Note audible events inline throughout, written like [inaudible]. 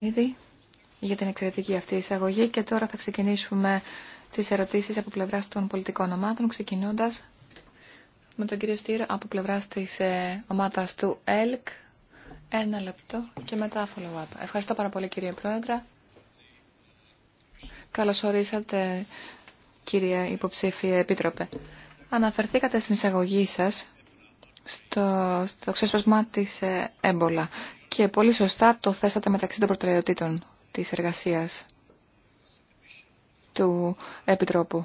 Ήδη για την εξαιρετική αυτή εισαγωγή και τώρα θα ξεκινήσουμε τις ερωτήσεις από πλευράς των πολιτικών ομάδων ξεκινώντας με τον κύριο Στήρο από πλευράς της ε, ομάδας του ΕΛΚ ένα λεπτό και μετά follow-up. Ευχαριστώ πάρα πολύ κύριε Πρόεδρα. Καλώς ορίσατε κύριε υποψήφιε Επίτροπε. Αναφερθήκατε στην εισαγωγή σας στο, στο ξέσπασμα της ε, έμπολα και πολύ σωστά το θέσατε μεταξύ των προτεραιοτήτων της εργασίας του Επιτρόπου.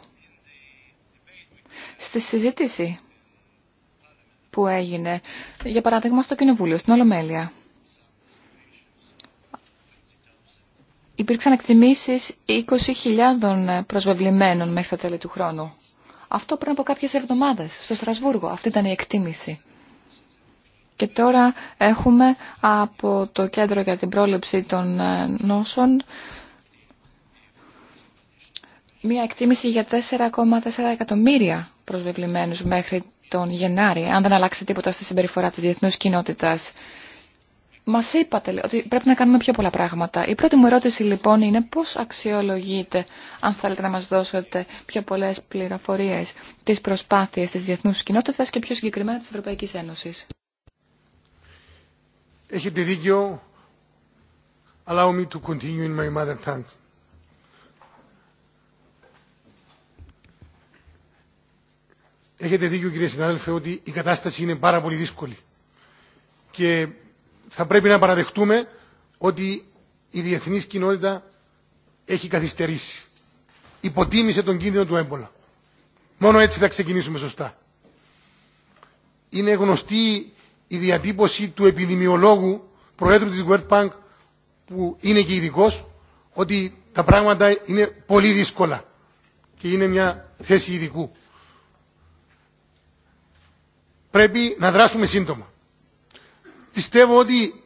Στη συζήτηση που έγινε, για παράδειγμα στο Κοινοβούλιο, στην Ολομέλεια, υπήρξαν εκτιμήσεις 20.000 προσβεβλημένων μέχρι τα τέλη του χρόνου. Αυτό πριν από κάποιες εβδομάδες, στο Στρασβούργο. Αυτή ήταν η εκτίμηση. Και τώρα έχουμε από το Κέντρο για την Πρόληψη των ε, Νόσων μία εκτίμηση για 4,4 εκατομμύρια προσβεβλημένους μέχρι τον Γενάρη, αν δεν αλλάξει τίποτα στη συμπεριφορά της διεθνούς κοινότητας. Μας είπατε ότι πρέπει να κάνουμε πιο πολλά πράγματα. Η πρώτη μου ερώτηση λοιπόν είναι πώς αξιολογείτε, αν θέλετε να μας δώσετε πιο πολλές πληροφορίες, τις προσπάθειες της διεθνούς κοινότητας και πιο συγκεκριμένα της Ευρωπαϊκής Ένωσης. Έχετε δίκιο. Allow me to continue in my mother tongue. Έχετε δίκιο κύριε συνάδελφε ότι η κατάσταση είναι πάρα πολύ δύσκολη. Και θα πρέπει να παραδεχτούμε ότι η διεθνής κοινότητα έχει καθυστερήσει. Υποτίμησε τον κίνδυνο του έμπολα. Μόνο έτσι θα ξεκινήσουμε σωστά. Είναι γνωστή η διατύπωση του επιδημιολόγου Προέδρου της World Bank που είναι και ειδικό ότι τα πράγματα είναι πολύ δύσκολα και είναι μια θέση ειδικού. Πρέπει να δράσουμε σύντομα. Πιστεύω ότι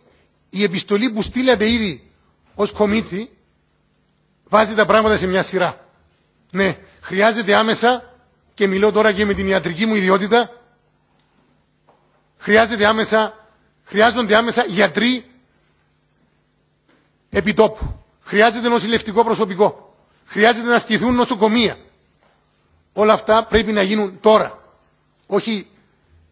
η επιστολή που στείλατε ήδη ως κομίτη βάζει τα πράγματα σε μια σειρά. Ναι, χρειάζεται άμεσα και μιλώ τώρα και με την ιατρική μου ιδιότητα χρειάζεται άμεσα, χρειάζονται άμεσα γιατροί επιτόπου. Χρειάζεται νοσηλευτικό προσωπικό. Χρειάζεται να στηθούν νοσοκομεία. Όλα αυτά πρέπει να γίνουν τώρα. Όχι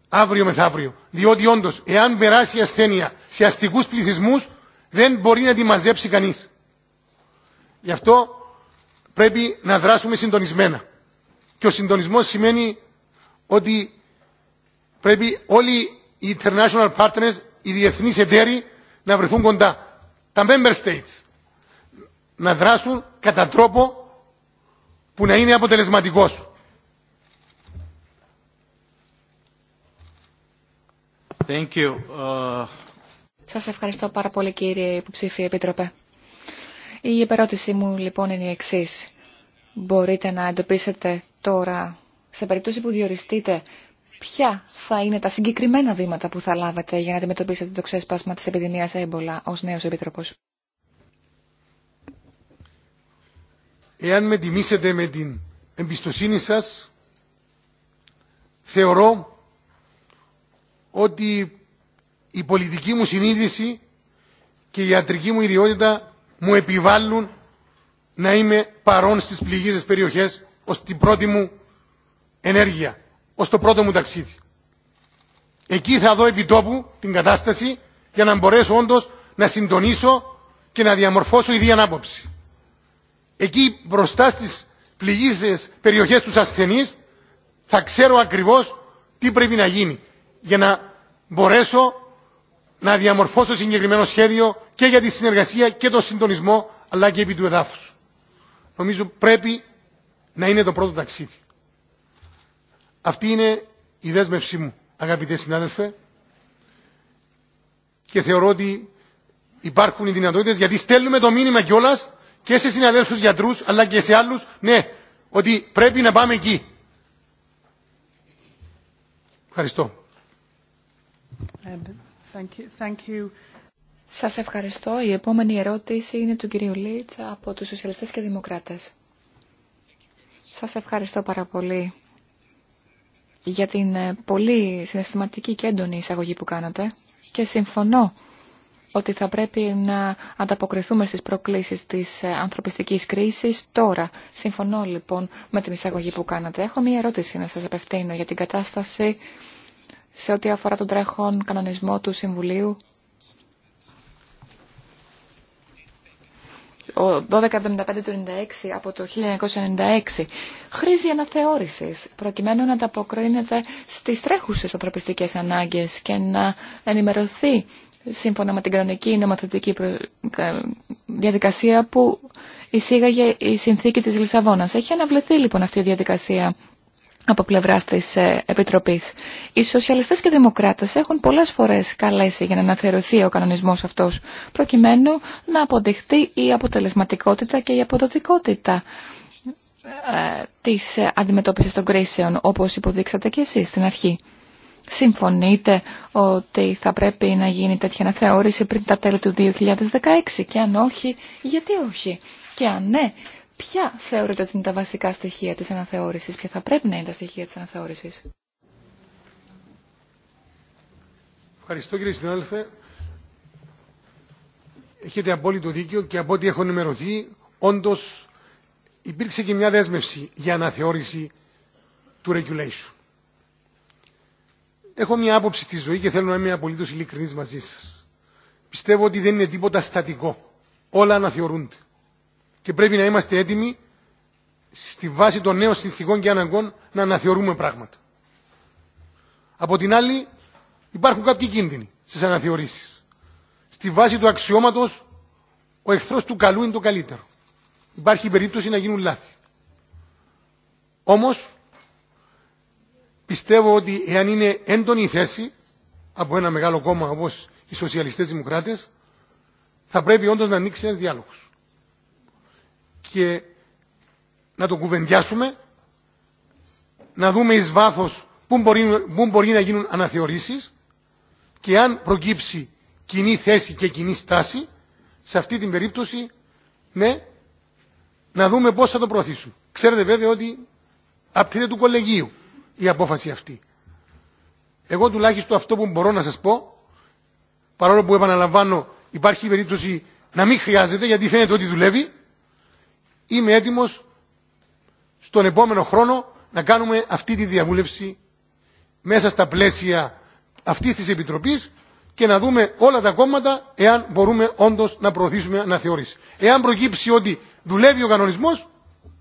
αύριο μεθαύριο. Διότι όντω, εάν περάσει η ασθένεια σε αστικού πληθυσμού, δεν μπορεί να τη μαζέψει κανεί. Γι' αυτό πρέπει να δράσουμε συντονισμένα. Και ο συντονισμό σημαίνει ότι πρέπει όλοι οι international partners, οι διεθνεί εταίροι να βρεθούν κοντά. Τα member states να δράσουν κατά τρόπο που να είναι αποτελεσματικό. Σα ε, Σας ευχαριστώ πάρα πολύ κύριε υποψήφιε Επίτροπε. Η επερώτησή μου λοιπόν είναι η εξή. Μπορείτε να εντοπίσετε τώρα, σε περίπτωση που διοριστείτε, ποια θα είναι τα συγκεκριμένα βήματα που θα λάβετε για να αντιμετωπίσετε το ξέσπασμα της επιδημίας έμπολα ως νέος επίτροπος. Εάν με τιμήσετε με την εμπιστοσύνη σας, θεωρώ ότι η πολιτική μου συνείδηση και η ιατρική μου ιδιότητα μου επιβάλλουν να είμαι παρόν στις πληγείς περιοχές ως την πρώτη μου ενέργεια ως το πρώτο μου ταξίδι. Εκεί θα δω επιτόπου την κατάσταση για να μπορέσω όντως να συντονίσω και να διαμορφώσω η διανάποψη. Εκεί μπροστά στις πληγήσεις περιοχές τους ασθενείς θα ξέρω ακριβώς τι πρέπει να γίνει για να μπορέσω να διαμορφώσω συγκεκριμένο σχέδιο και για τη συνεργασία και τον συντονισμό αλλά και επί του εδάφους. Νομίζω πρέπει να είναι το πρώτο ταξίδι. Αυτή είναι η δέσμευσή μου, αγαπητέ συνάδελφε, και θεωρώ ότι υπάρχουν οι δυνατότητε, γιατί στέλνουμε το μήνυμα κιόλα και σε συναδέλφου γιατρού, αλλά και σε άλλους, ναι, ότι πρέπει να πάμε εκεί. Ευχαριστώ. Ε, thank Σας ευχαριστώ. Η επόμενη ερώτηση είναι του κυρίου Λίτσα από τους Σοσιαλιστές και Δημοκράτες. Σας ευχαριστώ πάρα πολύ για την ε, πολύ συναισθηματική και έντονη εισαγωγή που κάνατε και συμφωνώ ότι θα πρέπει να ανταποκριθούμε στις προκλήσεις της ε, ανθρωπιστικής κρίσης τώρα. Συμφωνώ λοιπόν με την εισαγωγή που κάνατε. Έχω μία ερώτηση να σας απευθύνω για την κατάσταση σε ό,τι αφορά τον τρέχον κανονισμό του Συμβουλίου Ο 1275 του 96 από το 1996 χρήζει αναθεώρησης προκειμένου να ανταποκρίνεται στις τρέχουσες ανθρωπιστικές ανάγκες και να ενημερωθεί σύμφωνα με την κανονική νομοθετική διαδικασία που εισήγαγε η συνθήκη της Λισαβόνας. Έχει αναβληθεί λοιπόν αυτή η διαδικασία από πλευρά της ε, Επιτροπής. Οι σοσιαλιστές και δημοκράτες έχουν πολλές φορές καλέσει για να αναθεωρηθεί ο κανονισμός αυτός, προκειμένου να αποδειχτεί η αποτελεσματικότητα και η αποδοτικότητα ε, της ε, αντιμετώπισης των κρίσεων, όπως υποδείξατε και εσείς στην αρχή. Συμφωνείτε ότι θα πρέπει να γίνει τέτοια αναθεώρηση πριν τα τέλη του 2016 και αν όχι, γιατί όχι. Και αν ναι, Ποια θεωρείτε ότι είναι τα βασικά στοιχεία της αναθεώρησης, ποια θα πρέπει να είναι τα στοιχεία της αναθεώρησης. Ευχαριστώ κύριε συνάδελφε. Έχετε απόλυτο δίκιο και από ό,τι έχω ενημερωθεί, όντω υπήρξε και μια δέσμευση για αναθεώρηση του regulation. Έχω μια άποψη στη ζωή και θέλω να είμαι απολύτως ειλικρινής μαζί σα. Πιστεύω ότι δεν είναι τίποτα στατικό. Όλα αναθεωρούνται και πρέπει να είμαστε έτοιμοι στη βάση των νέων συνθηκών και αναγκών να αναθεωρούμε πράγματα. Από την άλλη υπάρχουν κάποιοι κίνδυνοι στις αναθεωρήσεις. Στη βάση του αξιώματος ο εχθρός του καλού είναι το καλύτερο. Υπάρχει περίπτωση να γίνουν λάθη. Όμως πιστεύω ότι εάν είναι έντονη η θέση από ένα μεγάλο κόμμα όπως οι σοσιαλιστές δημοκράτες θα πρέπει όντως να ανοίξει ένα διάλογος και να το κουβεντιάσουμε, να δούμε εις βάθος πού μπορεί, να γίνουν αναθεωρήσεις και αν προκύψει κοινή θέση και κοινή στάση, σε αυτή την περίπτωση, ναι, να δούμε πώς θα το προωθήσουν. Ξέρετε βέβαια ότι απτείται του κολεγίου η απόφαση αυτή. Εγώ τουλάχιστον αυτό που μπορώ να σας πω, παρόλο που επαναλαμβάνω υπάρχει περίπτωση να μην χρειάζεται γιατί φαίνεται ότι δουλεύει, Είμαι έτοιμος στον επόμενο χρόνο να κάνουμε αυτή τη διαβούλευση μέσα στα πλαίσια αυτής της Επιτροπής και να δούμε όλα τα κόμματα εάν μπορούμε όντως να προωθήσουμε αναθεώρηση. Εάν προκύψει ότι δουλεύει ο κανονισμός,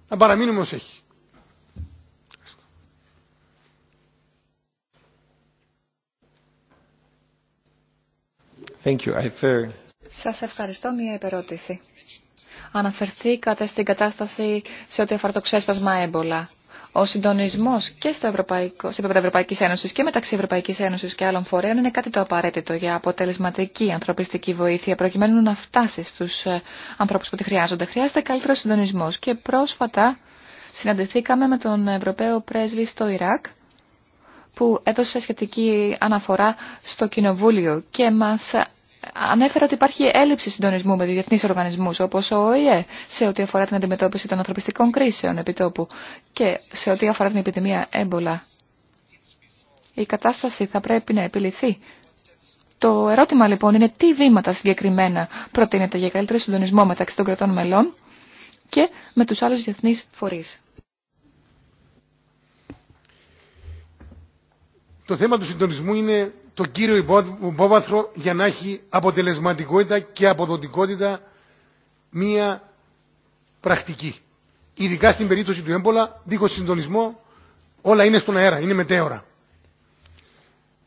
να παραμείνουμε ως έχει. Σας ευχαριστώ. Μία επερώτηση αναφερθήκατε στην κατάσταση σε ό,τι αφορά το ξέσπασμα έμπολα. Ο συντονισμό και στο Ευρωπαϊκό, σε επίπεδο Ευρωπαϊκή Ένωση και μεταξύ Ευρωπαϊκή Ένωση και άλλων φορέων είναι κάτι το απαραίτητο για αποτελεσματική ανθρωπιστική βοήθεια προκειμένου να φτάσει στου ε, ανθρώπου που τη χρειάζονται. Χρειάζεται καλύτερο συντονισμό. Και πρόσφατα συναντηθήκαμε με τον Ευρωπαίο πρέσβη στο Ιράκ που έδωσε σχετική αναφορά στο Κοινοβούλιο και μας ανέφερα ότι υπάρχει έλλειψη συντονισμού με διεθνεί οργανισμού, όπως ο ΟΗΕ σε ό,τι αφορά την αντιμετώπιση των ανθρωπιστικών κρίσεων επιτόπου και σε ό,τι αφορά την επιδημία έμπολα. Η κατάσταση θα πρέπει να επιληθεί. Το ερώτημα λοιπόν είναι τι βήματα συγκεκριμένα προτείνεται για καλύτερο συντονισμό μεταξύ των κρατών μελών και με τους άλλους διεθνείς φορείς. Το θέμα του συντονισμού είναι τον κύριο υπόβαθρο για να έχει αποτελεσματικότητα και αποδοτικότητα μία πρακτική. Ειδικά στην περίπτωση του έμπολα, δίχως συντονισμό, όλα είναι στον αέρα, είναι μετέωρα.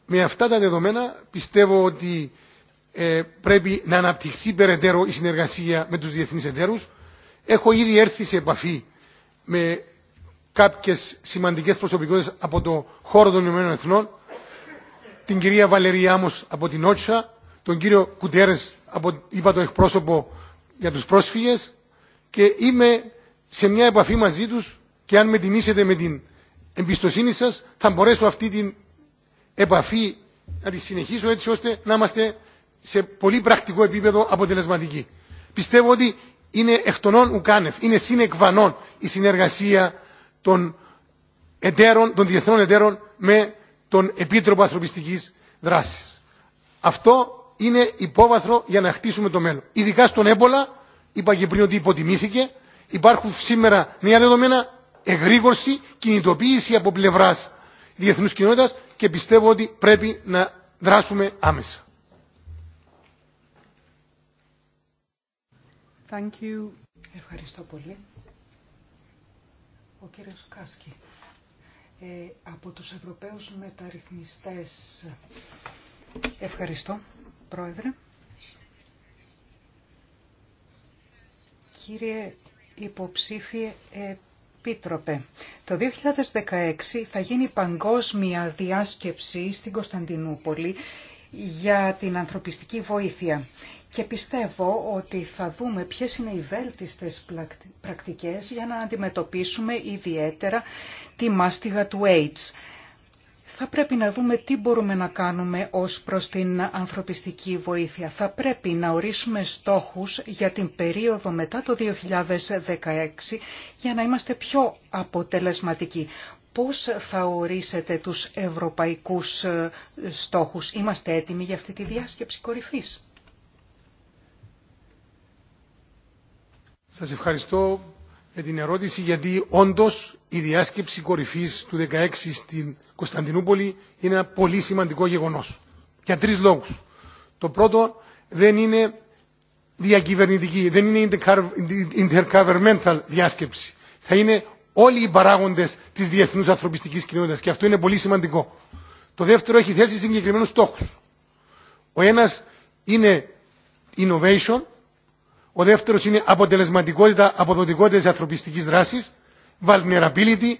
Με αυτά τα δεδομένα πιστεύω ότι ε, πρέπει να αναπτυχθεί περαιτέρω η συνεργασία με τους διεθνείς εταίρους. Έχω ήδη έρθει σε επαφή με κάποιες σημαντικές προσωπικότητες από το χώρο των Ηνωμένων την κυρία Βαλερία Άμος από την Ότσα, τον κύριο Κουτέρες από, είπα το εκπρόσωπο για τους πρόσφυγες και είμαι σε μια επαφή μαζί τους και αν με τιμήσετε με την εμπιστοσύνη σας θα μπορέσω αυτή την επαφή να τη συνεχίσω έτσι ώστε να είμαστε σε πολύ πρακτικό επίπεδο αποτελεσματικοί. Πιστεύω ότι είναι εκ των ουκάνευ, είναι συνεκβανών η συνεργασία των, των διεθνών εταίρων με των Επίτροπων Ανθρωπιστικής Δράσης. Αυτό είναι υπόβαθρο για να χτίσουμε το μέλλον. Ειδικά στον έμπολα, είπα και πριν ότι υποτιμήθηκε, υπάρχουν σήμερα μία δεδομένα, εγρήγορση, κινητοποίηση από πλευρά διεθνού κοινότητα και πιστεύω ότι πρέπει να δράσουμε άμεσα. Thank you. Ευχαριστώ πολύ. Ο κύριος ε, από τους Ευρωπαίους μεταρρυθμιστές. Ευχαριστώ, Πρόεδρε. Κύριε Υποψήφιε Επίτροπε, το 2016 θα γίνει παγκόσμια διάσκεψη στην Κωνσταντινούπολη για την ανθρωπιστική βοήθεια και πιστεύω ότι θα δούμε ποιες είναι οι βέλτιστες πρακτικές για να αντιμετωπίσουμε ιδιαίτερα τη μάστιγα του AIDS. Θα πρέπει να δούμε τι μπορούμε να κάνουμε ως προς την ανθρωπιστική βοήθεια. Θα πρέπει να ορίσουμε στόχους για την περίοδο μετά το 2016 για να είμαστε πιο αποτελεσματικοί. Πώς θα ορίσετε τους ευρωπαϊκούς ε, στόχους. Είμαστε έτοιμοι για αυτή τη διάσκεψη κορυφής. Σας ευχαριστώ για την ερώτηση γιατί όντως η διάσκεψη κορυφής του 16 στην Κωνσταντινούπολη είναι ένα πολύ σημαντικό γεγονός. Για τρεις λόγους. Το πρώτο δεν είναι διακυβερνητική, δεν είναι intergovernmental διάσκεψη. Θα είναι όλοι οι παράγοντε τη διεθνού ανθρωπιστική κοινότητα και αυτό είναι πολύ σημαντικό. Το δεύτερο έχει θέσει συγκεκριμένου στόχου. Ο ένα είναι innovation, ο δεύτερος είναι αποτελεσματικότητα, αποδοτικότητα της ανθρωπιστικής δράσης, vulnerability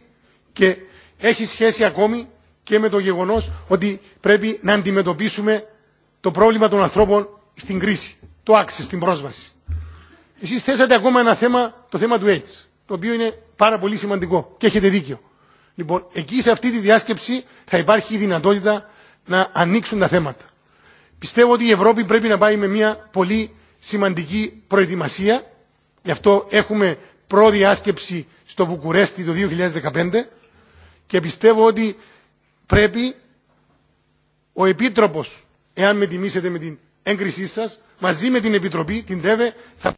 και έχει σχέση ακόμη και με το γεγονός ότι πρέπει να αντιμετωπίσουμε το πρόβλημα των ανθρώπων στην κρίση, το άξι, την πρόσβαση. Εσείς θέσατε ακόμα ένα θέμα, το θέμα του AIDS, το οποίο είναι πάρα πολύ σημαντικό και έχετε δίκιο. Λοιπόν, εκεί σε αυτή τη διάσκεψη θα υπάρχει η δυνατότητα να ανοίξουν τα θέματα. Πιστεύω ότι η Ευρώπη πρέπει να πάει με μια πολύ σημαντική προετοιμασία. Γι' αυτό έχουμε πρώτη άσκεψη στο Βουκουρέστι το 2015 και πιστεύω ότι πρέπει ο Επίτροπος, εάν με τιμήσετε με την έγκρισή σας, μαζί με την Επιτροπή, την ΤΕΒΕ, θα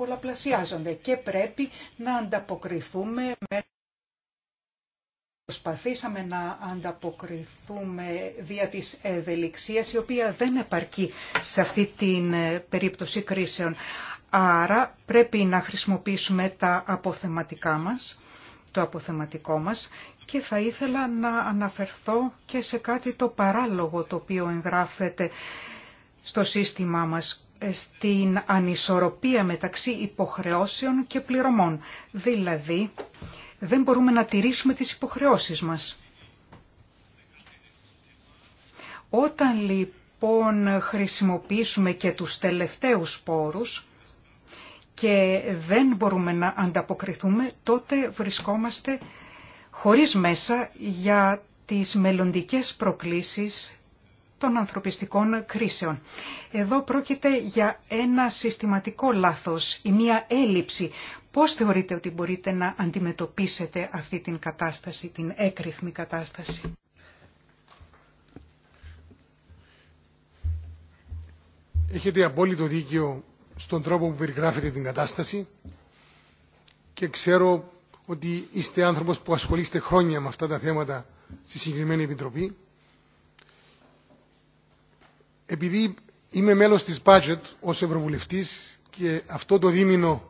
πολλαπλασιάζονται και πρέπει να ανταποκριθούμε με Προσπαθήσαμε να ανταποκριθούμε δια της ευελιξίας, η οποία δεν επαρκεί σε αυτή την ε, περίπτωση κρίσεων. Άρα πρέπει να χρησιμοποιήσουμε τα αποθεματικά μας, το αποθεματικό μας και θα ήθελα να αναφερθώ και σε κάτι το παράλογο το οποίο εγγράφεται στο σύστημά μας στην ανισορροπία μεταξύ υποχρεώσεων και πληρωμών. Δηλαδή, δεν μπορούμε να τηρήσουμε τις υποχρεώσεις μας. Όταν λοιπόν χρησιμοποιήσουμε και τους τελευταίους πόρους και δεν μπορούμε να ανταποκριθούμε, τότε βρισκόμαστε χωρίς μέσα για τις μελλοντικές προκλήσεις των ανθρωπιστικών κρίσεων. Εδώ πρόκειται για ένα συστηματικό λάθος ή μία έλλειψη. Πώς θεωρείτε ότι μπορείτε να αντιμετωπίσετε αυτή την κατάσταση, την έκρηθμη κατάσταση. Έχετε απόλυτο δίκιο στον τρόπο που περιγράφετε την κατάσταση και ξέρω ότι είστε άνθρωπος που ασχολείστε χρόνια με αυτά τα θέματα στη συγκεκριμένη Επιτροπή επειδή είμαι μέλος της budget ως Ευρωβουλευτής και αυτό το δίμηνο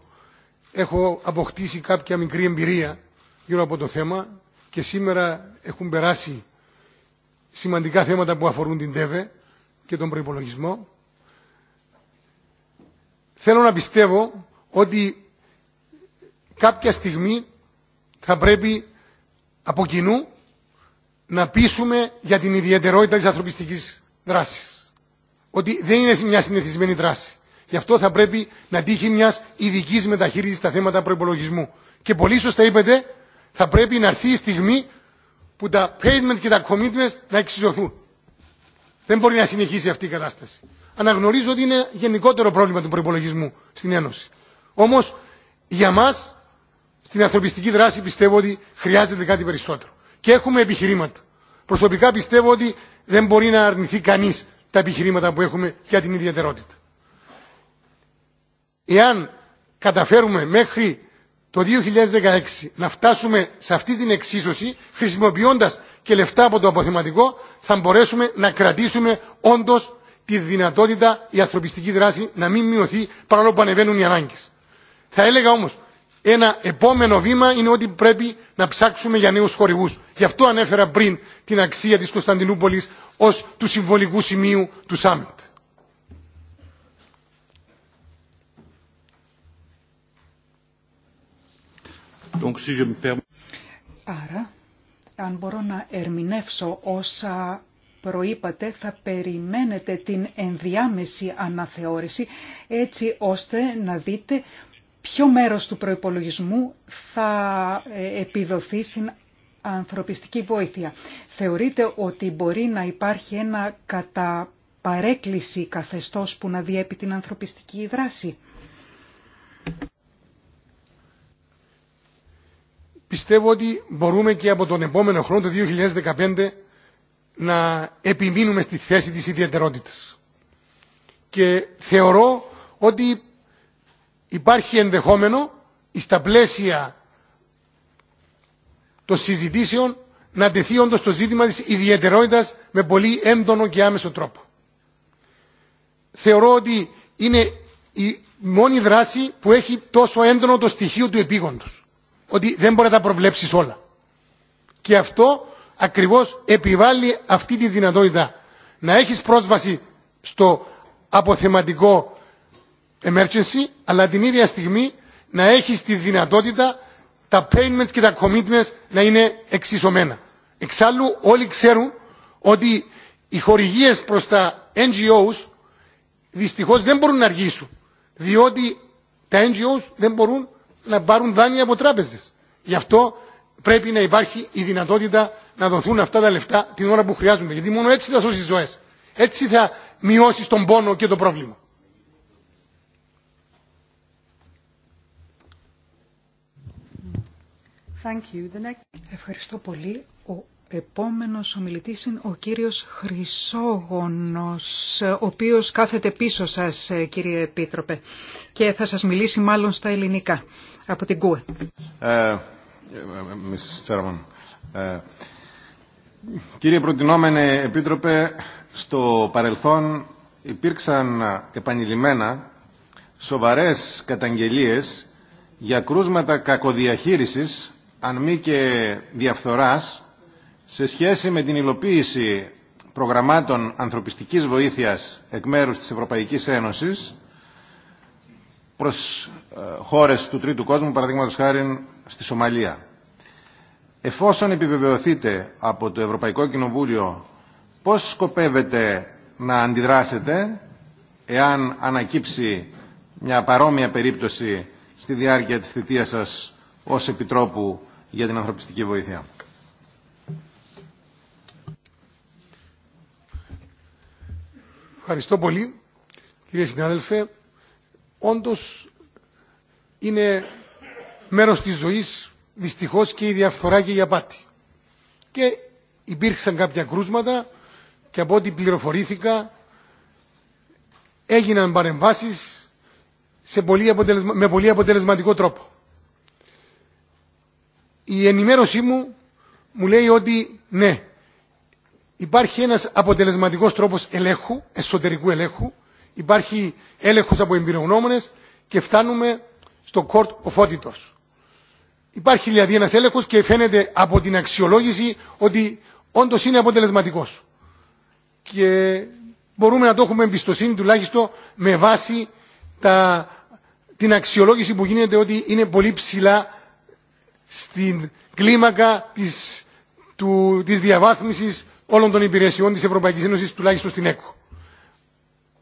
έχω αποκτήσει κάποια μικρή εμπειρία γύρω από το θέμα και σήμερα έχουν περάσει σημαντικά θέματα που αφορούν την ΤΕΒΕ και τον προϋπολογισμό. Θέλω να πιστεύω ότι κάποια στιγμή θα πρέπει από κοινού να πείσουμε για την ιδιαιτερότητα της ανθρωπιστικής δράσης ότι δεν είναι μια συνηθισμένη δράση. Γι' αυτό θα πρέπει να τύχει μια ειδική μεταχείριση στα θέματα προπολογισμού. Και πολύ σωστά είπετε, θα πρέπει να έρθει η στιγμή που τα payment και τα commitments να εξισωθούν. Δεν μπορεί να συνεχίσει αυτή η κατάσταση. Αναγνωρίζω ότι είναι γενικότερο πρόβλημα του προπολογισμού στην Ένωση. Όμω, για μα, στην ανθρωπιστική δράση πιστεύω ότι χρειάζεται κάτι περισσότερο. Και έχουμε επιχειρήματα. Προσωπικά πιστεύω ότι δεν μπορεί να αρνηθεί κανεί τα επιχειρήματα που έχουμε για την ιδιαιτερότητα. Εάν καταφέρουμε μέχρι το 2016 να φτάσουμε σε αυτή την εξίσωση, χρησιμοποιώντας και λεφτά από το αποθεματικό, θα μπορέσουμε να κρατήσουμε όντως τη δυνατότητα η ανθρωπιστική δράση να μην μειωθεί παρόλο που ανεβαίνουν οι ανάγκες. Θα έλεγα όμως, ένα επόμενο βήμα είναι ότι πρέπει να ψάξουμε για νέους χορηγούς. Γι' αυτό ανέφερα πριν την αξία της Κωνσταντινούπολης ως του συμβολικού σημείου του Σάμιτ. Άρα, αν μπορώ να ερμηνεύσω όσα προείπατε, θα περιμένετε την ενδιάμεση αναθεώρηση, έτσι ώστε να δείτε ποιο μέρος του προϋπολογισμού θα ε, επιδοθεί στην ανθρωπιστική βοήθεια. Θεωρείτε ότι μπορεί να υπάρχει ένα κατά παρέκκληση καθεστώς που να διέπει την ανθρωπιστική δράση. Πιστεύω ότι μπορούμε και από τον επόμενο χρόνο, το 2015, να επιμείνουμε στη θέση της ιδιαιτερότητας. Και θεωρώ ότι υπάρχει ενδεχόμενο στα πλαίσια των συζητήσεων να τεθεί όντω το ζήτημα της ιδιαιτερότητας με πολύ έντονο και άμεσο τρόπο. Θεωρώ ότι είναι η μόνη δράση που έχει τόσο έντονο το στοιχείο του επίγοντος. Ότι δεν μπορεί να τα προβλέψεις όλα. Και αυτό ακριβώς επιβάλλει αυτή τη δυνατότητα να έχεις πρόσβαση στο αποθεματικό emergency αλλά την ίδια στιγμή να έχεις τη δυνατότητα τα payments και τα commitments να είναι εξισωμένα. Εξάλλου όλοι ξέρουν ότι οι χορηγίες προς τα NGOs δυστυχώς δεν μπορούν να αργήσουν διότι τα NGOs δεν μπορούν να πάρουν δάνεια από τράπεζες. Γι' αυτό πρέπει να υπάρχει η δυνατότητα να δοθούν αυτά τα λεφτά την ώρα που χρειάζονται. Γιατί μόνο έτσι θα σώσει ζωέ. Έτσι θα μειώσει τον πόνο και το πρόβλημα. Ευχαριστώ πολύ. Ο επόμενος ομιλητής είναι ο κύριος Χρυσόγονος, ο οποίος κάθεται πίσω σας, κύριε Επίτροπε, και θα σας μιλήσει μάλλον στα ελληνικά, από την ΚΟΕ. Ε, ε, ε, κύριε Προτινόμενε Επίτροπε, στο παρελθόν υπήρξαν επανειλημμένα σοβαρές καταγγελίες για κρούσματα κακοδιαχείρισης αν μη και διαφθοράς, σε σχέση με την υλοποίηση προγραμμάτων ανθρωπιστικής βοήθειας εκ μέρους της Ευρωπαϊκής Ένωσης προς ε, χώρες του τρίτου κόσμου, παραδείγματος χάρη στη Σομαλία. Εφόσον επιβεβαιωθείτε από το Ευρωπαϊκό Κοινοβούλιο πώς σκοπεύετε να αντιδράσετε εάν ανακύψει μια παρόμοια περίπτωση στη διάρκεια της θητείας σας ως Επιτρόπου για την ανθρωπιστική βοήθεια. Ευχαριστώ πολύ, κύριε συνάδελφε. Όντως είναι μέρος της ζωής δυστυχώς και η διαφθορά και η απάτη. Και υπήρξαν κάποια κρούσματα και από ό,τι πληροφορήθηκα έγιναν παρεμβάσεις σε αποτελεσμα... με πολύ αποτελεσματικό τρόπο η ενημέρωσή μου μου λέει ότι ναι, υπάρχει ένας αποτελεσματικός τρόπος ελέγχου, εσωτερικού ελέγχου, υπάρχει έλεγχος από εμπειρογνώμονες και φτάνουμε στο court of auditors. Υπάρχει δηλαδή ένας έλεγχος και φαίνεται από την αξιολόγηση ότι όντως είναι αποτελεσματικός. Και μπορούμε να το έχουμε εμπιστοσύνη τουλάχιστον με βάση την αξιολόγηση που γίνεται ότι είναι πολύ ψηλά στην κλίμακα της, του, της διαβάθμισης όλων των υπηρεσιών της Ευρωπαϊκής Ένωσης, τουλάχιστον στην ΕΚΟ.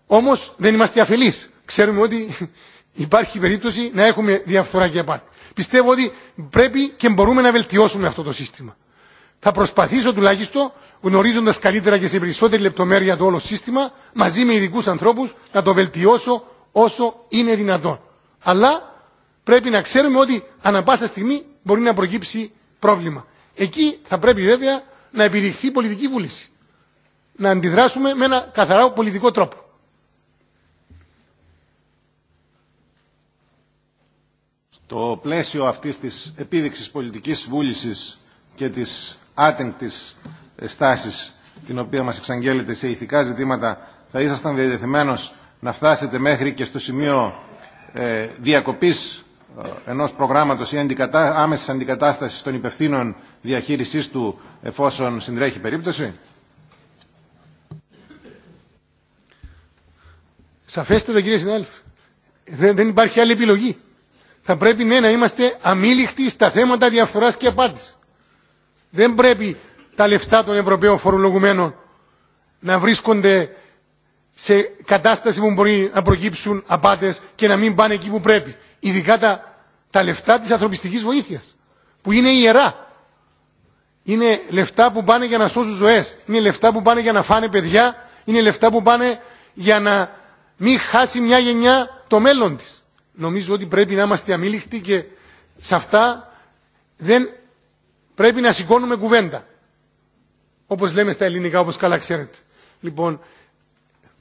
Όμως δεν είμαστε αφελείς. Ξέρουμε ότι [laughs] υπάρχει περίπτωση να έχουμε διαφθορά και απάτη. Πιστεύω ότι πρέπει και μπορούμε να βελτιώσουμε αυτό το σύστημα. Θα προσπαθήσω τουλάχιστον, γνωρίζοντα καλύτερα και σε περισσότερη λεπτομέρεια το όλο σύστημα, μαζί με ειδικού ανθρώπου να το βελτιώσω όσο είναι δυνατόν. Αλλά πρέπει να ξέρουμε ότι ανα πάσα στιγμή μπορεί να προκύψει πρόβλημα. Εκεί θα πρέπει βέβαια να επιδειχθεί πολιτική βούληση. Να αντιδράσουμε με ένα καθαρά πολιτικό τρόπο. Το πλαίσιο αυτής της επίδειξης πολιτικής βούλησης και της άτεγκτης στάσης την οποία μας εξαγγέλλεται σε ηθικά ζητήματα θα ήσασταν διατεθειμένος να φτάσετε μέχρι και στο σημείο ε, διακοπής ε, ενός προγράμματος ή αντικατά, άμεσης αντικατάστασης των υπευθύνων διαχείρισής του εφόσον συντρέχει περίπτωση. Σαφέστατα κύριε συνάδελφε. Δεν, δεν υπάρχει άλλη επιλογή. Θα πρέπει ναι να είμαστε αμήλικτοι στα θέματα διαφθοράς και απάτης. Δεν πρέπει τα λεφτά των Ευρωπαίων φορολογουμένων να βρίσκονται σε κατάσταση που μπορεί να προκύψουν απάτες και να μην πάνε εκεί που πρέπει ειδικά τα, τα λεφτά της ανθρωπιστικής βοήθειας, που είναι ιερά. Είναι λεφτά που πάνε για να σώσουν ζωές, είναι λεφτά που πάνε για να φάνε παιδιά, είναι λεφτά που πάνε για να μην χάσει μια γενιά το μέλλον της. Νομίζω ότι πρέπει να είμαστε αμήλικτοι και σε αυτά δεν πρέπει να σηκώνουμε κουβέντα. Όπως λέμε στα ελληνικά, όπως καλά ξέρετε. Λοιπόν,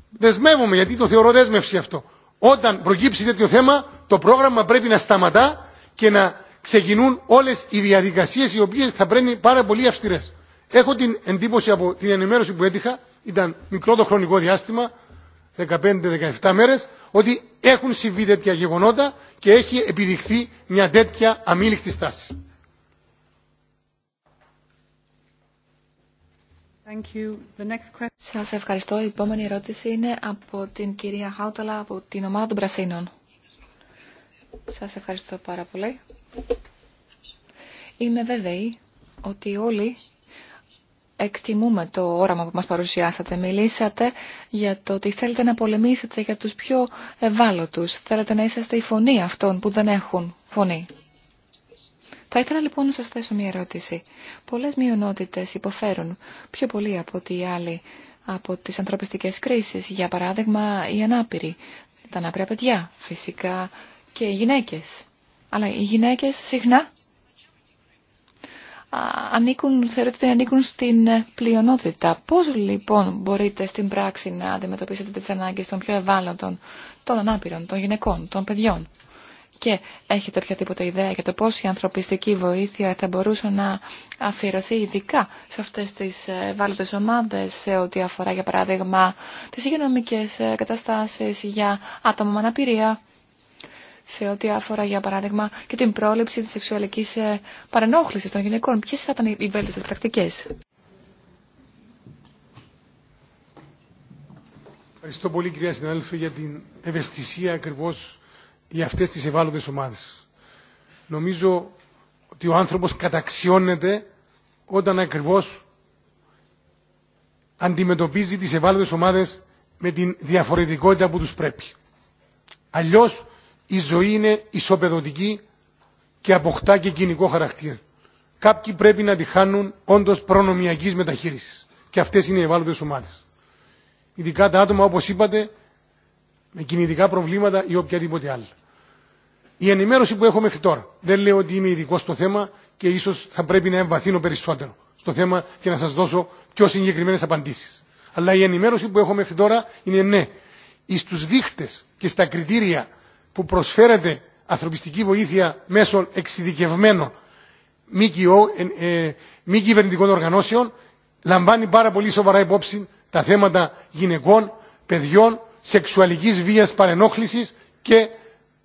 δεσμεύομαι γιατί το θεωρώ δέσμευση αυτό. Όταν προκύψει τέτοιο θέμα, το πρόγραμμα πρέπει να σταματά και να ξεκινούν όλε οι διαδικασίε οι οποίε θα πρέπει πάρα πολύ αυστηρέ. Έχω την εντύπωση από την ενημέρωση που έτυχα, ήταν μικρό το χρονικό διάστημα, 15-17 μέρε, ότι έχουν συμβεί τέτοια γεγονότα και έχει επιδειχθεί μια τέτοια αμήλικτη στάση. Thank Σας ευχαριστώ. Η επόμενη ερώτηση είναι από την κυρία Χάουταλα από την ομάδα των Πρασίνων. Σας ευχαριστώ πάρα πολύ. Είμαι βέβαιη ότι όλοι εκτιμούμε το όραμα που μας παρουσιάσατε. Μιλήσατε για το ότι θέλετε να πολεμήσετε για τους πιο ευάλωτους. Θέλετε να είσαστε η φωνή αυτών που δεν έχουν φωνή. Θα ήθελα λοιπόν να σας θέσω μια ερώτηση. Πολλές μειονότητες υποφέρουν πιο πολύ από ό,τι οι από τις ανθρωπιστικές κρίσεις. Για παράδειγμα, οι ανάπηροι, τα ανάπηρα παιδιά, φυσικά και οι γυναίκες. Αλλά οι γυναίκες συχνά ανήκουν, θεωρείτε ότι ανήκουν στην ε, πλειονότητα. Πώς λοιπόν μπορείτε στην πράξη να αντιμετωπίσετε τις ανάγκες των πιο ευάλωτων, των ανάπηρων, των γυναικών, των παιδιών. Και έχετε οποιαδήποτε ιδέα για το πώς η ανθρωπιστική βοήθεια θα μπορούσε να αφιερωθεί ειδικά σε αυτές τις ε, ευάλωτες ομάδες σε ό,τι αφορά για παράδειγμα τις υγειονομικές ε, καταστάσεις για άτομα με αναπηρία σε ό,τι αφορά για παράδειγμα και την πρόληψη της σεξουαλικής ε, παρενόχλησης των γυναικών. Ποιες θα ήταν οι βέλτιστες πρακτικές. Ευχαριστώ πολύ κυρία συνάδελφε για την ευαισθησία ακριβώς για αυτές τις ευάλωτες ομάδες. Νομίζω ότι ο άνθρωπος καταξιώνεται όταν ακριβώς αντιμετωπίζει τις ευάλωτες ομάδες με την διαφορετικότητα που τους πρέπει. Αλλιώς η ζωή είναι ισοπεδωτική και αποκτά και κοινικό χαρακτήρα. Κάποιοι πρέπει να τη χάνουν όντω προνομιακή μεταχείριση. Και αυτέ είναι οι ευάλωτε ομάδε. Ειδικά τα άτομα, όπω είπατε, με κινητικά προβλήματα ή οποιαδήποτε άλλα. Η ενημέρωση που έχω μέχρι τώρα, δεν λέω ότι είμαι ειδικό στο θέμα και ίσω θα πρέπει να εμβαθύνω περισσότερο στο θέμα και να σα δώσω πιο συγκεκριμένε απαντήσει. Αλλά η ενημέρωση που έχω μέχρι τώρα είναι ναι. του δείχτε και στα κριτήρια που προσφέρεται ανθρωπιστική βοήθεια μέσω εξειδικευμένων ε, ε, μη κυβερνητικών οργανώσεων λαμβάνει πάρα πολύ σοβαρά υπόψη τα θέματα γυναικών, παιδιών, σεξουαλικής βίας παρενόχληση και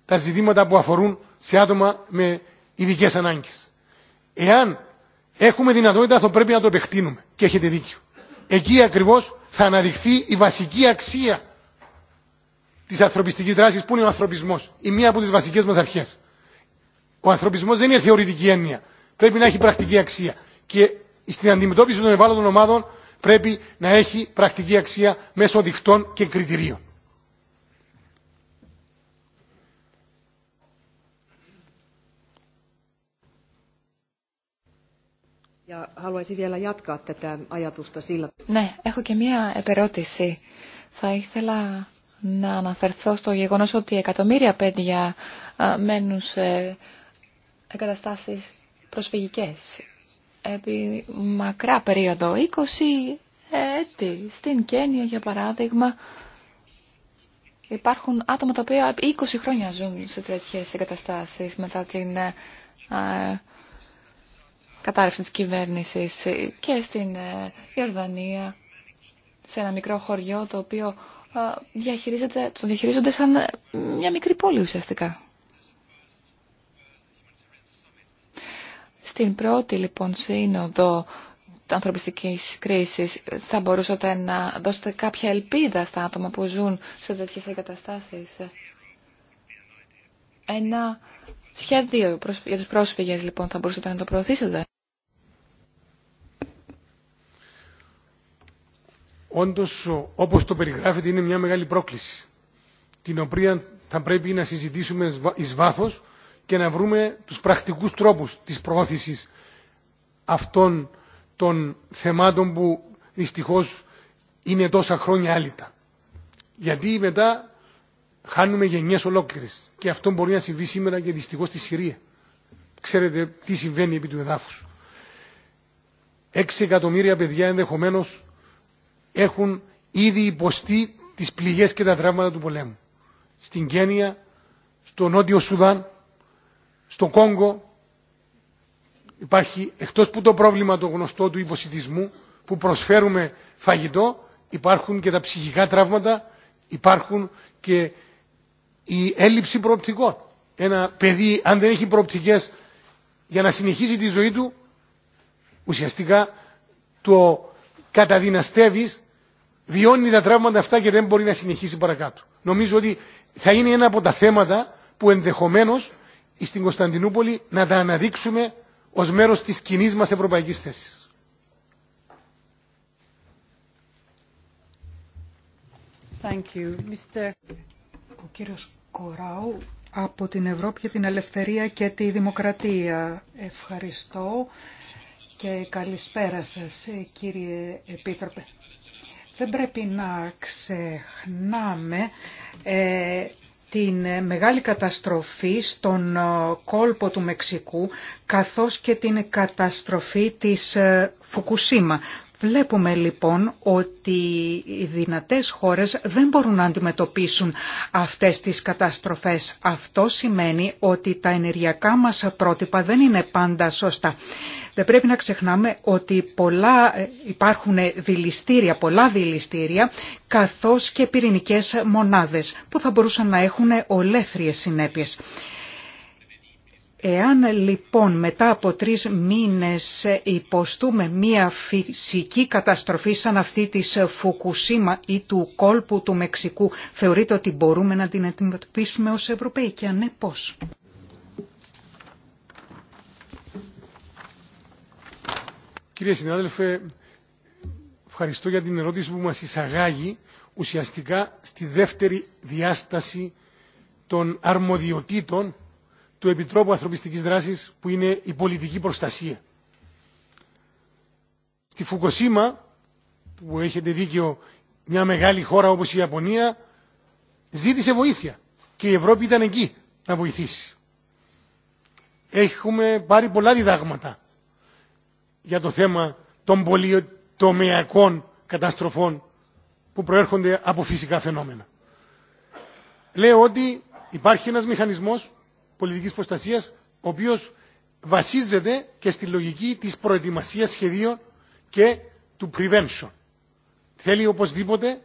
τα ζητήματα που αφορούν σε άτομα με ειδικέ ανάγκε. Εάν έχουμε δυνατότητα θα πρέπει να το επεκτείνουμε και έχετε δίκιο. Εκεί ακριβώ θα αναδειχθεί η βασική αξία τη ανθρωπιστική δράση που είναι ο ανθρωπισμό. Η μία από τι βασικέ μα αρχέ. Ο ανθρωπισμό δεν είναι θεωρητική έννοια. Πρέπει να έχει πρακτική αξία. Και στην αντιμετώπιση των ευάλωτων ομάδων πρέπει να έχει πρακτική αξία μέσω δικτών και κριτηρίων. Ναι, έχω και μία επερώτηση. Θα ήθελα να αναφερθώ στο γεγονός ότι εκατομμύρια παιδιά μένουν σε εγκαταστάσεις προσφυγικές επί μακρά περίοδο, 20 έτη. Στην Κένια, για παράδειγμα, υπάρχουν άτομα τα οποία 20 χρόνια ζουν σε τέτοιες εγκαταστάσεις μετά την κατάρρευση της κυβέρνησης ε, και στην ε, Ιορδανία, σε ένα μικρό χωριό το οποίο ε, διαχειρίζεται, το διαχειρίζονται σαν μια μικρή πόλη ουσιαστικά. Στην πρώτη λοιπόν σύνοδο ανθρωπιστικής κρίσης θα μπορούσατε να δώσετε κάποια ελπίδα στα άτομα που ζουν σε τέτοιες εγκαταστάσεις. Ένα σχέδιο για τους πρόσφυγες λοιπόν θα μπορούσατε να το προωθήσετε. όντως όπως το περιγράφεται είναι μια μεγάλη πρόκληση την οποία θα πρέπει να συζητήσουμε εις βάθος και να βρούμε τους πρακτικούς τρόπους της προώθησης αυτών των θεμάτων που δυστυχώς είναι τόσα χρόνια άλυτα. Γιατί μετά χάνουμε γενιές ολόκληρες και αυτό μπορεί να συμβεί σήμερα και δυστυχώς στη Συρία. Ξέρετε τι συμβαίνει επί του εδάφους. Έξι εκατομμύρια παιδιά ενδεχομένως έχουν ήδη υποστεί τις πληγές και τα τραύματα του πολέμου. Στην Κένια, στο Νότιο Σουδάν, στο Κόγκο υπάρχει εκτός που το πρόβλημα το γνωστό του υποσυτισμού που προσφέρουμε φαγητό υπάρχουν και τα ψυχικά τραύματα, υπάρχουν και η έλλειψη προοπτικών. Ένα παιδί αν δεν έχει προοπτικές για να συνεχίσει τη ζωή του ουσιαστικά το καταδυναστεύει, βιώνει τα τραύματα αυτά και δεν μπορεί να συνεχίσει παρακάτω. Νομίζω ότι θα είναι ένα από τα θέματα που ενδεχομένω στην Κωνσταντινούπολη να τα αναδείξουμε ω μέρο τη κοινή μα ευρωπαϊκή θέση. Ο κύριος Κοράου από την Ευρώπη για την Ελευθερία και τη Δημοκρατία. Ευχαριστώ και καλησπέρα σας κύριε Επίτροπε. Δεν πρέπει να ξεχνάμε ε, την μεγάλη καταστροφή στον ε, κόλπο του Μεξικού καθώς και την καταστροφή της ε, Φουκουσίμα Βλέπουμε λοιπόν ότι οι δυνατές χώρες δεν μπορούν να αντιμετωπίσουν αυτές τις καταστροφές. Αυτό σημαίνει ότι τα ενεργειακά μας πρότυπα δεν είναι πάντα σωστά. Δεν πρέπει να ξεχνάμε ότι πολλά, ε, υπάρχουν δηληστήρια, πολλά δηληστήρια, καθώς και πυρηνικές μονάδες που θα μπορούσαν να έχουν ολέθριες συνέπειες. Εάν λοιπόν μετά από τρεις μήνες υποστούμε μία φυσική καταστροφή σαν αυτή της Φουκουσίμα ή του κόλπου του Μεξικού, θεωρείτε ότι μπορούμε να την αντιμετωπίσουμε ως Ευρωπαίοι και αν ναι πώς. Κύριε συνάδελφε, ευχαριστώ για την ερώτηση που μας εισαγάγει ουσιαστικά στη δεύτερη διάσταση των αρμοδιοτήτων του Επιτρόπου Ανθρωπιστικής Δράσης που είναι η πολιτική προστασία. Στη Φουκοσίμα, που έχετε δίκιο μια μεγάλη χώρα όπως η Ιαπωνία, ζήτησε βοήθεια και η Ευρώπη ήταν εκεί να βοηθήσει. Έχουμε πάρει πολλά διδάγματα για το θέμα των πολυτομιακών καταστροφών που προέρχονται από φυσικά φαινόμενα. Λέω ότι υπάρχει ένας μηχανισμός Πολιτική Προστασία, ο οποίο βασίζεται και στη λογική της προετοιμασία σχεδίων και του prevention. Θέλει οπωσδήποτε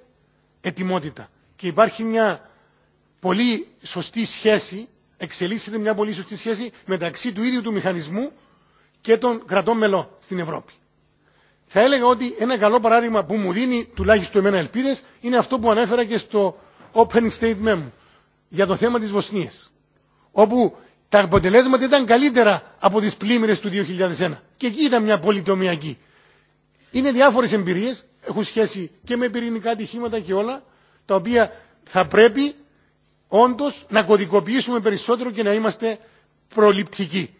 ετοιμότητα. Και υπάρχει μια πολύ σωστή σχέση, εξελίσσεται μια πολύ σωστή σχέση μεταξύ του ίδιου του μηχανισμού και των κρατών μελών στην Ευρώπη. Θα έλεγα ότι ένα καλό παράδειγμα που μου δίνει τουλάχιστον εμένα ελπίδες είναι αυτό που ανέφερα και στο opening statement μου για το θέμα της Βοσνίας όπου τα αποτελέσματα ήταν καλύτερα από τις πλήμμυρες του 2001. Και εκεί ήταν μια πολυτομιακή. Είναι διάφορες εμπειρίες, έχουν σχέση και με πυρηνικά ατυχήματα και όλα, τα οποία θα πρέπει όντως να κωδικοποιήσουμε περισσότερο και να είμαστε προληπτικοί.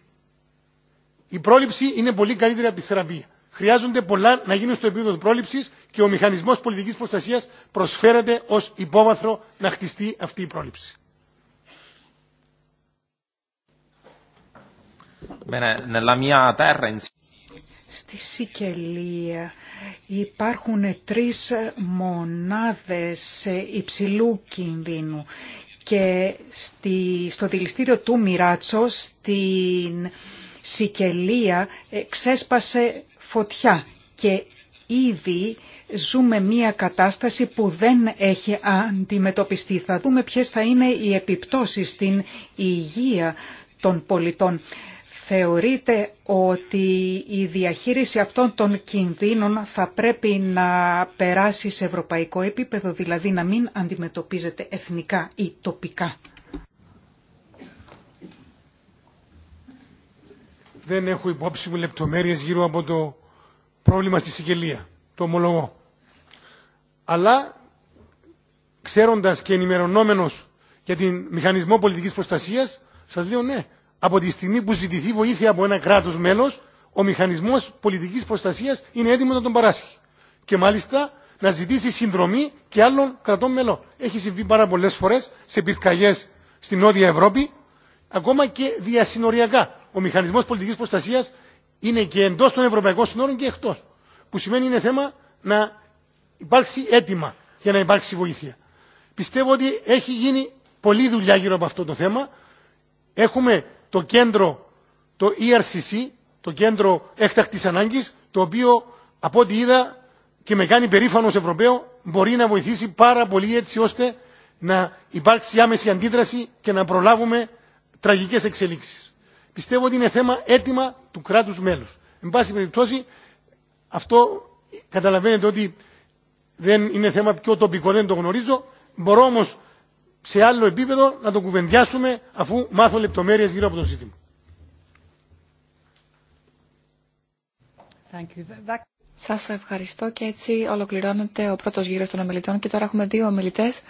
Η πρόληψη είναι πολύ καλύτερη από τη θεραπεία. Χρειάζονται πολλά να γίνουν στο επίπεδο πρόληψη και ο μηχανισμός πολιτικής προστασία προσφέρεται ως υπόβαθρο να χτιστεί αυτή η πρόληψη. Στη Σικελία υπάρχουν τρεις μονάδες υψηλού κινδύνου και στη, στο δηληστήριο του Μιράτσο στην Σικελία ε, ξέσπασε φωτιά και ήδη ζούμε μία κατάσταση που δεν έχει αντιμετωπιστεί. Θα δούμε ποιες θα είναι οι επιπτώσεις στην υγεία των πολιτών. Θεωρείτε ότι η διαχείριση αυτών των κινδύνων θα πρέπει να περάσει σε ευρωπαϊκό επίπεδο, δηλαδή να μην αντιμετωπίζεται εθνικά ή τοπικά. Δεν έχω υπόψη μου λεπτομέρειες γύρω από το πρόβλημα στη Σικελία. Το ομολογώ. Αλλά ξέροντας και ενημερωνόμενος για την μηχανισμό πολιτικής προστασίας, σας λέω ναι, από τη στιγμή που ζητηθεί βοήθεια από ένα κράτος μέλος, ο μηχανισμός πολιτικής προστασίας είναι έτοιμο να τον παράσχει. Και μάλιστα να ζητήσει συνδρομή και άλλων κρατών μελών. Έχει συμβεί πάρα πολλές φορές σε πυρκαγιές στην Νότια Ευρώπη, ακόμα και διασυνοριακά. Ο μηχανισμός πολιτικής προστασίας είναι και εντός των ευρωπαϊκών συνόρων και εκτός. Που σημαίνει είναι θέμα να υπάρξει έτοιμα για να υπάρξει βοήθεια. Πιστεύω ότι έχει γίνει πολλή δουλειά γύρω από αυτό το θέμα. Έχουμε το κέντρο, το ERCC, το κέντρο έκτακτης ανάγκης, το οποίο από ό,τι είδα και με κάνει περήφανος Ευρωπαίο μπορεί να βοηθήσει πάρα πολύ έτσι ώστε να υπάρξει άμεση αντίδραση και να προλάβουμε τραγικές εξελίξεις. Πιστεύω ότι είναι θέμα έτοιμα του κράτους μέλους. Εν πάση περιπτώσει, αυτό καταλαβαίνετε ότι δεν είναι θέμα πιο τοπικό, δεν το γνωρίζω. Μπορώ όμως σε άλλο επίπεδο να το κουβεντιάσουμε αφού μάθω λεπτομέρειες γύρω από τον ζήτημα. Σας ευχαριστώ και έτσι ολοκληρώνεται ο πρώτος γύρος των ομιλητών και τώρα έχουμε δύο ομιλητές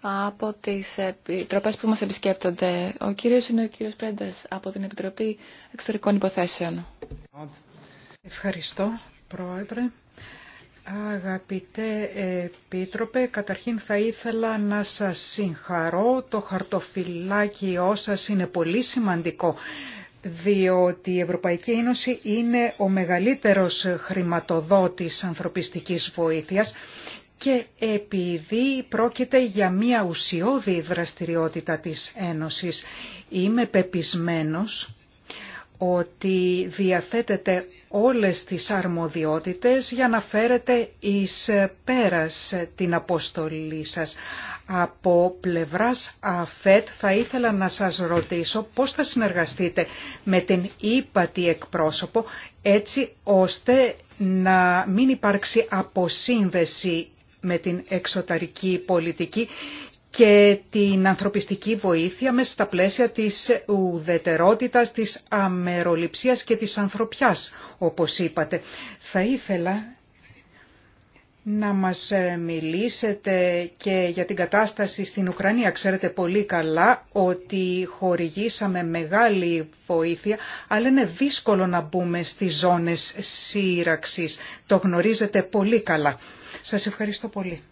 από τις επιτροπές που μας επισκέπτονται. Ο κύριος είναι ο κύριος Πρέντες από την Επιτροπή Εξωτερικών Υποθέσεων. Ευχαριστώ, Πρόεδρε. Αγαπητέ Επίτροπε, καταρχήν θα ήθελα να σας συγχαρώ. Το χαρτοφυλάκιό σας είναι πολύ σημαντικό, διότι η Ευρωπαϊκή Ένωση είναι ο μεγαλύτερος χρηματοδότης ανθρωπιστικής βοήθειας και επειδή πρόκειται για μια ουσιώδη δραστηριότητα της Ένωσης, είμαι πεπισμένος ότι διαθέτεται όλες τις αρμοδιότητες για να φέρετε εις πέρας την αποστολή σας. Από πλευράς ΑΦΕΤ θα ήθελα να σας ρωτήσω πώς θα συνεργαστείτε με την ύπατη εκπρόσωπο έτσι ώστε να μην υπάρξει αποσύνδεση με την εξωτερική πολιτική και την ανθρωπιστική βοήθεια μέσα στα πλαίσια της ουδετερότητας, της αμεροληψίας και της ανθρωπιάς, όπως είπατε. Θα ήθελα να μας μιλήσετε και για την κατάσταση στην Ουκρανία. Ξέρετε πολύ καλά ότι χορηγήσαμε μεγάλη βοήθεια, αλλά είναι δύσκολο να μπούμε στις ζώνες σύραξης. Το γνωρίζετε πολύ καλά. Σας ευχαριστώ πολύ.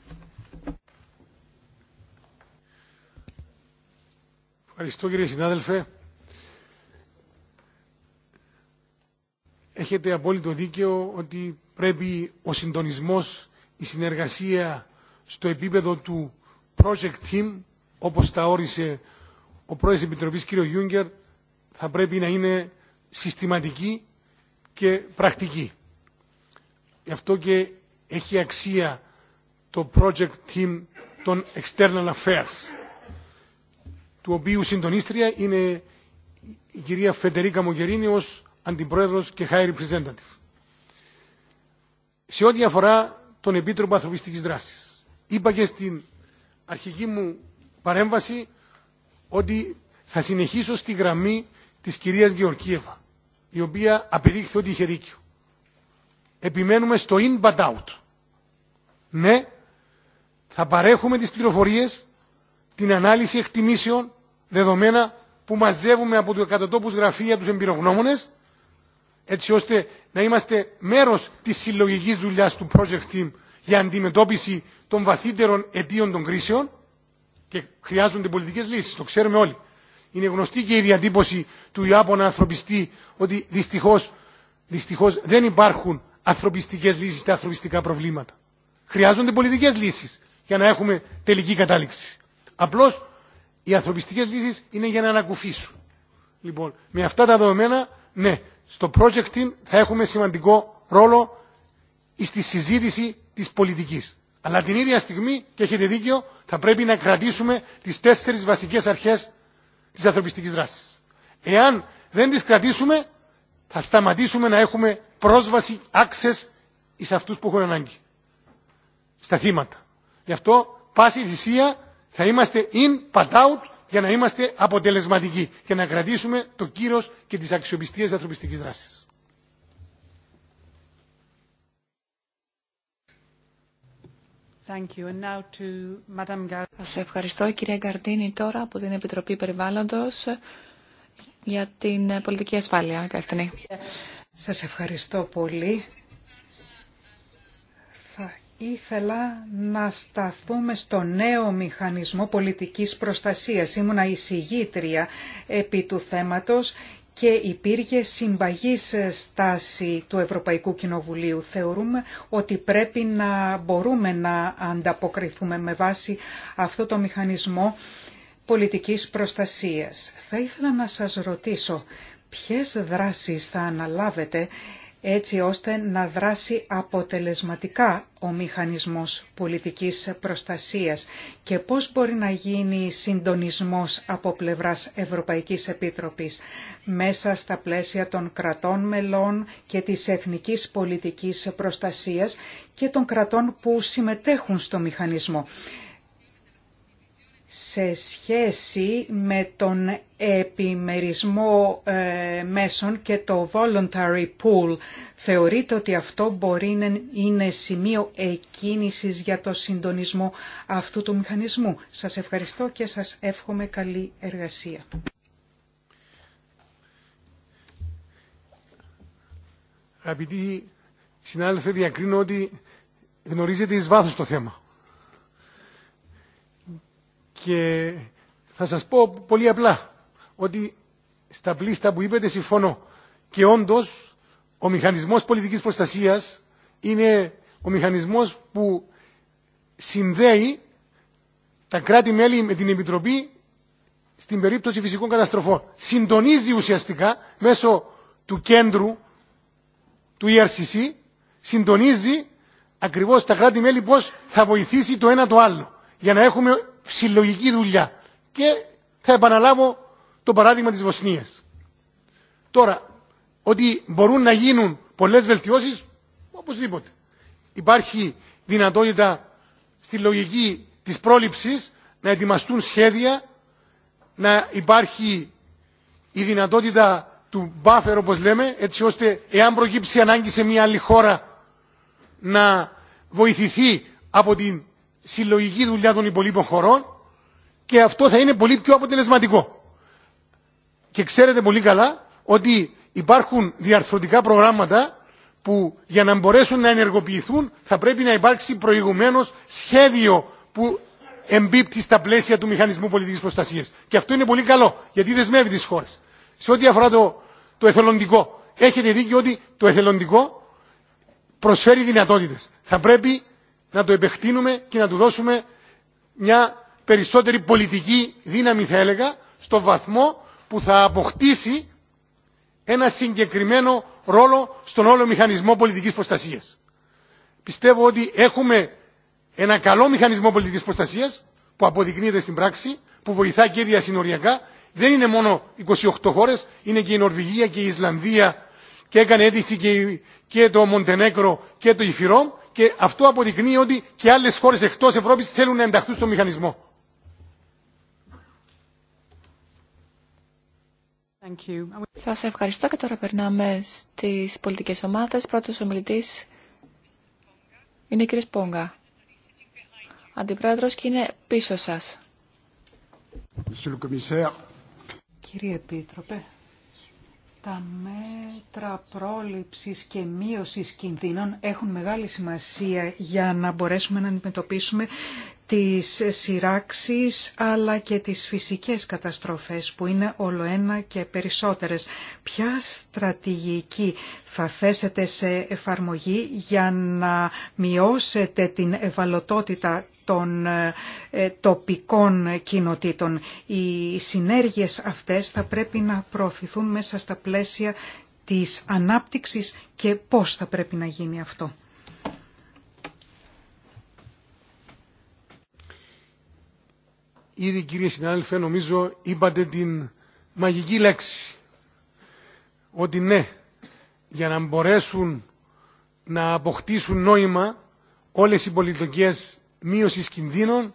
Ευχαριστώ κύριε συνάδελφε. Έχετε απόλυτο δίκαιο ότι πρέπει ο συντονισμός, η συνεργασία στο επίπεδο του project team, όπως τα όρισε ο πρόεδρος Επιτροπής κύριο Γιούγκερ, θα πρέπει να είναι συστηματική και πρακτική. Γι' αυτό και έχει αξία το project team των external affairs του οποίου συντονίστρια είναι η κυρία Φεντερίκα Μογκερίνη ως Αντιπρόεδρος και High Representative. Σε ό,τι αφορά τον Επίτροπο Ανθρωπιστικής Δράσης. Είπα και στην αρχική μου παρέμβαση ότι θα συνεχίσω στη γραμμή της κυρίας Γεωργίευα, η οποία απεδείχθη ότι είχε δίκιο. Επιμένουμε στο in but out. Ναι, θα παρέχουμε τις πληροφορίες την ανάλυση εκτιμήσεων, δεδομένα που μαζεύουμε από του εκατοτόπους γραφεία τους εμπειρογνώμονες, έτσι ώστε να είμαστε μέρος της συλλογικής δουλειάς του Project Team για αντιμετώπιση των βαθύτερων αιτίων των κρίσεων και χρειάζονται πολιτικές λύσεις, το ξέρουμε όλοι. Είναι γνωστή και η διατύπωση του Ιάπωνα ανθρωπιστή ότι δυστυχώς, δυστυχώς δεν υπάρχουν ανθρωπιστικές λύσεις στα ανθρωπιστικά προβλήματα. Χρειάζονται πολιτικές λύσεις για να έχουμε τελική κατάληξη. Απλώς οι ανθρωπιστικές λύσεις είναι για να ανακουφίσουν. Λοιπόν, με αυτά τα δεδομένα, ναι, στο project team θα έχουμε σημαντικό ρόλο στη συζήτηση της πολιτικής. Αλλά την ίδια στιγμή, και έχετε δίκιο, θα πρέπει να κρατήσουμε τις τέσσερις βασικές αρχές της ανθρωπιστικής δράσης. Εάν δεν τις κρατήσουμε, θα σταματήσουμε να έχουμε πρόσβαση, access, εις αυτούς που έχουν ανάγκη. Στα θύματα. Γι' αυτό, πάση θυσία, θα είμαστε in, but out, για να είμαστε αποτελεσματικοί και να κρατήσουμε το κύρος και τις αξιοπιστίες της ανθρωπιστικής δράσης. Σας ευχαριστώ κυρία Γκαρντίνη τώρα από την Επιτροπή Περιβάλλοντος για την πολιτική ασφάλεια. Σας ευχαριστώ πολύ ήθελα να σταθούμε στο νέο μηχανισμό πολιτικής προστασίας. Ήμουνα εισηγήτρια επί του θέματος και υπήρχε συμπαγής στάση του Ευρωπαϊκού Κοινοβουλίου. Θεωρούμε ότι πρέπει να μπορούμε να ανταποκριθούμε με βάση αυτό το μηχανισμό πολιτικής προστασίας. Θα ήθελα να σας ρωτήσω ποιες δράσεις θα αναλάβετε έτσι ώστε να δράσει αποτελεσματικά ο μηχανισμός πολιτικής προστασίας και πώς μπορεί να γίνει συντονισμός από πλευράς Ευρωπαϊκής Επίτροπης μέσα στα πλαίσια των κρατών μελών και της εθνικής πολιτικής προστασίας και των κρατών που συμμετέχουν στο μηχανισμό σε σχέση με τον επιμερισμό ε, μέσων και το voluntary pool. Θεωρείτε ότι αυτό μπορεί να είναι σημείο εκκίνησης για το συντονισμό αυτού του μηχανισμού. Σας ευχαριστώ και σας εύχομαι καλή εργασία. Αγαπητοί συνάδελφοι, διακρίνω ότι γνωρίζετε εις βάθος το θέμα. Και θα σας πω πολύ απλά ότι στα πλήστα που είπετε συμφωνώ. Και όντως ο μηχανισμός πολιτικής προστασίας είναι ο μηχανισμός που συνδέει τα κράτη-μέλη με την Επιτροπή στην περίπτωση φυσικών καταστροφών. Συντονίζει ουσιαστικά μέσω του κέντρου του ERCC, συντονίζει ακριβώς τα κράτη-μέλη πώς θα βοηθήσει το ένα το άλλο. Για να έχουμε συλλογική δουλειά. Και θα επαναλάβω το παράδειγμα της Βοσνίας. Τώρα, ότι μπορούν να γίνουν πολλές βελτιώσεις, οπωσδήποτε. Υπάρχει δυνατότητα στη λογική της πρόληψης να ετοιμαστούν σχέδια, να υπάρχει η δυνατότητα του buffer όπως λέμε, έτσι ώστε εάν προκύψει ανάγκη σε μια άλλη χώρα να βοηθηθεί από την συλλογική δουλειά των υπολείπων χωρών και αυτό θα είναι πολύ πιο αποτελεσματικό. Και ξέρετε πολύ καλά ότι υπάρχουν διαρθρωτικά προγράμματα που για να μπορέσουν να ενεργοποιηθούν θα πρέπει να υπάρξει προηγουμένως σχέδιο που εμπίπτει στα πλαίσια του μηχανισμού πολιτικής προστασίας. Και αυτό είναι πολύ καλό, γιατί δεσμεύει τις χώρες. Σε ό,τι αφορά το, εθελοντικό, έχετε δίκιο ότι το εθελοντικό προσφέρει δυνατότητες. Θα πρέπει να το επεκτείνουμε και να του δώσουμε μια περισσότερη πολιτική δύναμη θα έλεγα στο βαθμό που θα αποκτήσει ένα συγκεκριμένο ρόλο στον όλο μηχανισμό πολιτικής προστασίας. Πιστεύω ότι έχουμε ένα καλό μηχανισμό πολιτικής προστασίας που αποδεικνύεται στην πράξη, που βοηθά και διασυνοριακά. Δεν είναι μόνο 28 χώρες, είναι και η Νορβηγία και η Ισλανδία και έκανε αίτηση και, και το Μοντενέκρο και το Ιφυρόμ και αυτό αποδεικνύει ότι και άλλες χώρες εκτός Ευρώπης θέλουν να ενταχθούν στο μηχανισμό. Σα Σας ευχαριστώ και τώρα περνάμε στις πολιτικές ομάδες. Πρώτος ομιλητής είναι η κυρία Πόγκα. Αντιπρόεδρος και είναι πίσω σας. Κύριε Επίτροπε, τα μέτρα πρόληψης και μείωσης κινδύνων έχουν μεγάλη σημασία για να μπορέσουμε να αντιμετωπίσουμε τις σειράξεις αλλά και τις φυσικές καταστροφές που είναι όλο ένα και περισσότερες. Ποια στρατηγική θα θέσετε σε εφαρμογή για να μειώσετε την ευαλωτότητα των ε, ε, τοπικών κοινοτήτων. Οι συνέργειες αυτές θα πρέπει να προωθηθούν μέσα στα πλαίσια της ανάπτυξης και πώς θα πρέπει να γίνει αυτό. Ήδη κύριε συνάδελφε νομίζω είπατε την μαγική λέξη ότι ναι, για να μπορέσουν να αποκτήσουν νόημα όλες οι πολιτικές μείωση κινδύνων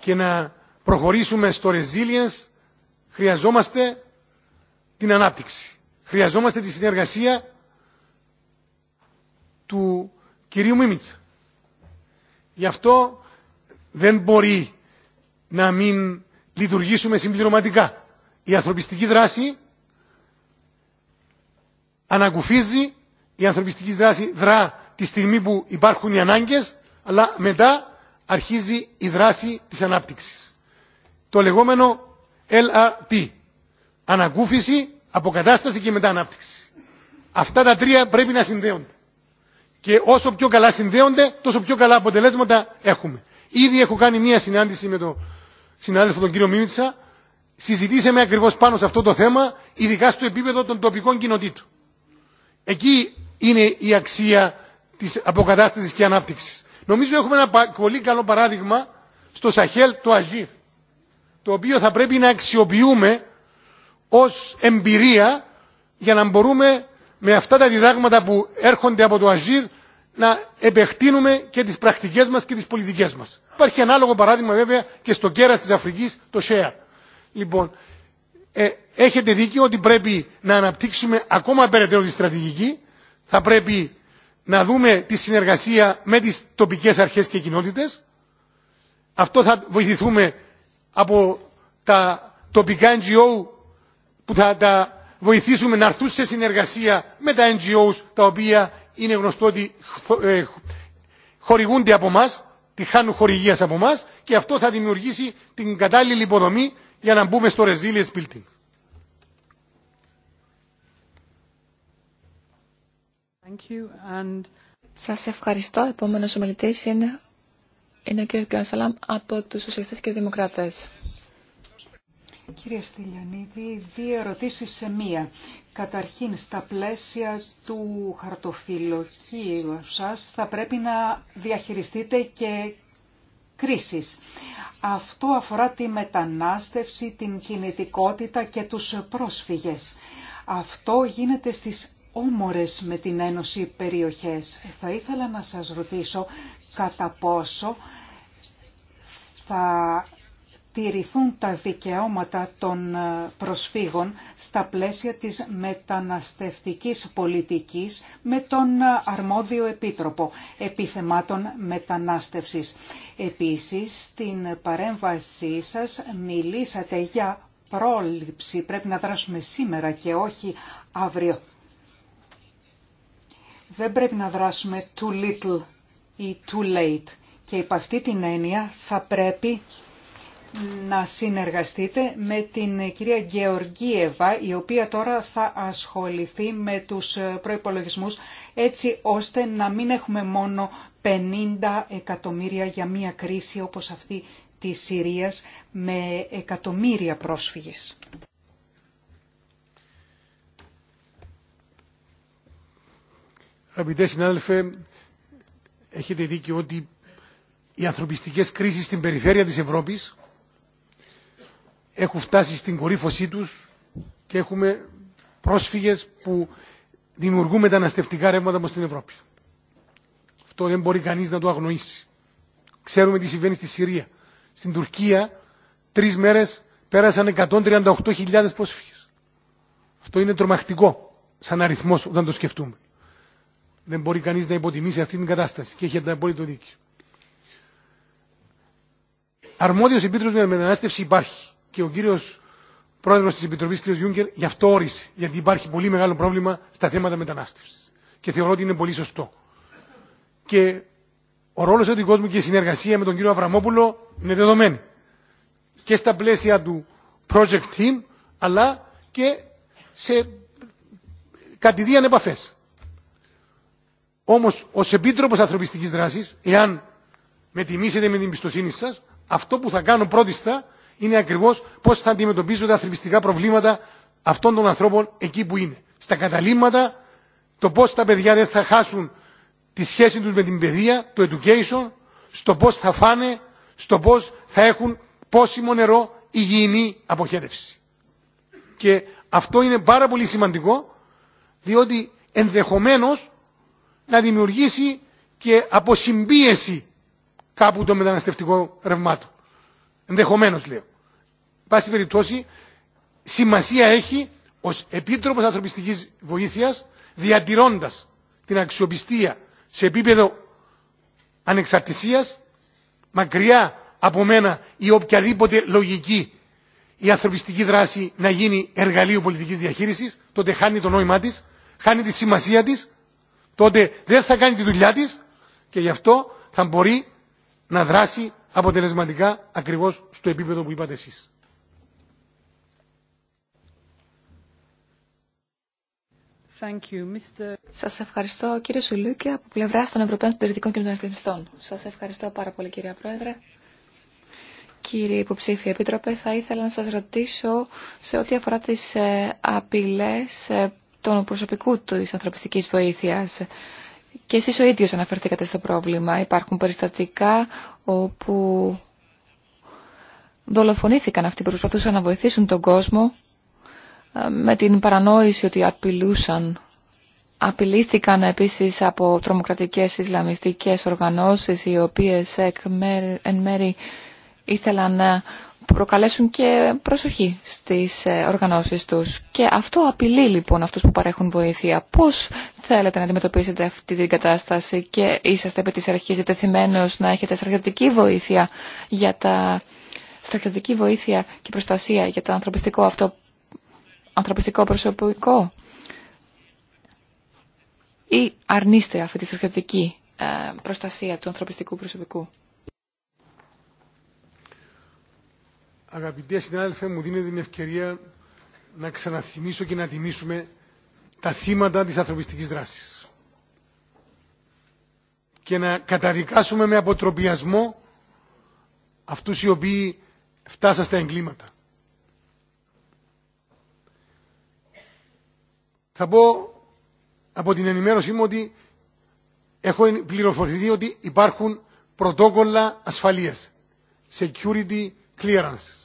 και να προχωρήσουμε στο resilience χρειαζόμαστε την ανάπτυξη. Χρειαζόμαστε τη συνεργασία του κυρίου Μίμητσα. Γι' αυτό δεν μπορεί να μην λειτουργήσουμε συμπληρωματικά. Η ανθρωπιστική δράση ανακουφίζει, η ανθρωπιστική δράση δρά τη στιγμή που υπάρχουν οι ανάγκες αλλά μετά αρχίζει η δράση της ανάπτυξης. Το λεγόμενο LRT, ανακούφιση, αποκατάσταση και μετά ανάπτυξη. Αυτά τα τρία πρέπει να συνδέονται. Και όσο πιο καλά συνδέονται, τόσο πιο καλά αποτελέσματα έχουμε. Ήδη έχω κάνει μία συνάντηση με τον συνάδελφο τον κύριο Μίμητσα. Συζητήσαμε ακριβώ πάνω σε αυτό το θέμα, ειδικά στο επίπεδο των τοπικών κοινοτήτων. Εκεί είναι η αξία τη αποκατάσταση και ανάπτυξη. Νομίζω έχουμε ένα πολύ καλό παράδειγμα στο Σαχέλ το Αζίρ, το οποίο θα πρέπει να αξιοποιούμε ως εμπειρία για να μπορούμε με αυτά τα διδάγματα που έρχονται από το Αζίρ να επεκτείνουμε και τις πρακτικές μας και τις πολιτικές μας. Υπάρχει ανάλογο παράδειγμα βέβαια και στο κέρας της Αφρικής, το ΣΕΑ. Λοιπόν, ε, έχετε δίκιο ότι πρέπει να αναπτύξουμε ακόμα περαιτέρω τη στρατηγική, θα πρέπει να δούμε τη συνεργασία με τις τοπικές αρχές και κοινότητες. Αυτό θα βοηθηθούμε από τα τοπικά NGO που θα τα βοηθήσουμε να έρθουν σε συνεργασία με τα NGOs τα οποία είναι γνωστό ότι ε, χορηγούνται από εμά, τη χάνουν χορηγίας από εμά και αυτό θα δημιουργήσει την κατάλληλη υποδομή για να μπούμε στο resilience building. Σας ευχαριστώ. Επόμενος ομιλητής είναι, είναι ο κύριος Γκανσαλάμ από τους Σοσιαλιστές και Δημοκράτες. Κύριε Στυλιανίδη, δύο ερωτήσεις σε μία. Καταρχήν, στα πλαίσια του χαρτοφυλοκίου σας θα πρέπει να διαχειριστείτε και κρίσεις. Αυτό αφορά τη μετανάστευση, την κινητικότητα και τους πρόσφυγες. Αυτό γίνεται στις όμορες με την Ένωση περιοχές. Θα ήθελα να σας ρωτήσω κατά πόσο θα τηρηθούν τα δικαιώματα των προσφύγων στα πλαίσια της μεταναστευτικής πολιτικής με τον αρμόδιο επίτροπο επιθεμάτων μετανάστευσης. Επίσης, στην παρέμβασή σας μιλήσατε για πρόληψη. Πρέπει να δράσουμε σήμερα και όχι αύριο δεν πρέπει να δράσουμε too little ή too late. Και υπ' αυτή την έννοια θα πρέπει να συνεργαστείτε με την κυρία Γεωργίεβα, η οποία τώρα θα ασχοληθεί με τους προϋπολογισμούς, έτσι ώστε να μην έχουμε μόνο 50 εκατομμύρια για μια κρίση όπως αυτή της Συρίας με εκατομμύρια πρόσφυγες. Αγαπητέ συνάδελφε, έχετε δίκιο ότι οι ανθρωπιστικές κρίσεις στην περιφέρεια της Ευρώπης έχουν φτάσει στην κορύφωσή τους και έχουμε πρόσφυγες που δημιουργούν μεταναστευτικά ρεύματα προς την Ευρώπη. Αυτό δεν μπορεί κανείς να το αγνοήσει. Ξέρουμε τι συμβαίνει στη Συρία. Στην Τουρκία τρεις μέρες πέρασαν 138.000 πρόσφυγες. Αυτό είναι τρομακτικό σαν αριθμός όταν το σκεφτούμε. Δεν μπορεί κανείς να υποτιμήσει αυτή την κατάσταση και έχει ένα απόλυτο δίκιο. Αρμόδιος επίτροπος για μετανάστευση υπάρχει και ο κύριος πρόεδρος της Επιτροπής κ. Γιούγκερ γι' αυτό όρισε, γιατί υπάρχει πολύ μεγάλο πρόβλημα στα θέματα μετανάστευσης. Και θεωρώ ότι είναι πολύ σωστό. Και ο ρόλος του κόσμου και η συνεργασία με τον κύριο Αβραμόπουλο είναι δεδομένη. Και στα πλαίσια του project team, αλλά και σε κατηδίαν επαφέ. Όμω, ω Επίτροπο Ανθρωπιστική Δράση, εάν με τιμήσετε με την εμπιστοσύνη σα, αυτό που θα κάνω πρώτιστα είναι ακριβώ πώ θα αντιμετωπίζω τα ανθρωπιστικά προβλήματα αυτών των ανθρώπων εκεί που είναι. Στα καταλήμματα, το πώ τα παιδιά δεν θα χάσουν τη σχέση του με την παιδεία, το education, στο πώ θα φάνε, στο πώ θα έχουν πόσιμο νερό, υγιεινή αποχέτευση. Και αυτό είναι πάρα πολύ σημαντικό, διότι ενδεχομένως να δημιουργήσει και αποσυμπίεση κάπου το μεταναστευτικό ρευμάτων. Ενδεχομένω λέω. Πάση περιπτώσει, σημασία έχει ω Επίτροπο Ανθρωπιστική Βοήθεια, διατηρώντα την αξιοπιστία σε επίπεδο ανεξαρτησία, μακριά από μένα η οποιαδήποτε λογική η ανθρωπιστική δράση να γίνει εργαλείο πολιτικής διαχείρισης, τότε χάνει το νόημά της, χάνει τη σημασία της τότε δεν θα κάνει τη δουλειά της και γι' αυτό θα μπορεί να δράσει αποτελεσματικά ακριβώς στο επίπεδο που είπατε εσείς. Thank Σας ευχαριστώ κύριε Σουλούκη από πλευρά των Ευρωπαίων Συντηρητικών και Εθνιστών. Σας ευχαριστώ πάρα πολύ κυρία Πρόεδρε. Κύριε Υποψήφιε Επίτροπε, θα ήθελα να σας ρωτήσω σε ό,τι αφορά τις ε, απειλές ε, των προσωπικού της ανθρωπιστικής βοήθειας. Και εσείς ο ίδιος αναφερθήκατε στο πρόβλημα. Υπάρχουν περιστατικά όπου δολοφονήθηκαν αυτοί που προσπαθούσαν να βοηθήσουν τον κόσμο ε, με την παρανόηση ότι απειλούσαν. Απειλήθηκαν επίσης από τρομοκρατικές ισλαμιστικές οργανώσεις οι οποίες εκ μέρη, εν μέρη ήθελαν να που προκαλέσουν και προσοχή στις ε, οργανώσεις τους. Και αυτό απειλεί λοιπόν αυτούς που παρέχουν βοήθεια. Πώς θέλετε να αντιμετωπίσετε αυτή την κατάσταση και είσαστε επί της αρχής διτεθειμένος να έχετε στρατιωτική βοήθεια για τα στρατιωτική βοήθεια και προστασία για το ανθρωπιστικό αυτό ανθρωπιστικό προσωπικό ή αρνείστε αυτή τη στρατιωτική ε, προστασία του ανθρωπιστικού προσωπικού. Αγαπητέ συνάδελφε, μου δίνετε την ευκαιρία να ξαναθυμίσω και να τιμήσουμε τα θύματα της ανθρωπιστικής δράσης και να καταδικάσουμε με αποτροπιασμό αυτούς οι οποίοι φτάσαν στα εγκλήματα. Θα πω από την ενημέρωσή μου ότι έχω πληροφορηθεί ότι υπάρχουν πρωτόκολλα ασφαλείας, security clearances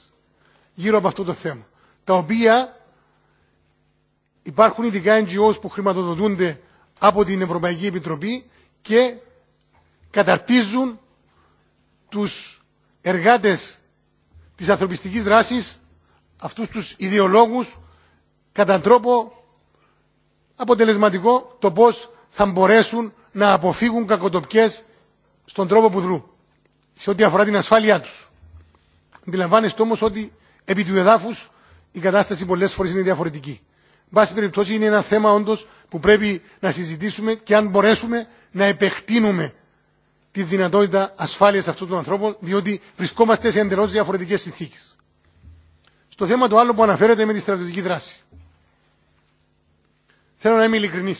γύρω από αυτό το θέμα, τα οποία υπάρχουν ειδικά NGOs που χρηματοδοτούνται από την Ευρωπαϊκή Επιτροπή και καταρτίζουν τους εργάτες της ανθρωπιστικής δράσης, αυτούς τους ιδεολόγους, κατά τρόπο αποτελεσματικό το πώς θα μπορέσουν να αποφύγουν κακοτοπιές στον τρόπο που δρούν, σε ό,τι αφορά την ασφάλειά τους. Αντιλαμβάνεστε όμως ότι Επί του εδάφου η κατάσταση πολλέ φορέ είναι διαφορετική. Εν πάση περιπτώσει είναι ένα θέμα όντω που πρέπει να συζητήσουμε και αν μπορέσουμε να επεκτείνουμε τη δυνατότητα ασφάλεια αυτού των ανθρώπων, διότι βρισκόμαστε σε εντελώ διαφορετικέ συνθήκε. Στο θέμα το άλλο που αναφέρεται με τη στρατιωτική δράση. Θέλω να είμαι ειλικρινή.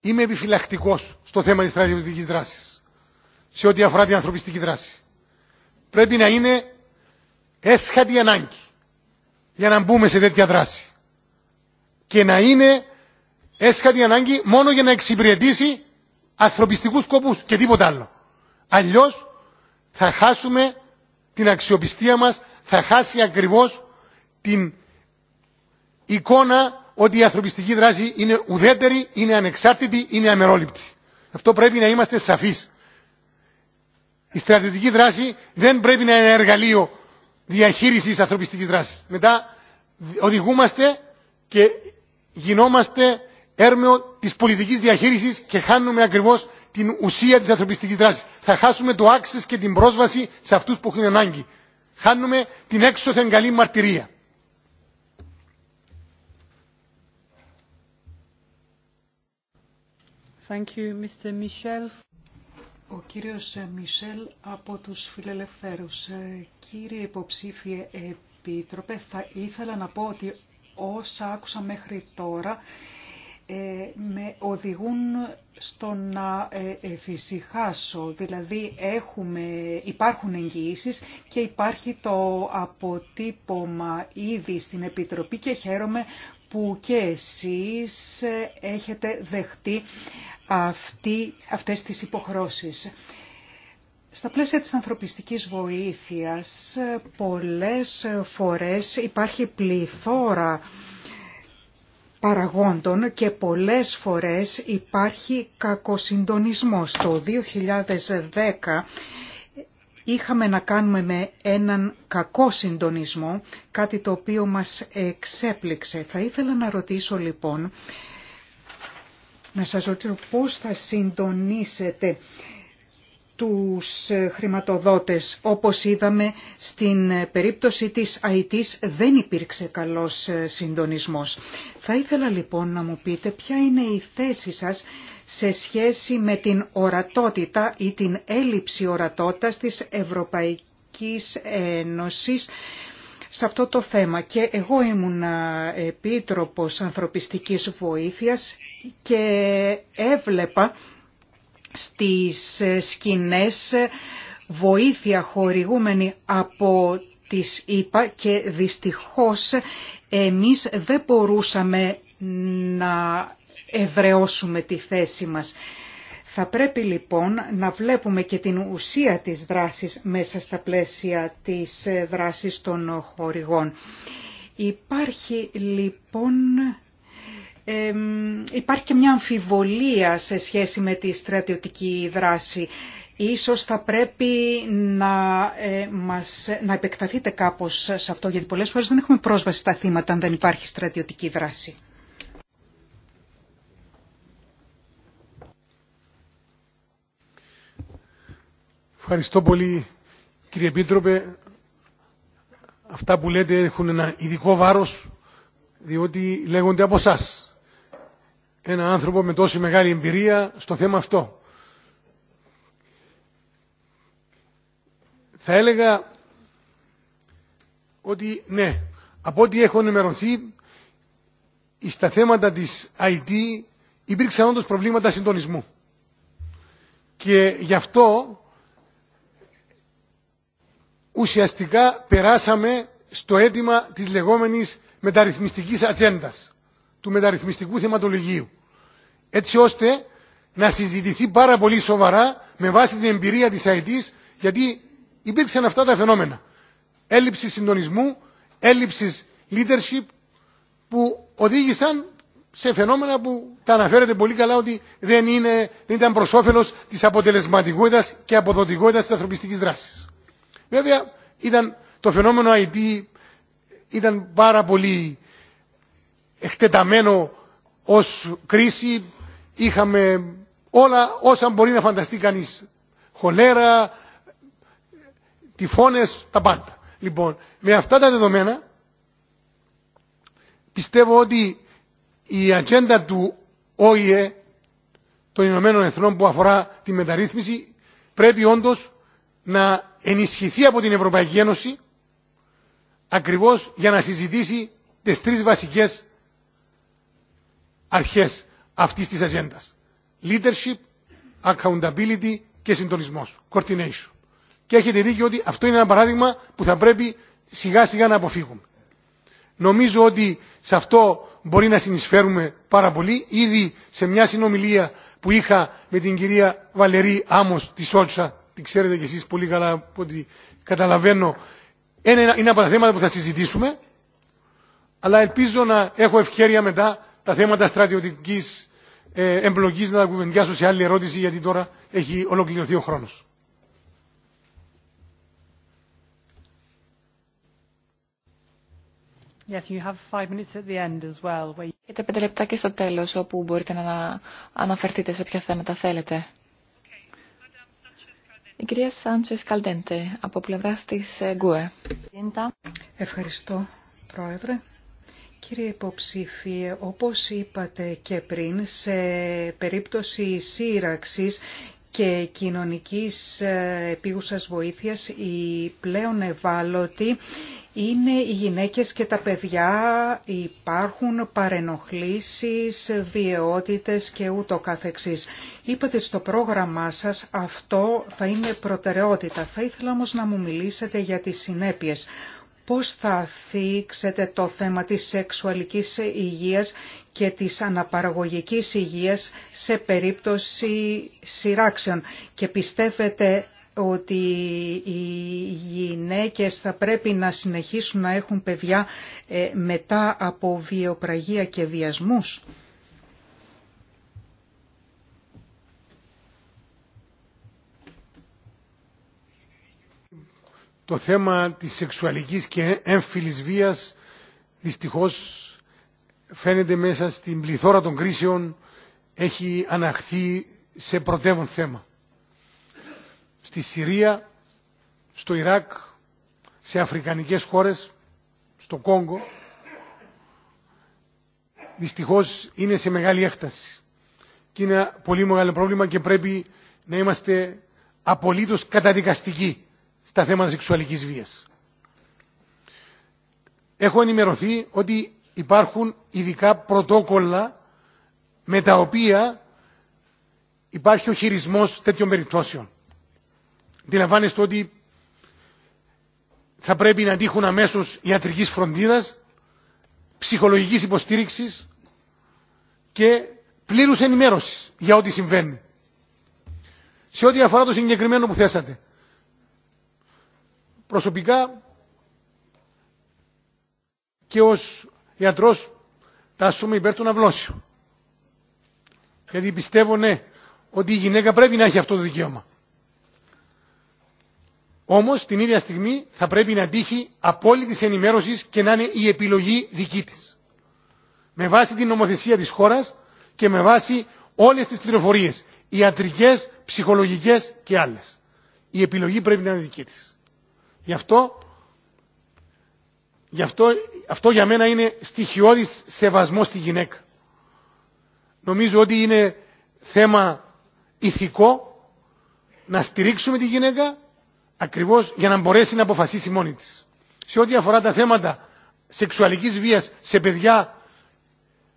Είμαι επιφυλακτικό στο θέμα τη στρατιωτική δράση σε ό,τι αφορά την ανθρωπιστική δράση. Πρέπει να είναι έσχατη ανάγκη για να μπούμε σε τέτοια δράση. Και να είναι έσχατη ανάγκη μόνο για να εξυπηρετήσει ανθρωπιστικούς σκοπούς και τίποτα άλλο. Αλλιώς θα χάσουμε την αξιοπιστία μας, θα χάσει ακριβώς την εικόνα ότι η ανθρωπιστική δράση είναι ουδέτερη, είναι ανεξάρτητη, είναι αμερόληπτη. Αυτό πρέπει να είμαστε σαφείς. Η στρατιωτική δράση δεν πρέπει να είναι εργαλείο διαχείρισης ανθρωπιστική δράσης. Μετά οδηγούμαστε και γινόμαστε έρμεο της πολιτικής διαχείρισης και χάνουμε ακριβώ την ουσία της ανθρωπιστική δράσης. Θα χάσουμε το access και την πρόσβαση σε αυτούς που έχουν ανάγκη. Χάνουμε την έξωθεν καλή μαρτυρία. Thank you, Mr. Michel. Ο κύριος Μισελ από τους Φιλελευθέρους. Ε, κύριε υποψήφιε Επίτροπε, θα ήθελα να πω ότι όσα άκουσα μέχρι τώρα ε, με οδηγούν στο να ε, εφησυχάσω. Δηλαδή έχουμε, υπάρχουν εγγυήσει και υπάρχει το αποτύπωμα ήδη στην Επιτροπή και χαίρομαι που και εσείς έχετε δεχτεί αυτή, αυτές τις υποχρώσεις. Στα πλαίσια της ανθρωπιστικής βοήθειας πολλές φορές υπάρχει πληθώρα παραγόντων και πολλές φορές υπάρχει κακοσυντονισμός. Το 2010 είχαμε να κάνουμε με έναν κακό συντονισμό, κάτι το οποίο μας εξέπληξε. Θα ήθελα να ρωτήσω λοιπόν να σας ρωτήσω πώς θα συντονίσετε τους χρηματοδότες. Όπως είδαμε, στην περίπτωση της ΑΙΤΙΣ δεν υπήρξε καλός συντονισμός. Θα ήθελα λοιπόν να μου πείτε ποια είναι η θέση σας σε σχέση με την ορατότητα ή την έλλειψη ορατότητας της Ευρωπαϊκής Ένωσης σε αυτό το θέμα και εγώ ήμουν επίτροπος ανθρωπιστικής βοήθειας και έβλεπα στις ε, σκηνές ε, βοήθεια χορηγούμενη από τις ΗΠΑ και δυστυχώς ε, εμείς δεν μπορούσαμε να ευρεώσουμε τη θέση μας. Θα πρέπει λοιπόν να βλέπουμε και την ουσία της δράσης μέσα στα πλαίσια της ε, δράσης των χορηγών. Υπάρχει λοιπόν υπάρχει και μια αμφιβολία σε σχέση με τη στρατιωτική δράση. Ίσως θα πρέπει να, ε, να επεκταθείτε κάπως σε αυτό, γιατί πολλές φορές δεν έχουμε πρόσβαση στα θύματα αν δεν υπάρχει στρατιωτική δράση. Ευχαριστώ πολύ κύριε Επίτροπε. Αυτά που λέτε έχουν ένα ειδικό βάρος διότι λέγονται από εσά. Ένα άνθρωπο με τόση μεγάλη εμπειρία στο θέμα αυτό. Θα έλεγα ότι ναι, από ό,τι έχω ενημερωθεί, στα θέματα της IT υπήρξαν όντως προβλήματα συντονισμού. Και γι' αυτό ουσιαστικά περάσαμε στο αίτημα της λεγόμενης μεταρρυθμιστικής ατζέντα, του μεταρρυθμιστικού θεματολογίου. Έτσι ώστε να συζητηθεί πάρα πολύ σοβαρά με βάση την εμπειρία της ΑΕΤ γιατί υπήρξαν αυτά τα φαινόμενα. Έλλειψη συντονισμού, έλλειψη leadership που οδήγησαν σε φαινόμενα που τα αναφέρετε πολύ καλά ότι δεν, δεν ήταν προ όφελο τη αποτελεσματικότητα και αποδοτικότητα τη ανθρωπιστική δράση. Βέβαια ήταν το φαινόμενο IT ήταν πάρα πολύ εκτεταμένο ως κρίση. Είχαμε όλα όσα μπορεί να φανταστεί κανείς. Χολέρα, τυφώνες, τα πάντα. Λοιπόν, με αυτά τα δεδομένα πιστεύω ότι η ατζέντα του ΟΗΕ των Ηνωμένων Εθνών που αφορά τη μεταρρύθμιση πρέπει όντως να ενισχυθεί από την Ευρωπαϊκή Ένωση ακριβώς για να συζητήσει τις τρεις βασικές αρχές αυτής της ατζέντα. Leadership, accountability και συντονισμός. Coordination. Και έχετε δίκιο ότι αυτό είναι ένα παράδειγμα που θα πρέπει σιγά σιγά να αποφύγουμε. Νομίζω ότι σε αυτό μπορεί να συνεισφέρουμε πάρα πολύ. Ήδη σε μια συνομιλία που είχα με την κυρία Βαλερή Άμος τη Σότσα την ξέρετε κι εσείς πολύ καλά ότι καταλαβαίνω είναι από τα θέματα που θα συζητήσουμε αλλά ελπίζω να έχω ευκαιρία μετά τα θέματα στρατιωτικής ε, εμπλοκής να τα κουβεντιάσω σε άλλη ερώτηση γιατί τώρα έχει ολοκληρωθεί ο χρόνος. Έχετε πέντε λεπτά και στο τέλος όπου μπορείτε να αναφερθείτε σε ποια θέματα θέλετε. Η κυρία Σάντσες Καλτέντε από πλευρά της ε, ΓΚΟΕ. Ευχαριστώ, Πρόεδρε. Κύριε υποψήφιε, όπως είπατε και πριν, σε περίπτωση σύραξης και κοινωνικής ε, επίγουσας βοήθειας οι πλέον ευάλωτοι είναι οι γυναίκες και τα παιδιά υπάρχουν παρενοχλήσεις, βιαιότητες και ούτω καθεξής. Είπατε στο πρόγραμμά σας αυτό θα είναι προτεραιότητα. Θα ήθελα όμως να μου μιλήσετε για τις συνέπειες. Πώς θα θίξετε το θέμα της σεξουαλικής υγείας και της αναπαραγωγικής υγείας σε περίπτωση σειράξεων και πιστεύετε ότι οι γυναίκες θα πρέπει να συνεχίσουν να έχουν παιδιά ε, μετά από βιοπραγία και βιασμούς. Το θέμα της σεξουαλικής και έμφυλης βίας δυστυχώς φαίνεται μέσα στην πληθώρα των κρίσεων έχει αναχθεί σε πρωτεύον θέμα στη Συρία, στο Ιράκ, σε αφρικανικές χώρες, στο Κόγκο, δυστυχώς είναι σε μεγάλη έκταση. Και είναι ένα πολύ μεγάλο πρόβλημα και πρέπει να είμαστε απολύτως καταδικαστικοί στα θέματα σεξουαλικής βίας. Έχω ενημερωθεί ότι υπάρχουν ειδικά πρωτόκολλα με τα οποία υπάρχει ο χειρισμός τέτοιων περιπτώσεων αντιλαμβάνεστε ότι θα πρέπει να τύχουν αμέσω ιατρική φροντίδα, ψυχολογική υποστήριξη και πλήρου ενημέρωση για ό,τι συμβαίνει. Σε ό,τι αφορά το συγκεκριμένο που θέσατε, προσωπικά και ως ιατρός τάσσομαι υπέρ των αυλώσεων. Γιατί πιστεύω, ναι, ότι η γυναίκα πρέπει να έχει αυτό το δικαίωμα. Όμω την ίδια στιγμή θα πρέπει να τύχει απόλυτη ενημέρωση και να είναι η επιλογή δική τη. Με βάση την νομοθεσία τη χώρα και με βάση όλε τι πληροφορίε, ιατρικέ, ψυχολογικέ και άλλε. Η επιλογή πρέπει να είναι δική τη. Γι' αυτό, γι αυτό, αυτό για μένα είναι στοιχειώδης σεβασμό στη γυναίκα. Νομίζω ότι είναι θέμα ηθικό να στηρίξουμε τη γυναίκα ακριβώς για να μπορέσει να αποφασίσει μόνη της. Σε ό,τι αφορά τα θέματα σεξουαλικής βίας σε παιδιά,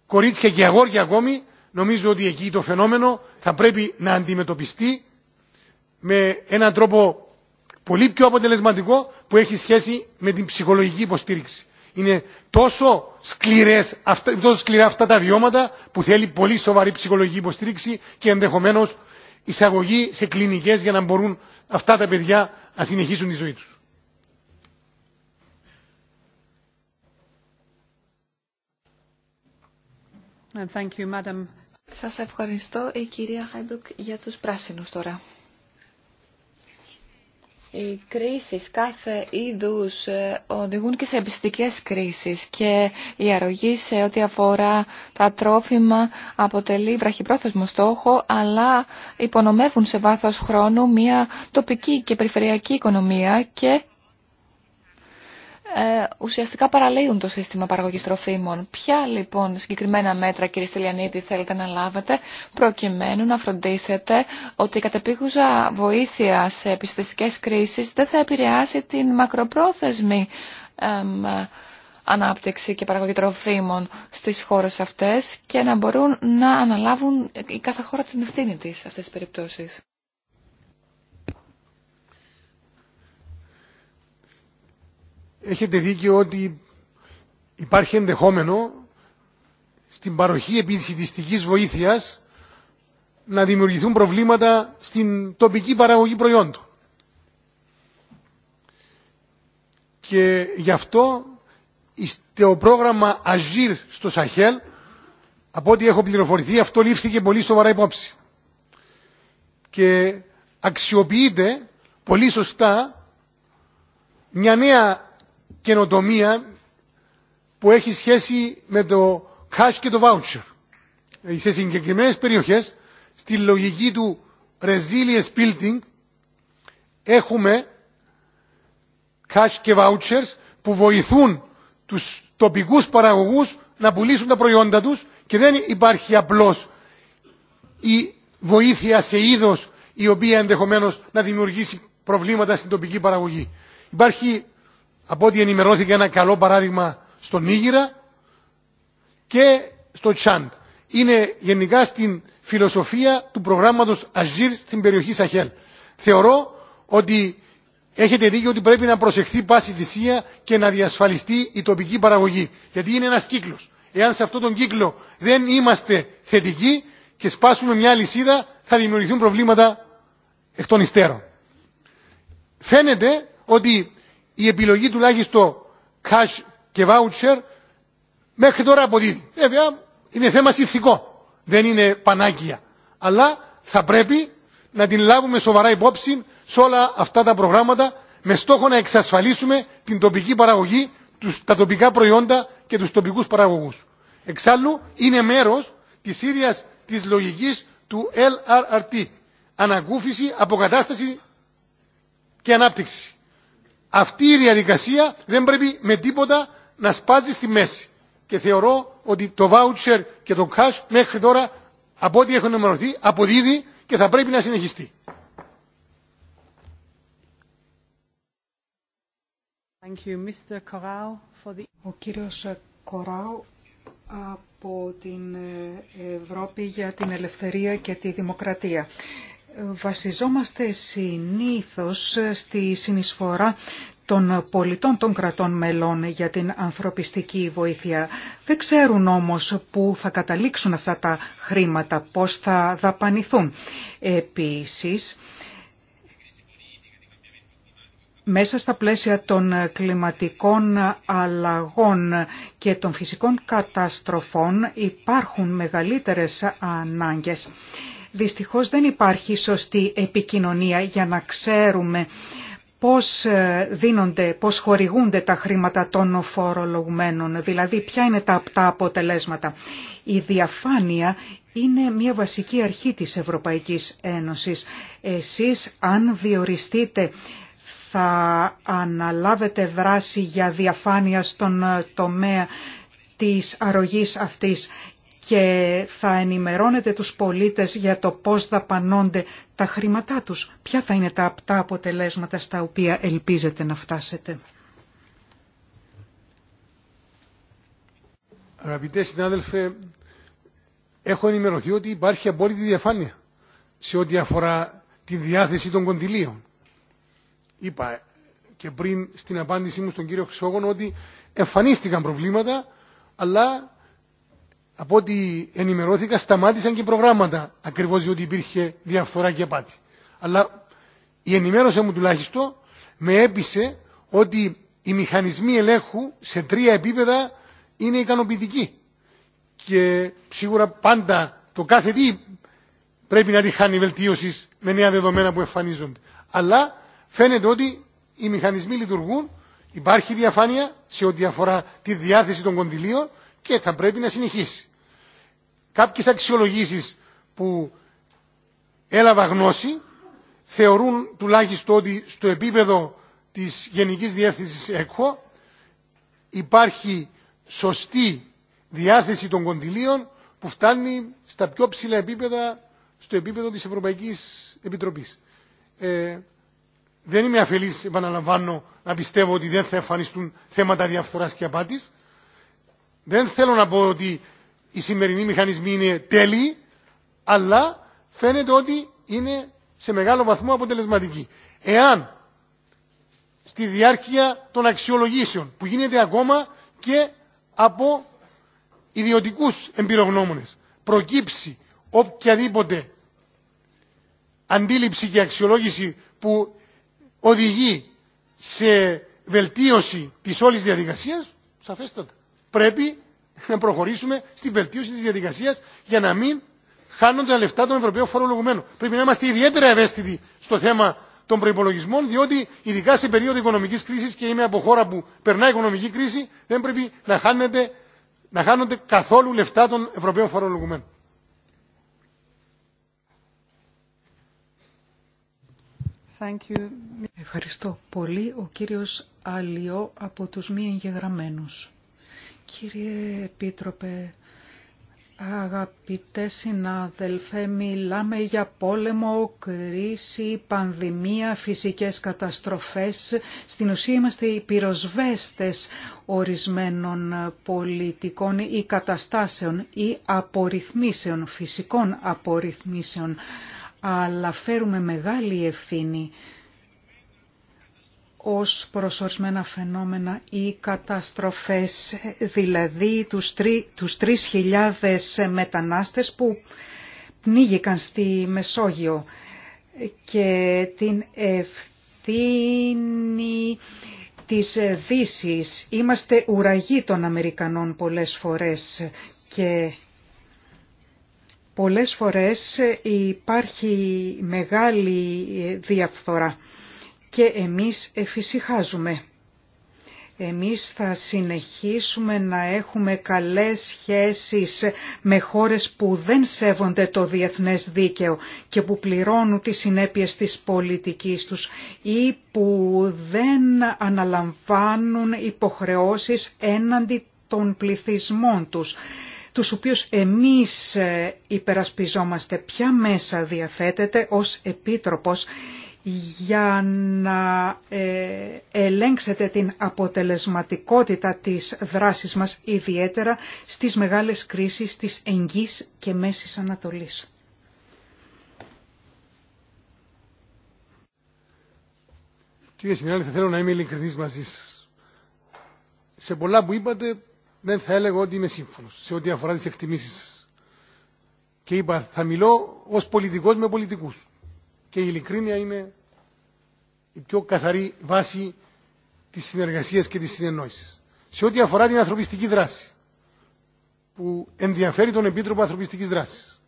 κορίτσια και αγόρια ακόμη, νομίζω ότι εκεί το φαινόμενο θα πρέπει να αντιμετωπιστεί με έναν τρόπο πολύ πιο αποτελεσματικό που έχει σχέση με την ψυχολογική υποστήριξη. Είναι τόσο, σκληρές, σκληρά αυτά τα βιώματα που θέλει πολύ σοβαρή ψυχολογική υποστήριξη και ενδεχομένως εισαγωγή σε κλινικές για να μπορούν αυτά τα παιδιά να συνεχίσουν τη ζωή τους. Thank Σας ευχαριστώ η κυρία Χάιμπρουκ για τους πράσινους τώρα. Οι κρίσεις κάθε είδους ε, οδηγούν και σε εμπιστικές κρίσεις και η αρρωγή σε ό,τι αφορά τα τρόφιμα αποτελεί βραχυπρόθεσμο στόχο αλλά υπονομεύουν σε βάθος χρόνου μια τοπική και περιφερειακή οικονομία και ε, ουσιαστικά παραλύουν το σύστημα παραγωγής τροφίμων. Ποια λοιπόν συγκεκριμένα μέτρα κύριε Στυλιανίδη θέλετε να λάβετε προκειμένου να φροντίσετε ότι η κατεπίγουσα βοήθεια σε επιστησικές κρίσεις δεν θα επηρεάσει την μακροπρόθεσμη ανάπτυξη και παραγωγή τροφίμων στις χώρες αυτές και να μπορούν να αναλάβουν η κάθε χώρα την ευθύνη της σε αυτές τις περιπτώσεις. έχετε δίκιο ότι υπάρχει ενδεχόμενο στην παροχή επισητιστικής βοήθειας να δημιουργηθούν προβλήματα στην τοπική παραγωγή προϊόντων. Και γι' αυτό το πρόγραμμα Αζίρ στο Σαχέλ, από ό,τι έχω πληροφορηθεί, αυτό λήφθηκε πολύ σοβαρά υπόψη. Και αξιοποιείται πολύ σωστά μια νέα καινοτομία που έχει σχέση με το cash και το voucher. Ε, σε συγκεκριμένες περιοχές, στη λογική του resilience building, έχουμε cash και vouchers που βοηθούν τους τοπικούς παραγωγούς να πουλήσουν τα προϊόντα τους και δεν υπάρχει απλώς η βοήθεια σε είδος η οποία ενδεχομένως να δημιουργήσει προβλήματα στην τοπική παραγωγή. Υπάρχει από ό,τι ενημερώθηκε ένα καλό παράδειγμα στο Νίγηρα και στο Τσάντ. Είναι γενικά στην φιλοσοφία του προγράμματος Αζίρ στην περιοχή Σαχέλ. Θεωρώ ότι έχετε δίκιο ότι πρέπει να προσεχθεί πάση θυσία και να διασφαλιστεί η τοπική παραγωγή. Γιατί είναι ένας κύκλος. Εάν σε αυτόν τον κύκλο δεν είμαστε θετικοί και σπάσουμε μια λυσίδα θα δημιουργηθούν προβλήματα εκ των υστέρων. Φαίνεται ότι η επιλογή τουλάχιστον cash και voucher μέχρι τώρα αποδίδει. Βέβαια είναι θέμα συνθηκό, δεν είναι πανάκια. Αλλά θα πρέπει να την λάβουμε σοβαρά υπόψη σε όλα αυτά τα προγράμματα με στόχο να εξασφαλίσουμε την τοπική παραγωγή, τα τοπικά προϊόντα και τους τοπικούς παραγωγούς. Εξάλλου είναι μέρος της ίδιας της λογικής του LRRT, ανακούφιση, αποκατάσταση και ανάπτυξη αυτή η διαδικασία δεν πρέπει με τίποτα να σπάζει στη μέση. Και θεωρώ ότι το voucher και το cash μέχρι τώρα από ό,τι έχουν ενημερωθεί αποδίδει και θα πρέπει να συνεχιστεί. Thank you, Mr. Corral, for the... Ο κύριος Κοράου από την ε, Ευρώπη για την Ελευθερία και τη Δημοκρατία. Βασιζόμαστε συνήθως στη συνεισφορά των πολιτών των κρατών μελών για την ανθρωπιστική βοήθεια. Δεν ξέρουν όμως πού θα καταλήξουν αυτά τα χρήματα, πώς θα δαπανηθούν. Επίσης, μέσα στα πλαίσια των κλιματικών αλλαγών και των φυσικών καταστροφών υπάρχουν μεγαλύτερες ανάγκες Δυστυχώς δεν υπάρχει σωστή επικοινωνία για να ξέρουμε πώς ε, δίνονται, πώς χορηγούνται τα χρήματα των φορολογουμένων, δηλαδή ποια είναι τα απτά αποτελέσματα. Η διαφάνεια είναι μια βασική αρχή της Ευρωπαϊκής Ένωσης. Εσείς αν διοριστείτε θα αναλάβετε δράση για διαφάνεια στον ε, τομέα της αρρωγής αυτής και θα ενημερώνετε τους πολίτες για το πώς δαπανώνται τα χρήματά τους. Ποια θα είναι τα απτά αποτελέσματα στα οποία ελπίζετε να φτάσετε. Αγαπητέ συνάδελφε, έχω ενημερωθεί ότι υπάρχει απόλυτη διαφάνεια σε ό,τι αφορά τη διάθεση των κοντιλίων. Είπα και πριν στην απάντησή μου στον κύριο Χρυσόγον... ότι εμφανίστηκαν προβλήματα, αλλά από ό,τι ενημερώθηκα, σταμάτησαν και προγράμματα ακριβώ διότι υπήρχε διαφθορά και απάτη. Αλλά η ενημέρωση μου τουλάχιστον με έπεισε ότι οι μηχανισμοί ελέγχου σε τρία επίπεδα είναι ικανοποιητικοί. Και σίγουρα πάντα το κάθε τι πρέπει να τη χάνει βελτίωση με νέα δεδομένα που εμφανίζονται. Αλλά φαίνεται ότι οι μηχανισμοί λειτουργούν, υπάρχει διαφάνεια σε ό,τι αφορά τη διάθεση των κονδυλίων και θα πρέπει να συνεχίσει κάποιες αξιολογήσεις που έλαβα γνώση θεωρούν τουλάχιστον ότι στο επίπεδο της Γενικής Διεύθυνσης ΕΚΧΟ υπάρχει σωστή διάθεση των κοντιλίων που φτάνει στα πιο ψηλά επίπεδα στο επίπεδο της Ευρωπαϊκής Επιτροπής. Ε, δεν είμαι αφελής, επαναλαμβάνω, να πιστεύω ότι δεν θα εμφανιστούν θέματα διαφθοράς και απάτης. Δεν θέλω να πω ότι οι σημερινοί μηχανισμοί είναι τέλειοι, αλλά φαίνεται ότι είναι σε μεγάλο βαθμό αποτελεσματικοί. Εάν στη διάρκεια των αξιολογήσεων που γίνεται ακόμα και από ιδιωτικούς εμπειρογνώμονες προκύψει οποιαδήποτε αντίληψη και αξιολόγηση που οδηγεί σε βελτίωση της όλης διαδικασίας, σαφέστατα. Πρέπει να προχωρήσουμε στη βελτίωση τη διαδικασία για να μην χάνονται τα λεφτά των Ευρωπαίων φορολογουμένων. Πρέπει να είμαστε ιδιαίτερα ευαίσθητοι στο θέμα των προπολογισμών, διότι ειδικά σε περίοδο οικονομική κρίση και είμαι από χώρα που περνά οικονομική κρίση, δεν πρέπει να, χάνεται, να χάνονται καθόλου λεφτά των Ευρωπαίων φορολογουμένων. Thank you. Ευχαριστώ πολύ. Ο κύριος Αλιό από τους μη εγγεγραμμένους. Κύριε Επίτροπε, αγαπητέ συνάδελφε, μιλάμε για πόλεμο, κρίση, πανδημία, φυσικές καταστροφές. Στην ουσία είμαστε οι πυροσβέστες ορισμένων πολιτικών ή καταστάσεων ή απορριθμίσεων, φυσικών απορριθμίσεων. Αλλά φέρουμε μεγάλη ευθύνη ως προσωρισμένα φαινόμενα ή καταστροφές, δηλαδή τους, τρι, τους 3.000 μετανάστες που πνίγηκαν στη Μεσόγειο και την ευθύνη της δύση. Είμαστε ουραγοί των Αμερικανών πολλές φορές και πολλές φορές υπάρχει μεγάλη διαφθορά και εμείς εφησυχάζουμε. Εμείς θα συνεχίσουμε να έχουμε καλές σχέσεις με χώρες που δεν σέβονται το διεθνές δίκαιο και που πληρώνουν τις συνέπειες της πολιτικής τους ή που δεν αναλαμβάνουν υποχρεώσεις έναντι των πληθυσμών τους τους οποίους εμείς υπερασπιζόμαστε ποια μέσα διαθέτεται ως επίτροπος για να ε, ελέγξετε την αποτελεσματικότητα της δράσης μας, ιδιαίτερα στις μεγάλες κρίσεις της Εγγύς και Μέσης Ανατολής. Κύριε Θα θέλω να είμαι ειλικρινής μαζί σας. Σε πολλά που είπατε δεν θα έλεγα ότι είμαι σύμφωνος σε ό,τι αφορά τις εκτιμήσεις Και είπα, θα μιλώ ως πολιτικός με πολιτικούς και η ειλικρίνεια είναι η πιο καθαρή βάση της συνεργασίας και της συνεννόησης. Σε ό,τι αφορά την ανθρωπιστική δράση, που ενδιαφέρει τον Επίτροπο Ανθρωπιστικής Δράσης,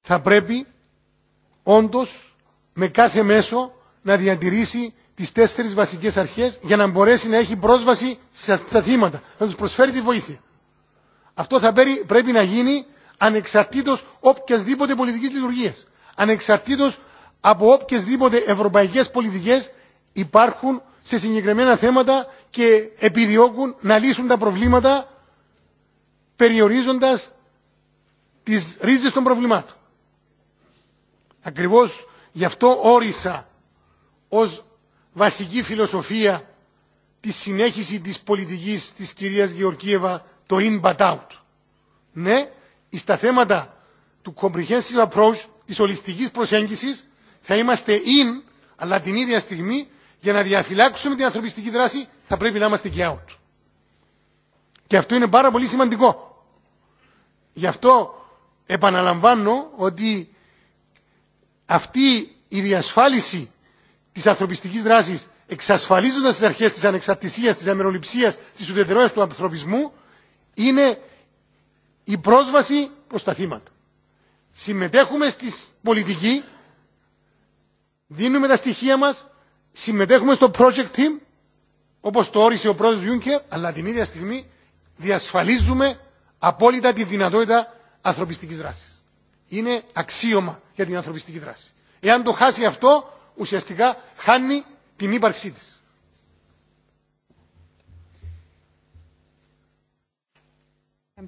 θα πρέπει όντως με κάθε μέσο να διατηρήσει τις τέσσερις βασικές αρχές για να μπορέσει να έχει πρόσβαση στα θύματα, να τους προσφέρει τη βοήθεια. Αυτό θα πρέπει να γίνει ανεξαρτήτως οποιασδήποτε πολιτικής λειτουργίας. Ανεξαρτήτως από οποιασδήποτε ευρωπαϊκές πολιτικές υπάρχουν σε συγκεκριμένα θέματα και επιδιώκουν να λύσουν τα προβλήματα περιορίζοντας τις ρίζες των προβλημάτων. Ακριβώς γι' αυτό όρισα ως βασική φιλοσοφία τη συνέχιση της πολιτικής της κυρίας Γεωργίευα το in but out. Ναι, στα θέματα του comprehensive approach, της ολιστικής προσέγγισης, θα είμαστε in, αλλά την ίδια στιγμή, για να διαφυλάξουμε την ανθρωπιστική δράση, θα πρέπει να είμαστε και out. Και αυτό είναι πάρα πολύ σημαντικό. Γι' αυτό επαναλαμβάνω ότι αυτή η διασφάλιση της ανθρωπιστικής δράσης εξασφαλίζοντας τις αρχές της ανεξαρτησίας, της αμεροληψίας, της ουδετερότητας του ανθρωπισμού είναι η πρόσβαση προς τα θύματα. Συμμετέχουμε στη πολιτική, δίνουμε τα στοιχεία μας, συμμετέχουμε στο project team, όπως το όρισε ο πρόεδρος Γιούνκερ, αλλά την ίδια στιγμή διασφαλίζουμε απόλυτα τη δυνατότητα ανθρωπιστικής δράσης. Είναι αξίωμα για την ανθρωπιστική δράση. Εάν το χάσει αυτό, ουσιαστικά χάνει την ύπαρξή της.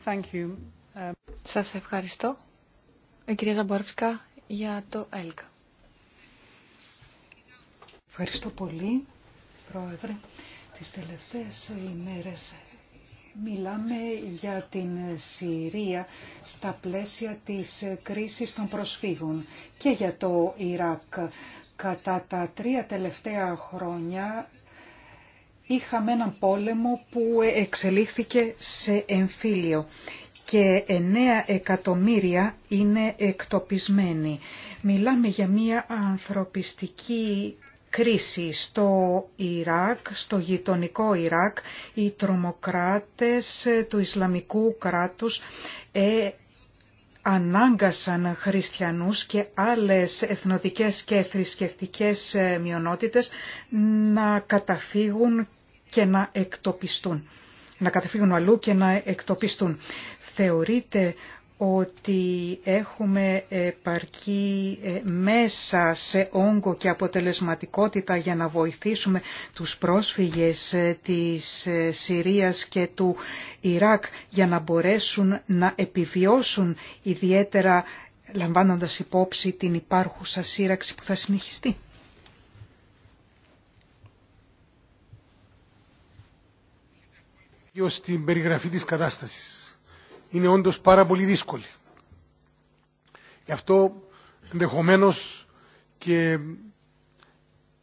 Thank um, Σας ευχαριστώ. Η ε, κυρία Ζαμπορφσκά για το ΕΛΚΑ. Ευχαριστώ πολύ, Πρόεδρε. Τις τελευταίες ημέρες μιλάμε για την Συρία στα πλαίσια της κρίσης των προσφύγων και για το Ιράκ. Κατά τα τρία τελευταία χρόνια είχαμε έναν πόλεμο που εξελίχθηκε σε εμφύλιο και 9 εκατομμύρια είναι εκτοπισμένοι. Μιλάμε για μια ανθρωπιστική κρίση στο Ιράκ, στο γειτονικό Ιράκ. Οι τρομοκράτες του Ισλαμικού κράτους ε, ανάγκασαν χριστιανούς και άλλες εθνοτικές και θρησκευτικές ε, μειονότητες να καταφύγουν και να εκτοπιστούν. Να καταφύγουν αλλού και να εκτοπιστούν. Θεωρείται ότι έχουμε επαρκή ε, μέσα σε όγκο και αποτελεσματικότητα για να βοηθήσουμε τους πρόσφυγες ε, της ε, Συρίας και του Ιράκ για να μπορέσουν να επιβιώσουν ιδιαίτερα λαμβάνοντας υπόψη την υπάρχουσα σύραξη που θα συνεχιστεί. Στην περιγραφή της κατάστασης είναι όντως πάρα πολύ δύσκολη. Γι' αυτό ενδεχομένως και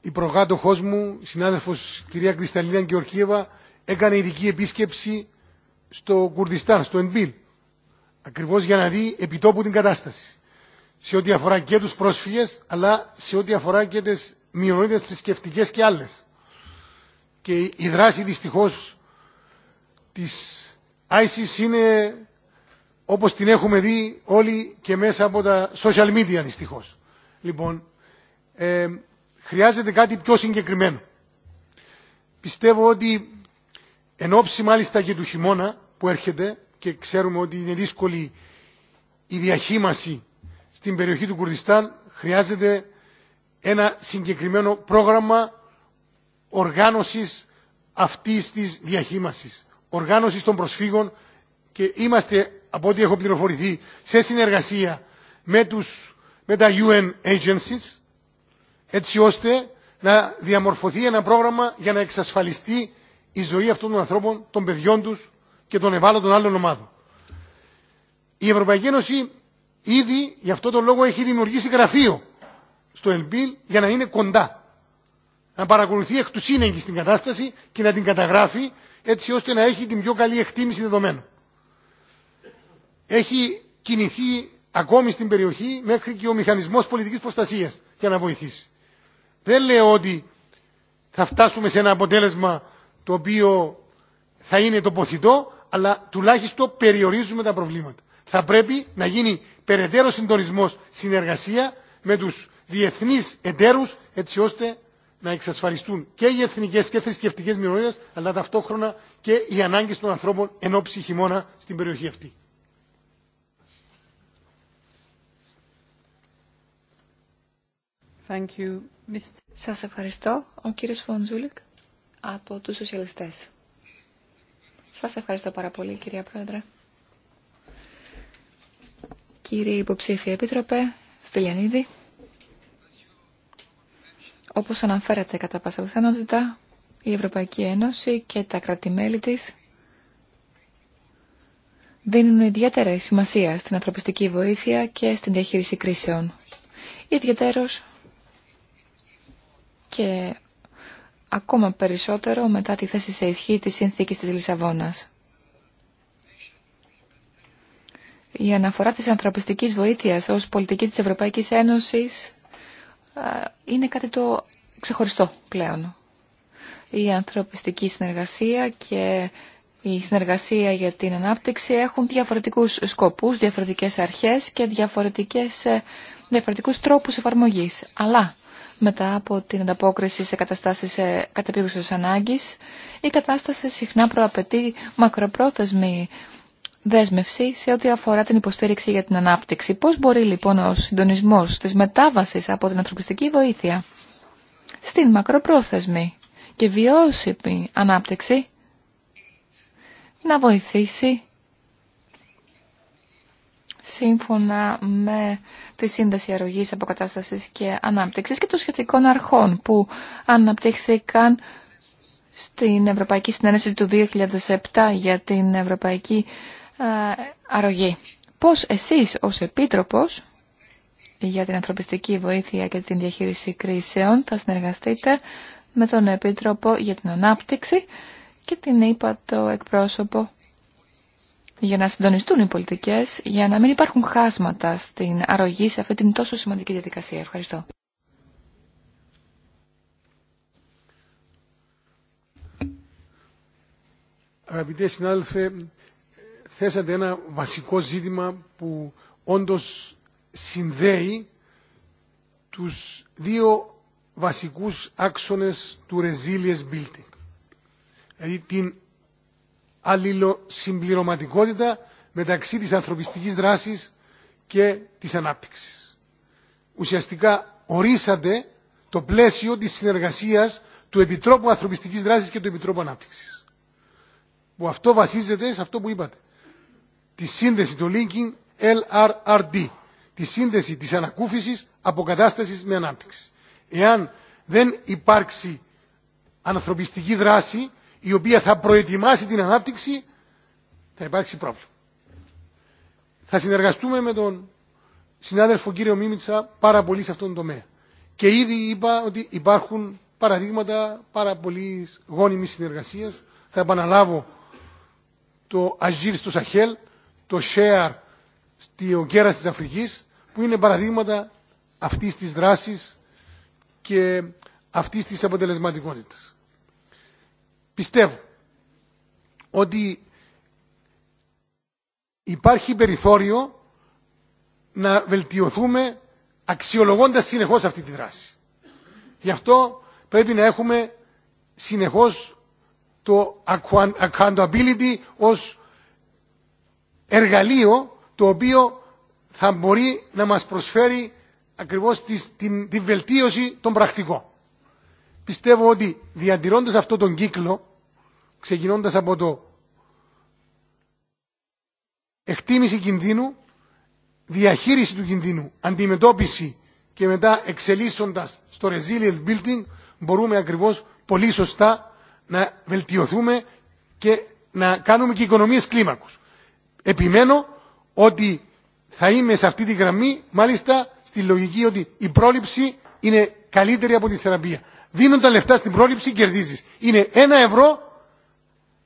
η προγάτοχός μου, συνάδελφος κυρία Κρυσταλλίνα Γεωργίευα, έκανε ειδική επίσκεψη στο Κουρδιστάν, στο Ενμπίλ, ακριβώς για να δει επιτόπου την κατάσταση. Σε ό,τι αφορά και τους πρόσφυγες, αλλά σε ό,τι αφορά και τις μειονότητες θρησκευτικέ και άλλες. Και η δράση δυστυχώς της ISIS είναι όπως την έχουμε δει όλοι και μέσα από τα social media δυστυχώς. Λοιπόν, ε, χρειάζεται κάτι πιο συγκεκριμένο. Πιστεύω ότι εν ώψη μάλιστα και του χειμώνα που έρχεται και ξέρουμε ότι είναι δύσκολη η διαχείμαση στην περιοχή του Κουρδιστάν χρειάζεται ένα συγκεκριμένο πρόγραμμα οργάνωσης αυτής της διαχείμασης, οργάνωσης των προσφύγων και είμαστε από ό,τι έχω πληροφορηθεί, σε συνεργασία με, τους, με τα UN agencies, έτσι ώστε να διαμορφωθεί ένα πρόγραμμα για να εξασφαλιστεί η ζωή αυτών των ανθρώπων, των παιδιών τους και των ευάλωτων άλλων ομάδων. Η Ευρωπαϊκή Ένωση ήδη γι' αυτό τον λόγο έχει δημιουργήσει γραφείο στο ΕΛΜΠΙΛ για να είναι κοντά. Να παρακολουθεί εκ του σύνεγγι στην κατάσταση και να την καταγράφει έτσι ώστε να έχει την πιο καλή εκτίμηση δεδομένων έχει κινηθεί ακόμη στην περιοχή μέχρι και ο μηχανισμός πολιτικής προστασίας για να βοηθήσει. Δεν λέω ότι θα φτάσουμε σε ένα αποτέλεσμα το οποίο θα είναι το αλλά τουλάχιστον περιορίζουμε τα προβλήματα. Θα πρέπει να γίνει περαιτέρω συντονισμός συνεργασία με τους διεθνείς εταίρους έτσι ώστε να εξασφαλιστούν και οι εθνικές και θρησκευτικές μειονότητε, αλλά ταυτόχρονα και οι ανάγκες των ανθρώπων ενώ ώψη χειμώνα στην περιοχή αυτή. Thank Σας ευχαριστώ, ο κύριος Φοντζούλικ από τους Σοσιαλιστές. Σας ευχαριστώ πάρα πολύ, κυρία Πρόεδρε. Κύριε Υποψήφιε Επίτροπε, Στυλιανίδη, όπως αναφέρατε κατά πάσα πιθανότητα, η Ευρωπαϊκή Ένωση και τα κρατημέλη της δίνουν ιδιαίτερη σημασία στην ανθρωπιστική βοήθεια και στην διαχείριση κρίσεων. Ιδιαίτερος και ακόμα περισσότερο μετά τη θέση σε ισχύ της συνθήκης της Λισαβόνας. Η αναφορά της ανθρωπιστικής βοήθειας ως πολιτική της Ευρωπαϊκής Ένωσης είναι κάτι το ξεχωριστό πλέον. Η ανθρωπιστική συνεργασία και η συνεργασία για την ανάπτυξη έχουν διαφορετικούς σκοπούς, διαφορετικές αρχές και διαφορετικές, ε, διαφορετικούς τρόπους εφαρμογής. Αλλά μετά από την ανταπόκριση σε καταστάσεις κατεπίγουσας ανάγκης, η κατάσταση συχνά προαπαιτεί μακροπρόθεσμη δέσμευση σε ό,τι αφορά την υποστήριξη για την ανάπτυξη. Πώς μπορεί λοιπόν ο συντονισμός της μετάβασης από την ανθρωπιστική βοήθεια στην μακροπρόθεσμη και βιώσιμη ανάπτυξη να βοηθήσει σύμφωνα με τη σύνδεση αρρωγής, αποκατάστασης και ανάπτυξης και των σχετικών αρχών που αναπτύχθηκαν στην Ευρωπαϊκή Συνένεση του 2007 για την Ευρωπαϊκή Αρρωγή. Πώς εσείς ως Επίτροπος για την ανθρωπιστική βοήθεια και την διαχείριση κρίσεων θα συνεργαστείτε με τον Επίτροπο για την Ανάπτυξη και την είπα το εκπρόσωπο για να συντονιστούν οι πολιτικές, για να μην υπάρχουν χάσματα στην αρρωγή σε αυτή την τόσο σημαντική διαδικασία. Ευχαριστώ. Αγαπητέ συνάδελφε, θέσατε ένα βασικό ζήτημα που όντως συνδέει τους δύο βασικούς άξονες του resilience building. Δηλαδή την αλληλοσυμπληρωματικότητα μεταξύ της ανθρωπιστικής δράσης και της ανάπτυξης. Ουσιαστικά ορίσατε το πλαίσιο της συνεργασίας του Επιτρόπου Ανθρωπιστικής Δράσης και του Επιτρόπου Ανάπτυξης. Που αυτό βασίζεται σε αυτό που είπατε. Τη σύνδεση, του linking LRRD. Τη σύνδεση της ανακούφισης, αποκατάστασης με ανάπτυξη. Εάν δεν υπάρξει ανθρωπιστική δράση, η οποία θα προετοιμάσει την ανάπτυξη, θα υπάρξει πρόβλημα. Θα συνεργαστούμε με τον συνάδελφο κύριο Μίμητσα πάρα πολύ σε αυτόν τον τομέα. Και ήδη είπα ότι υπάρχουν παραδείγματα πάρα πολύ γόνιμης συνεργασίας. Θα επαναλάβω το Αζίρ στο Σαχέλ, το Σέαρ στη Κέρα της Αφρικής, που είναι παραδείγματα αυτής της δράσης και αυτής της αποτελεσματικότητας πιστεύω ότι υπάρχει περιθώριο να βελτιωθούμε αξιολογώντας συνεχώς αυτή τη δράση. Γι' αυτό πρέπει να έχουμε συνεχώς το accountability ως εργαλείο το οποίο θα μπορεί να μας προσφέρει ακριβώς τη, τη βελτίωση των πρακτικών πιστεύω ότι διατηρώντας αυτό τον κύκλο, ξεκινώντας από το εκτίμηση κινδύνου, διαχείριση του κινδύνου, αντιμετώπιση και μετά εξελίσσοντας στο resilient building, μπορούμε ακριβώς πολύ σωστά να βελτιωθούμε και να κάνουμε και οικονομίες κλίμακους. Επιμένω ότι θα είμαι σε αυτή τη γραμμή, μάλιστα στη λογική ότι η πρόληψη είναι καλύτερη από τη θεραπεία. Δίνουν τα λεφτά στην πρόληψη κερδίζεις. Είναι ένα ευρώ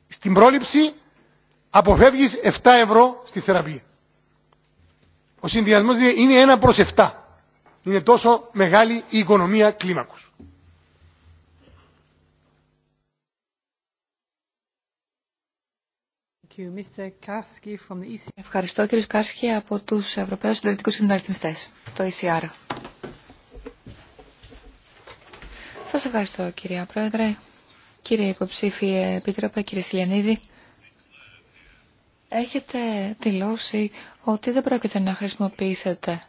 στην πρόληψη, αποφεύγεις 7 ευρώ στη θεραπεία. Ο συνδυασμός είναι ένα προς 7. Είναι τόσο μεγάλη η οικονομία κλίμακος. E Ευχαριστώ κύριε Κάσκι από τους Ευρωπαίους Συντηρητικούς Συνταγματιστές, το ECR. Σας ευχαριστώ κυρία Πρόεδρε, κύριε Υποψήφιε Επίτροπε, κύριε Σιλιανίδη. Έχετε δηλώσει ότι δεν πρόκειται να χρησιμοποιήσετε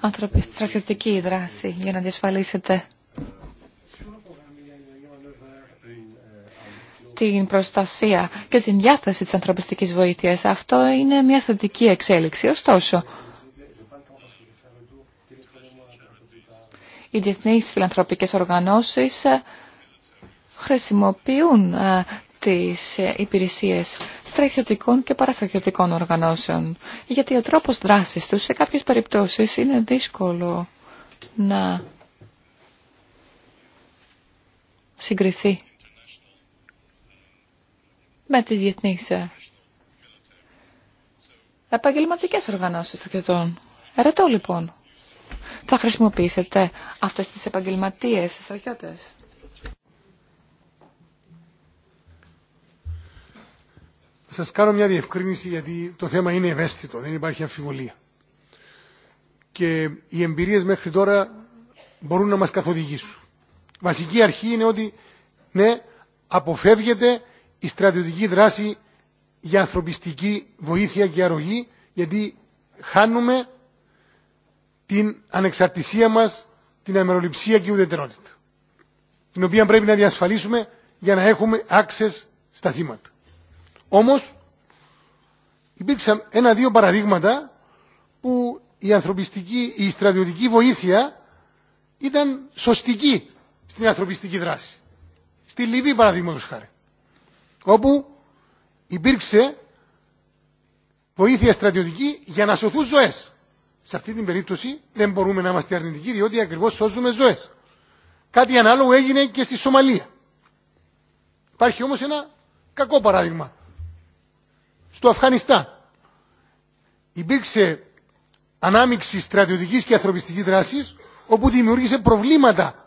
ανθρωπιστρατιωτική δράση για να διασφαλίσετε την προστασία και την διάθεση της ανθρωπιστικής βοήθειας. Αυτό είναι μια θετική εξέλιξη. Ωστόσο, οι διεθνείς φιλανθρωπικές οργανώσεις ε, χρησιμοποιούν ε, τις ε, υπηρεσίες στρατιωτικών και παραστρατιωτικών οργανώσεων. Γιατί ο τρόπος δράσης τους σε κάποιες περιπτώσεις είναι δύσκολο να συγκριθεί με τις διεθνείς επαγγελματικές οργανώσεις στρατιωτών. Ερωτώ λοιπόν, θα χρησιμοποιήσετε αυτές τις επαγγελματίες στρατιώτες. Σας κάνω μια διευκρίνηση γιατί το θέμα είναι ευαίσθητο, δεν υπάρχει αμφιβολία. Και οι εμπειρίες μέχρι τώρα μπορούν να μας καθοδηγήσουν. Βασική αρχή είναι ότι ναι, αποφεύγεται η στρατιωτική δράση για ανθρωπιστική βοήθεια και αρρωγή γιατί χάνουμε την ανεξαρτησία μας, την αμεροληψία και ουδετερότητα, την οποία πρέπει να διασφαλίσουμε για να έχουμε άξες στα θύματα. Όμως, υπήρξαν ένα-δύο παραδείγματα που η ανθρωπιστική, η στρατιωτική βοήθεια ήταν σωστική στην ανθρωπιστική δράση. Στη Λιβύη, παραδείγματο χάρη, όπου υπήρξε βοήθεια στρατιωτική για να σωθούν ζωές σε αυτή την περίπτωση δεν μπορούμε να είμαστε αρνητικοί διότι ακριβώ σώζουμε ζωέ. Κάτι ανάλογο έγινε και στη Σομαλία. Υπάρχει όμω ένα κακό παράδειγμα. Στο Αφγανιστάν υπήρξε ανάμειξη στρατιωτική και ανθρωπιστική δράση, όπου δημιούργησε προβλήματα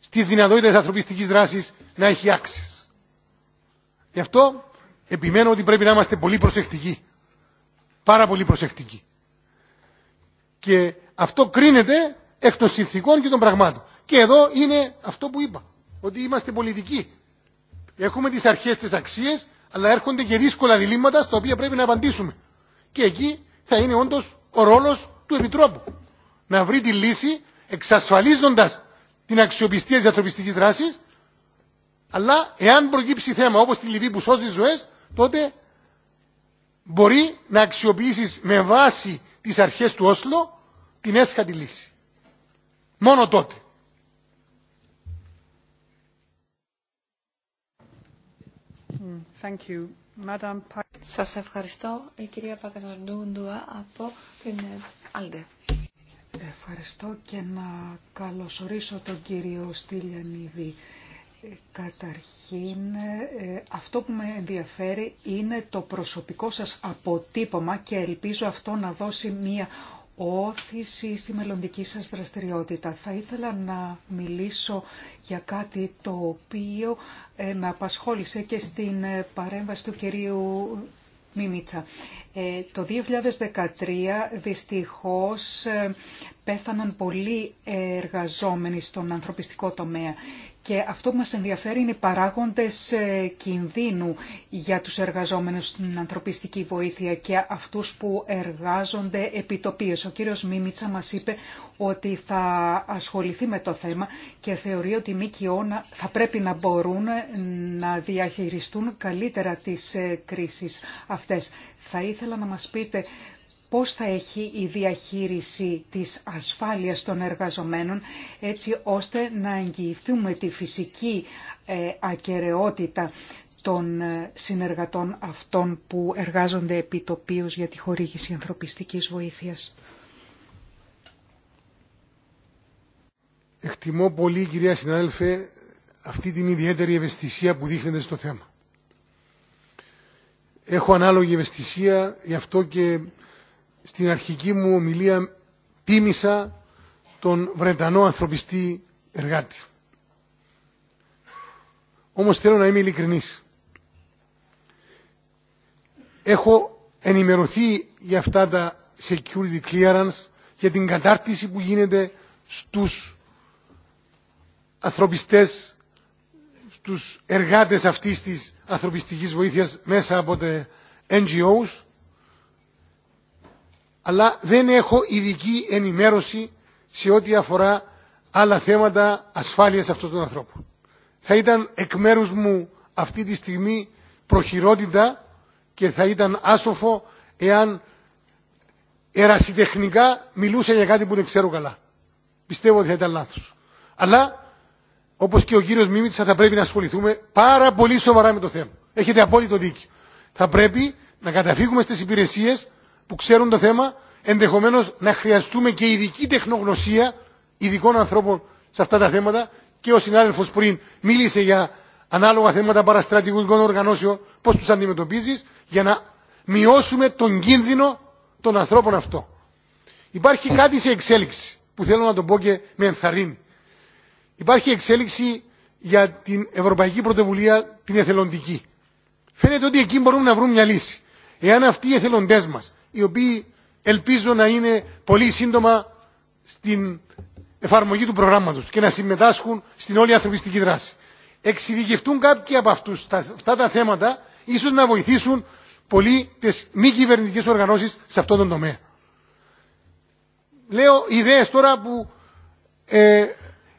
στη δυνατότητα τη ανθρωπιστική δράση να έχει άξει. Γι' αυτό επιμένω ότι πρέπει να είμαστε πολύ προσεκτικοί. Πάρα πολύ προσεκτικοί. Και αυτό κρίνεται εκ των συνθήκων και των πραγμάτων. Και εδώ είναι αυτό που είπα, ότι είμαστε πολιτικοί. Έχουμε τις αρχές, τις αξίες, αλλά έρχονται και δύσκολα διλήμματα στα οποία πρέπει να απαντήσουμε. Και εκεί θα είναι όντως ο ρόλος του Επιτρόπου. Να βρει τη λύση εξασφαλίζοντας την αξιοπιστία της ανθρωπιστικής δράσης, αλλά εάν προκύψει θέμα όπως τη Λιβύη που σώζει ζωές, τότε μπορεί να αξιοποιήσεις με βάση τις αρχές του Όσλο την έσχατη λύση. Μόνο τότε. Thank Σας ευχαριστώ, η κυρία Πακαδοντούντουα από την ΑΛΔΕ. Ευχαριστώ και να καλωσορίσω τον κύριο Στυλιανίδη Καταρχήν, ε, αυτό που με ενδιαφέρει είναι το προσωπικό σας αποτύπωμα και ελπίζω αυτό να δώσει μία όθηση στη μελλοντική σας δραστηριότητα. Θα ήθελα να μιλήσω για κάτι το οποίο ε, με απασχόλησε και στην ε, παρέμβαση του κυρίου Μίμητσα. Ε, το 2013 δυστυχώς ε, πέθαναν πολλοί εργαζόμενοι στον ανθρωπιστικό τομέα και αυτό που μας ενδιαφέρει είναι οι παράγοντες ε, κινδύνου για τους εργαζόμενους στην ανθρωπιστική βοήθεια και αυτούς που εργάζονται επιτοπίες. Ο κύριος Μίμητσα μας είπε ότι θα ασχοληθεί με το θέμα και θεωρεί ότι οι ΜΚΟ θα πρέπει να μπορούν να διαχειριστούν καλύτερα τις κρίσεις αυτές. Θα ήθελα να μας πείτε πώς θα έχει η διαχείριση της ασφάλειας των εργαζομένων έτσι ώστε να εγγυηθούμε τη φυσική ε, ακαιρεότητα των ε, συνεργατών αυτών που εργάζονται επί τοπίους για τη χορήγηση ανθρωπιστικής βοήθειας. Εκτιμώ πολύ, κυρία συνάδελφε, αυτή την ιδιαίτερη ευαισθησία που δείχνετε στο θέμα έχω ανάλογη ευαισθησία, γι' αυτό και στην αρχική μου ομιλία τίμησα τον Βρετανό ανθρωπιστή εργάτη. Όμως θέλω να είμαι ειλικρινής. Έχω ενημερωθεί για αυτά τα security clearance, για την κατάρτιση που γίνεται στους ανθρωπιστές τους εργάτες αυτής της ανθρωπιστικής βοήθειας μέσα από τα NGOs αλλά δεν έχω ειδική ενημέρωση σε ό,τι αφορά άλλα θέματα ασφάλειας αυτών των ανθρώπων. Θα ήταν εκ μέρους μου αυτή τη στιγμή προχειρότητα και θα ήταν άσοφο εάν ερασιτεχνικά μιλούσα για κάτι που δεν ξέρω καλά. Πιστεύω ότι θα ήταν λάθος. Αλλά όπω και ο κύριο Μίμητσα, θα πρέπει να ασχοληθούμε πάρα πολύ σοβαρά με το θέμα. Έχετε απόλυτο δίκιο. Θα πρέπει να καταφύγουμε στι υπηρεσίε που ξέρουν το θέμα, ενδεχομένω να χρειαστούμε και ειδική τεχνογνωσία ειδικών ανθρώπων σε αυτά τα θέματα και ο συνάδελφο πριν μίλησε για ανάλογα θέματα παραστρατηγικών οργανώσεων, πώ του αντιμετωπίζει, για να μειώσουμε τον κίνδυνο των ανθρώπων αυτό. Υπάρχει κάτι σε εξέλιξη που θέλω να τον πω και με ενθαρρύνει υπάρχει εξέλιξη για την Ευρωπαϊκή Πρωτοβουλία την εθελοντική. Φαίνεται ότι εκεί μπορούμε να βρούμε μια λύση. Εάν αυτοί οι εθελοντέ μα, οι οποίοι ελπίζω να είναι πολύ σύντομα στην εφαρμογή του προγράμματος και να συμμετάσχουν στην όλη ανθρωπιστική δράση. Εξειδικευτούν κάποιοι από αυτούς τα, αυτά τα θέματα, ίσως να βοηθήσουν πολύ τις μη κυβερνητικέ οργανώσεις σε αυτόν τον τομέα. Λέω ιδέες τώρα που ε,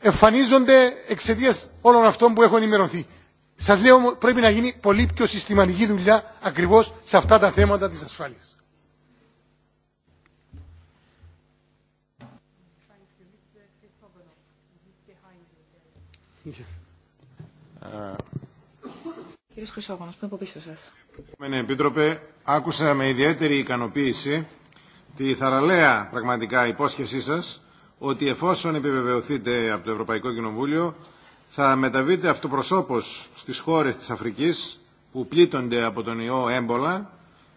εμφανίζονται εξαιτία όλων αυτών που έχω ενημερωθεί. Σα λέω πρέπει να γίνει πολύ πιο συστηματική δουλειά ακριβώ σε αυτά τα θέματα της ασφάλειας. Κύριε Χρυσόγωνος, πριν από πίσω σας. Κύριε Επίτροπε, άκουσα με ιδιαίτερη ικανοποίηση τη θαραλέα πραγματικά υπόσχεσή σας ότι εφόσον επιβεβαιωθείτε από το Ευρωπαϊκό Κοινοβούλιο θα μεταβείτε αυτοπροσώπως στις χώρες της Αφρικής που πλήττονται από τον ιό έμπολα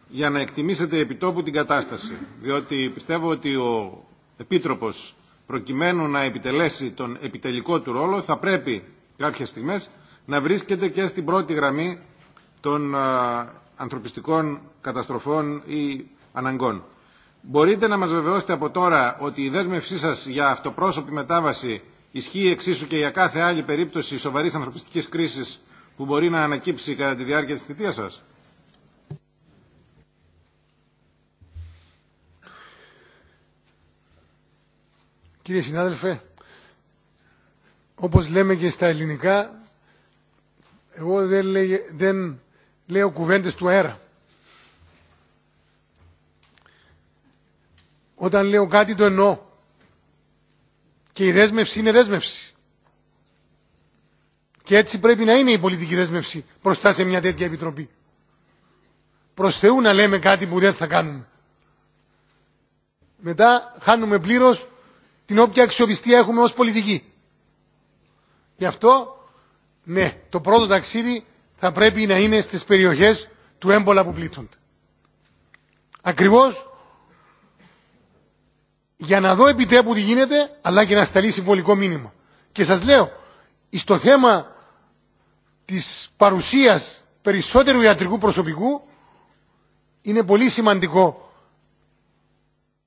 για να εκτιμήσετε επιτόπου την κατάσταση. Διότι πιστεύω ότι ο Επίτροπος προκειμένου να επιτελέσει τον επιτελικό του ρόλο θα πρέπει κάποιες στιγμές να βρίσκεται και στην πρώτη γραμμή των ανθρωπιστικών καταστροφών ή αναγκών. Μπορείτε να μας βεβαιώσετε από τώρα ότι η δέσμευσή σας για αυτοπρόσωπη μετάβαση ισχύει εξίσου και για κάθε άλλη περίπτωση σοβαρής ανθρωπιστικής κρίσης που μπορεί να ανακύψει κατά τη διάρκεια της θητείας σας. Κύριε συνάδελφε, όπως λέμε και στα ελληνικά, εγώ δεν, λέω κουβέντες του αέρα. Όταν λέω κάτι το εννοώ. Και η δέσμευση είναι δέσμευση. Και έτσι πρέπει να είναι η πολιτική δέσμευση μπροστά σε μια τέτοια επιτροπή. Προ Θεού να λέμε κάτι που δεν θα κάνουμε. Μετά χάνουμε πλήρω την όποια αξιοπιστία έχουμε ω πολιτική. Γι' αυτό, ναι, το πρώτο ταξίδι θα πρέπει να είναι στι περιοχές του έμπολα που πλήττονται. Ακριβώς για να δω επιτέπου τι γίνεται, αλλά και να σταλεί συμβολικό μήνυμα. Και σας λέω, στο θέμα της παρουσίας περισσότερου ιατρικού προσωπικού, είναι πολύ σημαντικό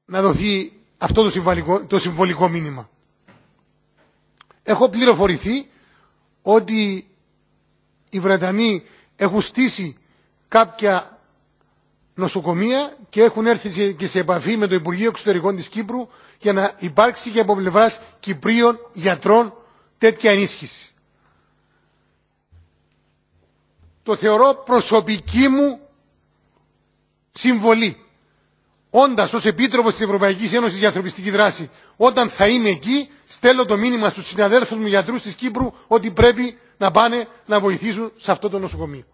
να δοθεί αυτό το συμβολικό, το συμβολικό μήνυμα. Έχω πληροφορηθεί ότι οι Βρετανοί έχουν στήσει κάποια νοσοκομεία και έχουν έρθει και σε επαφή με το Υπουργείο Εξωτερικών της Κύπρου για να υπάρξει και από πλευρά Κυπρίων γιατρών τέτοια ενίσχυση. Το θεωρώ προσωπική μου συμβολή. Όντα ω Επίτροπο τη Ευρωπαϊκή Ένωση για Ανθρωπιστική Δράση, όταν θα είμαι εκεί, στέλνω το μήνυμα στου συναδέλφου μου γιατρού τη Κύπρου ότι πρέπει να πάνε να βοηθήσουν σε αυτό το νοσοκομείο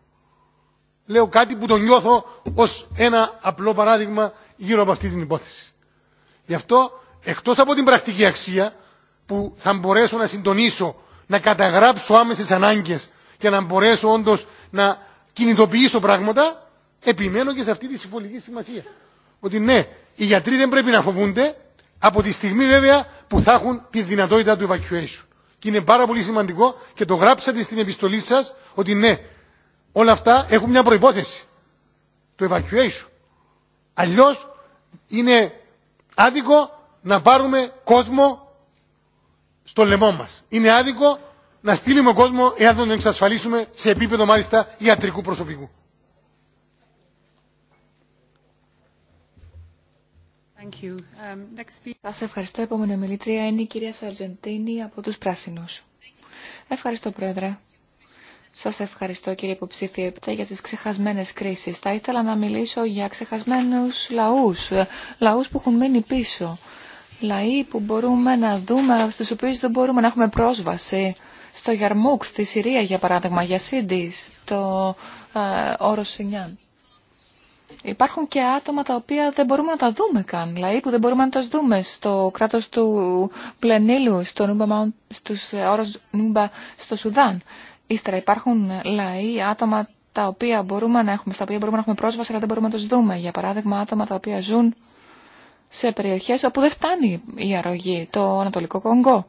λέω κάτι που το νιώθω ως ένα απλό παράδειγμα γύρω από αυτή την υπόθεση. Γι' αυτό, εκτός από την πρακτική αξία που θα μπορέσω να συντονίσω, να καταγράψω άμεσες ανάγκες και να μπορέσω όντως να κινητοποιήσω πράγματα, επιμένω και σε αυτή τη συμβολική σημασία. Ότι ναι, οι γιατροί δεν πρέπει να φοβούνται από τη στιγμή βέβαια που θα έχουν τη δυνατότητα του evacuation. Και είναι πάρα πολύ σημαντικό και το γράψατε στην επιστολή σας ότι ναι, όλα αυτά έχουν μια προϋπόθεση. Το evacuation. Αλλιώς είναι άδικο να πάρουμε κόσμο στο λαιμό μας. Είναι άδικο να στείλουμε κόσμο εάν δεν τον εξασφαλίσουμε σε επίπεδο μάλιστα ιατρικού προσωπικού. Um, ευχαριστώ. Επόμενη μιλήτρια είναι η κυρία Σαρζεντίνη από τους Πράσινους. Ευχαριστώ, Πρόεδρε. Σας ευχαριστώ κύριε υποψήφιε για τις ξεχασμένες κρίσεις. Θα ήθελα να μιλήσω για ξεχασμένους λαούς, λαούς που έχουν μείνει πίσω. Λαοί που μπορούμε να δούμε, στις οποίες δεν μπορούμε να έχουμε πρόσβαση. Στο Γιαρμούκ, στη Συρία για παράδειγμα, για Σίντι, στο ε, όρο Σινιάν. Υπάρχουν και άτομα τα οποία δεν μπορούμε να τα δούμε καν, λαοί που δεν μπορούμε να τα δούμε στο κράτος του Πλενήλου, στο Νούμπα, στους ε, όρος Νούμπα στο Σουδάν. Ύστερα υπάρχουν λαοί, άτομα τα οποία μπορούμε να έχουμε, στα οποία μπορούμε να έχουμε πρόσβαση, αλλά δεν μπορούμε να τους δούμε. Για παράδειγμα, άτομα τα οποία ζουν σε περιοχές όπου δεν φτάνει η αρρωγή, το Ανατολικό Κονγκό,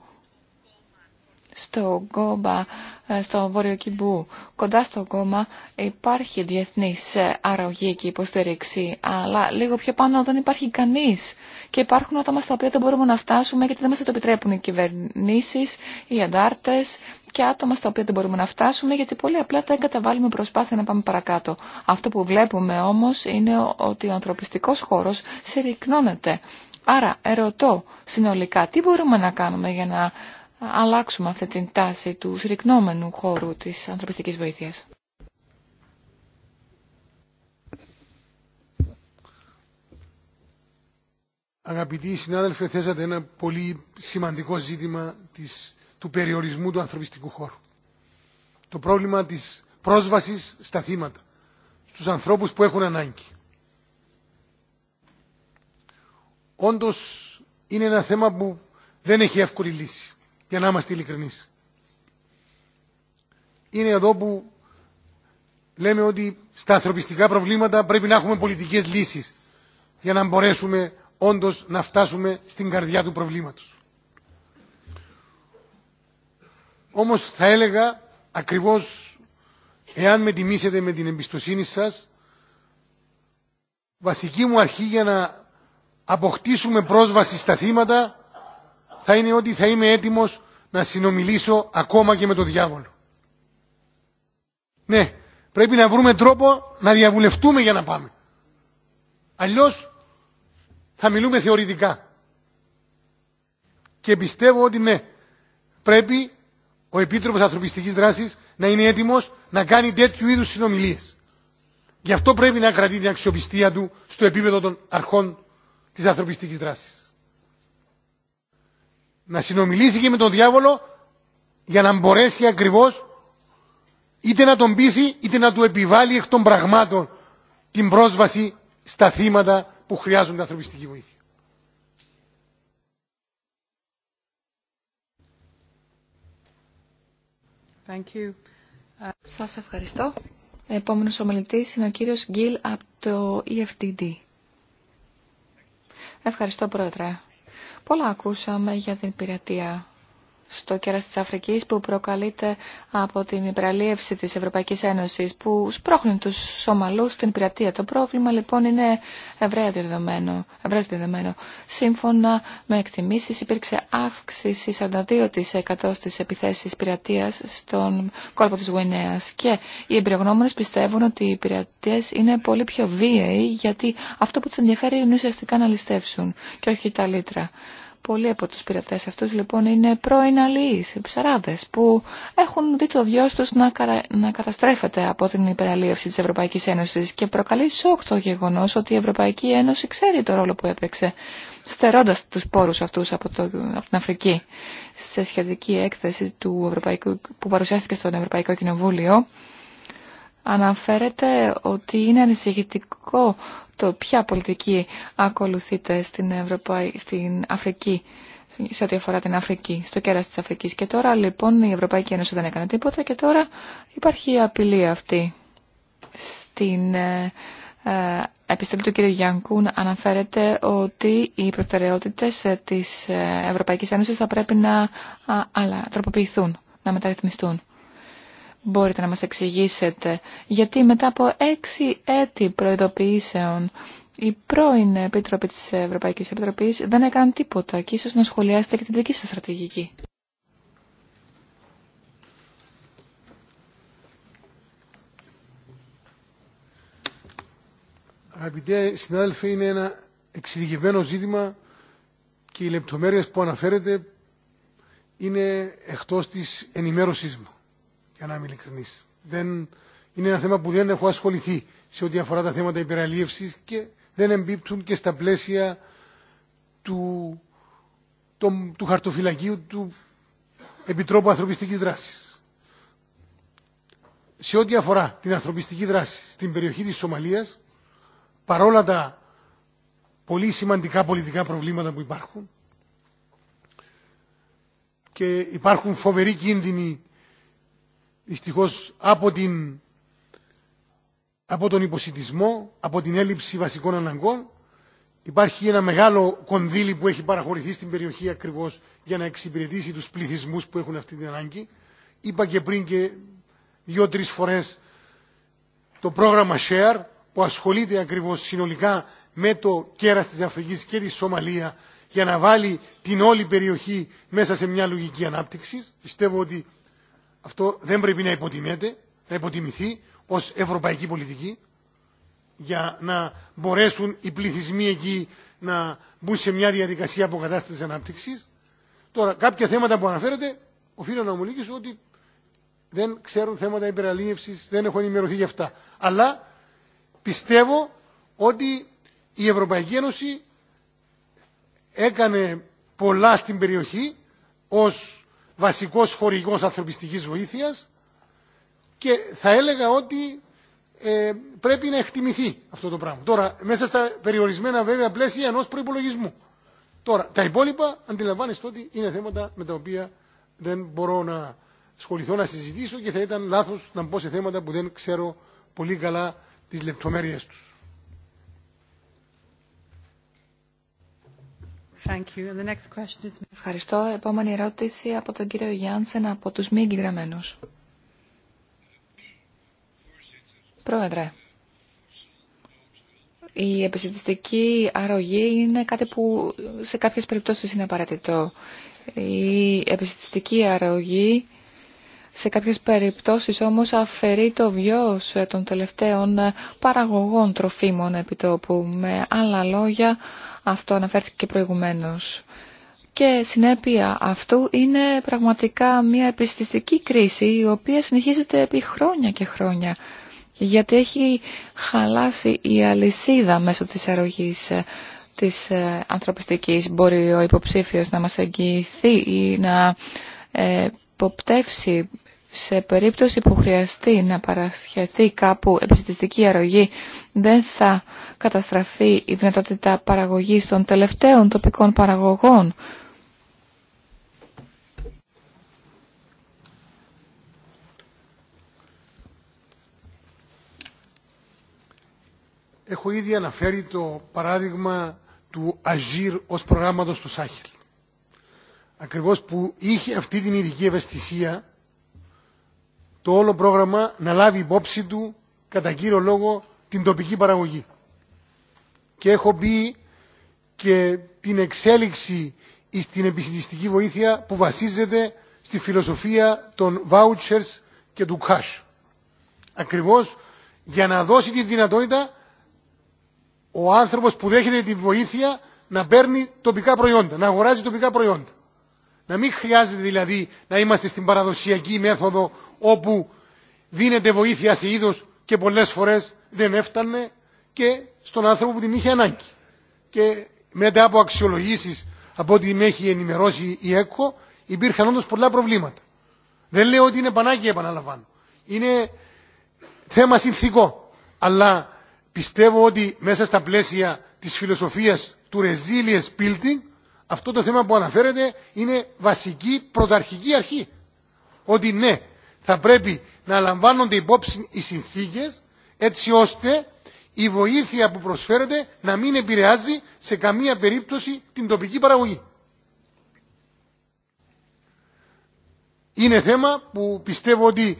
στο Γκόμπα, ε, στο Βόρειο Κιμπού, κοντά στο Γκόμα υπάρχει διεθνής ε, αρρωγή και υποστήριξη, αλλά λίγο πιο πάνω δεν υπάρχει κανείς και υπάρχουν άτομα στα οποία δεν μπορούμε να φτάσουμε γιατί δεν μας το επιτρέπουν οι κυβερνήσεις, οι αντάρτες και άτομα στα οποία δεν μπορούμε να φτάσουμε γιατί πολύ απλά δεν καταβάλουμε προσπάθεια να πάμε παρακάτω. Αυτό που βλέπουμε όμως είναι ότι ο ανθρωπιστικός χώρος συρρυκνώνεται. Άρα ερωτώ συνολικά τι μπορούμε να κάνουμε για να αλλάξουμε αυτή την τάση του συρρυκνόμενου χώρου της ανθρωπιστικής βοήθειας. Αγαπητοί συνάδελφοι, θέσατε ένα πολύ σημαντικό ζήτημα της, του περιορισμού του ανθρωπιστικού χώρου. Το πρόβλημα της πρόσβασης στα θύματα, στους ανθρώπους που έχουν ανάγκη. Όντως είναι ένα θέμα που δεν έχει εύκολη λύση, για να είμαστε ειλικρινείς. Είναι εδώ που λέμε ότι στα ανθρωπιστικά προβλήματα πρέπει να έχουμε πολιτικές λύσεις για να μπορέσουμε όντως να φτάσουμε στην καρδιά του προβλήματος. Όμως θα έλεγα ακριβώς εάν με τιμήσετε με την εμπιστοσύνη σας βασική μου αρχή για να αποκτήσουμε πρόσβαση στα θύματα θα είναι ότι θα είμαι έτοιμος να συνομιλήσω ακόμα και με τον διάβολο. Ναι, πρέπει να βρούμε τρόπο να διαβουλευτούμε για να πάμε. Αλλιώς θα μιλούμε θεωρητικά. Και πιστεύω ότι ναι, πρέπει ο Επίτροπος Ανθρωπιστικής Δράσης να είναι έτοιμος να κάνει τέτοιου είδους συνομιλίες. Γι' αυτό πρέπει να κρατεί την αξιοπιστία του στο επίπεδο των αρχών της ανθρωπιστικής δράσης. Να συνομιλήσει και με τον διάβολο για να μπορέσει ακριβώς είτε να τον πείσει είτε να του επιβάλλει εκ των πραγμάτων την πρόσβαση στα θύματα που χρειάζονται ανθρωπιστική βοήθεια. Thank you. Σας ευχαριστώ. Επόμενος ομιλητής είναι ο κύριο Γκίλ από το EFTD. Ευχαριστώ, Πρόεδρε. Πολλά ακούσαμε για την πειρατεία στο κέρας της Αφρικής που προκαλείται από την υπεραλίευση της Ευρωπαϊκής Ένωσης που σπρώχνει τους Σομαλούς στην πειρατεία. Το πρόβλημα λοιπόν είναι ευρέα δεδομένο, Σύμφωνα με εκτιμήσεις υπήρξε αύξηση 42% στις επιθέσεις πειρατείας στον κόλπο της Γουινέας και οι εμπειρογνώμονες πιστεύουν ότι οι πειρατείες είναι πολύ πιο βίαιοι γιατί αυτό που τους ενδιαφέρει είναι ουσιαστικά να ληστεύσουν και όχι τα λίτρα. Πολλοί από τους πειρατές αυτούς λοιπόν είναι πρώην αλληλείς, ψαράδες που έχουν δει το βιός τους να, καταστρέφεται από την υπεραλίευση της Ευρωπαϊκής Ένωσης και προκαλεί σοκ το γεγονός ότι η Ευρωπαϊκή Ένωση ξέρει το ρόλο που έπαιξε στερώντας τους πόρους αυτούς από, το... την Αφρική. Σε σχετική έκθεση του Ευρωπαϊκού... που παρουσιάστηκε στον Ευρωπαϊκό Κοινοβούλιο αναφέρεται ότι είναι ανησυχητικό το ποια πολιτική ακολουθείται στην, στην Αφρική σε ό,τι αφορά την Αφρική, στο κέρας της Αφρικής. Και τώρα λοιπόν η Ευρωπαϊκή Ένωση δεν έκανε τίποτα και τώρα υπάρχει απειλή αυτή. Στην ε, ε επιστολή του κ. Γιάνκουν αναφέρεται ότι οι προτεραιότητες ε, της ε, Ευρωπαϊκής Ένωσης θα πρέπει να τροποποιηθούν, να μεταρρυθμιστούν. Μπορείτε να μας εξηγήσετε γιατί μετά από έξι έτη προειδοποιήσεων η πρώην Επίτροπη της Ευρωπαϊκής Επιτροπής δεν έκανε τίποτα και ίσως να σχολιάσετε και την δική σας στρατηγική. Αγαπητέ συνάδελφοι, είναι ένα εξειδικευμένο ζήτημα και οι λεπτομέρειες που αναφέρετε είναι εκτός της ενημέρωσής μου για να είμαι ειλικρινή. Δεν... Είναι ένα θέμα που δεν έχω ασχοληθεί σε ό,τι αφορά τα θέματα υπεραλίευση και δεν εμπίπτουν και στα πλαίσια του, του χαρτοφυλακίου του Επιτρόπου ανθρωπιστική δράση. Σε ό,τι αφορά την ανθρωπιστική δράση στην περιοχή της Σομαλίας, παρόλα τα πολύ σημαντικά πολιτικά προβλήματα που υπάρχουν και υπάρχουν φοβεροί κίνδυνοι δυστυχώς από, από τον υποσυντισμό από την έλλειψη βασικών αναγκών. Υπάρχει ένα μεγάλο κονδύλι που έχει παραχωρηθεί στην περιοχή ακριβώς για να εξυπηρετήσει τους πληθυσμούς που έχουν αυτή την ανάγκη. Είπα και πριν και δύο-τρεις φορές το πρόγραμμα SHARE που ασχολείται ακριβώς συνολικά με το κέρας της Αφρικής και τη Σομαλία για να βάλει την όλη περιοχή μέσα σε μια λογική ανάπτυξη. Πιστεύω ότι αυτό δεν πρέπει να υποτιμείται, να υποτιμηθεί ως ευρωπαϊκή πολιτική για να μπορέσουν οι πληθυσμοί εκεί να μπουν σε μια διαδικασία αποκατάστασης ανάπτυξης. Τώρα, κάποια θέματα που αναφέρεται, οφείλω να μου λύγεις ότι δεν ξέρουν θέματα υπεραλίευσης, δεν έχω ενημερωθεί για αυτά. Αλλά πιστεύω ότι η Ευρωπαϊκή Ένωση έκανε πολλά στην περιοχή ως βασικός χορηγός ανθρωπιστικής βοήθειας και θα έλεγα ότι ε, πρέπει να εκτιμηθεί αυτό το πράγμα. Τώρα, μέσα στα περιορισμένα βέβαια πλαίσια ενός προϋπολογισμού. Τώρα, τα υπόλοιπα αντιλαμβάνεστε ότι είναι θέματα με τα οποία δεν μπορώ να σχοληθώ να συζητήσω και θα ήταν λάθος να μπω σε θέματα που δεν ξέρω πολύ καλά τις λεπτομέρειες τους. Ευχαριστώ. Επόμενη ερώτηση από τον κύριο Γιάνσεν από τους μη εγγεγραμμένους. Πρόεδρε, η επιστημιστική αρρωγή είναι κάτι που σε κάποιες περιπτώσεις είναι απαραίτητο. Η επιστημιστική αρρωγή σε κάποιες περιπτώσεις όμως αφαιρεί το βιος ε, των τελευταίων ε, παραγωγών τροφίμων επιτόπου. Με άλλα λόγια, αυτό αναφέρθηκε προηγουμένως. Και συνέπεια αυτού είναι πραγματικά μια επιστηστική κρίση η οποία συνεχίζεται επί χρόνια και χρόνια. Γιατί έχει χαλάσει η αλυσίδα μέσω της αρρωγής ε, της ανθρωπιστικής. Μπορεί ο υποψήφιος να μας εγγυηθεί ή να υποπτεύσει σε περίπτωση που χρειαστεί να παρασχεθεί κάπου επιστημιστική αρρωγή, δεν θα καταστραφεί η δυνατότητα παραγωγής των τελευταίων τοπικών παραγωγών. Έχω ήδη αναφέρει το παράδειγμα του Αζίρ ως προγράμματος του Σάχελ. Ακριβώς που είχε αυτή την ειδική ευαισθησία το όλο πρόγραμμα να λάβει υπόψη του κατά κύριο λόγο την τοπική παραγωγή. Και έχω πει και την εξέλιξη στην επιστημιστική βοήθεια που βασίζεται στη φιλοσοφία των vouchers και του cash. Ακριβώς για να δώσει τη δυνατότητα ο άνθρωπος που δέχεται τη βοήθεια να παίρνει τοπικά προϊόντα, να αγοράζει τοπικά προϊόντα. Να μην χρειάζεται δηλαδή να είμαστε στην παραδοσιακή μέθοδο όπου δίνεται βοήθεια σε είδο και πολλέ φορέ δεν έφτανε και στον άνθρωπο που την είχε ανάγκη. Και μετά από αξιολογήσει από ό,τι με έχει ενημερώσει η ΕΚΟ υπήρχαν όντω πολλά προβλήματα. Δεν λέω ότι είναι πανάκια επαναλαμβάνω. Είναι θέμα συνθήκο. Αλλά πιστεύω ότι μέσα στα πλαίσια της φιλοσοφίας του resilience building αυτό το θέμα που αναφέρεται είναι βασική πρωταρχική αρχή. Ότι ναι, θα πρέπει να λαμβάνονται υπόψη οι συνθήκες έτσι ώστε η βοήθεια που προσφέρεται να μην επηρεάζει σε καμία περίπτωση την τοπική παραγωγή. Είναι θέμα που πιστεύω ότι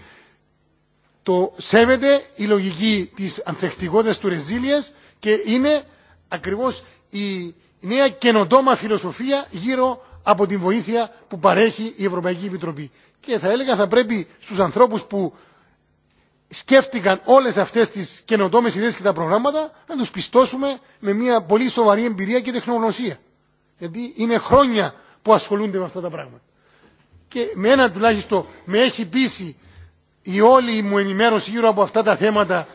το σέβεται η λογική της ανθεκτικότητας του ρεζίλιας και είναι ακριβώς η μια καινοτόμα φιλοσοφία γύρω από την βοήθεια που παρέχει η Ευρωπαϊκή Επιτροπή. Και θα έλεγα θα πρέπει στους ανθρώπους που σκέφτηκαν όλες αυτές τις καινοτόμες ιδέες και τα προγράμματα να τους πιστώσουμε με μια πολύ σοβαρή εμπειρία και τεχνογνωσία. Γιατί είναι χρόνια που ασχολούνται με αυτά τα πράγματα. Και με ένα τουλάχιστον με έχει πείσει η όλη μου ενημέρωση γύρω από αυτά τα θέματα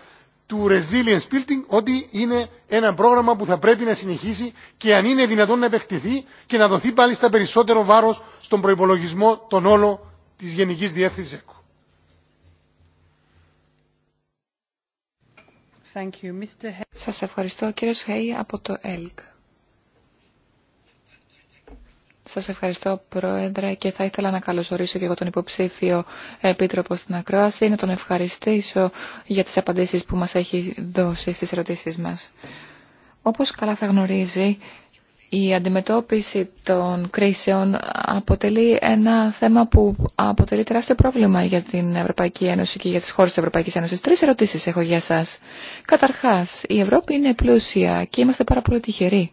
του Resilience Building ότι είναι ένα πρόγραμμα που θα πρέπει να συνεχίσει και αν είναι δυνατόν να επεκτηθεί και να δοθεί πάλι στα περισσότερο βάρος στον προϋπολογισμό των όλων της Γενικής Διεύθυνσης ΕΚΟ. Σας ευχαριστώ κύριε Σχέη από το ΕΛΚ. Σας ευχαριστώ Πρόεδρε και θα ήθελα να καλωσορίσω και εγώ τον υποψήφιο Επίτροπο στην Ακρόαση, να τον ευχαριστήσω για τις απαντήσεις που μας έχει δώσει στις ερωτήσεις μας. Όπως καλά θα γνωρίζει, η αντιμετώπιση των κρίσεων αποτελεί ένα θέμα που αποτελεί τεράστιο πρόβλημα για την Ευρωπαϊκή Ένωση και για τις χώρες της Ευρωπαϊκής Ένωσης. Τρεις ερωτήσεις έχω για σας. Καταρχάς, η Ευρώπη είναι πλούσια και είμαστε πάρα πολύ τυχεροί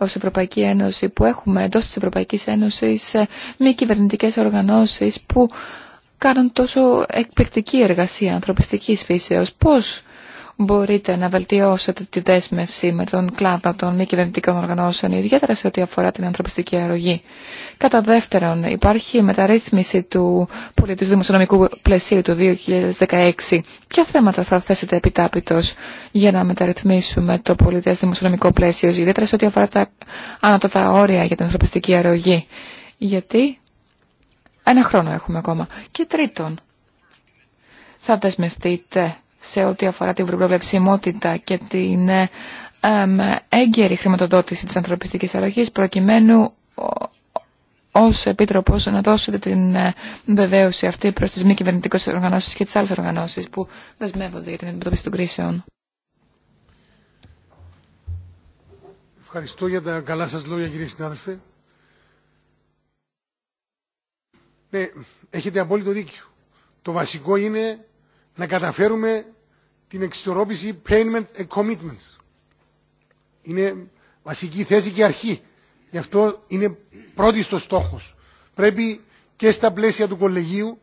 ως Ευρωπαϊκή Ένωση που έχουμε εντός της Ευρωπαϊκής Ένωσης ε, μη κυβερνητικές οργανώσεις που κάνουν τόσο εκπληκτική εργασία ανθρωπιστικής φύσεως. Πώς μπορείτε να βελτιώσετε τη δέσμευση με τον κλάδο των μη κυβερνητικών οργανώσεων, ιδιαίτερα σε ό,τι αφορά την ανθρωπιστική αρρωγή. Κατά δεύτερον, υπάρχει μεταρρύθμιση του πολιτικού δημοσιονομικού πλαισίου του 2016. Ποια θέματα θα θέσετε επιτάπητο για να μεταρρυθμίσουμε το πολιτικό δημοσιονομικό πλαίσιο, ιδιαίτερα σε ό,τι αφορά τα άνατοτα όρια για την ανθρωπιστική αρρωγή. Γιατί ένα χρόνο έχουμε ακόμα. Και τρίτον, θα δεσμευτείτε σε ό,τι αφορά την προβλεψιμότητα και την ε, έγκαιρη χρηματοδότηση της ανθρωπιστικής αλλαγής προκειμένου ως Επίτροπος να δώσετε την ε, βεβαίωση αυτή προς τις μη κυβερνητικές οργανώσεις και τις άλλες οργανώσεις που δεσμεύονται για την αντιμετώπιση των κρίσεων. Ευχαριστώ για τα καλά σας λόγια κύριε συνάδελφε. Ναι, έχετε απόλυτο δίκιο. Το βασικό είναι να καταφέρουμε την εξισορρόπηση payment and commitments. Είναι βασική θέση και αρχή. Γι' αυτό είναι πρώτη στο στόχος. Πρέπει και στα πλαίσια του κολεγίου,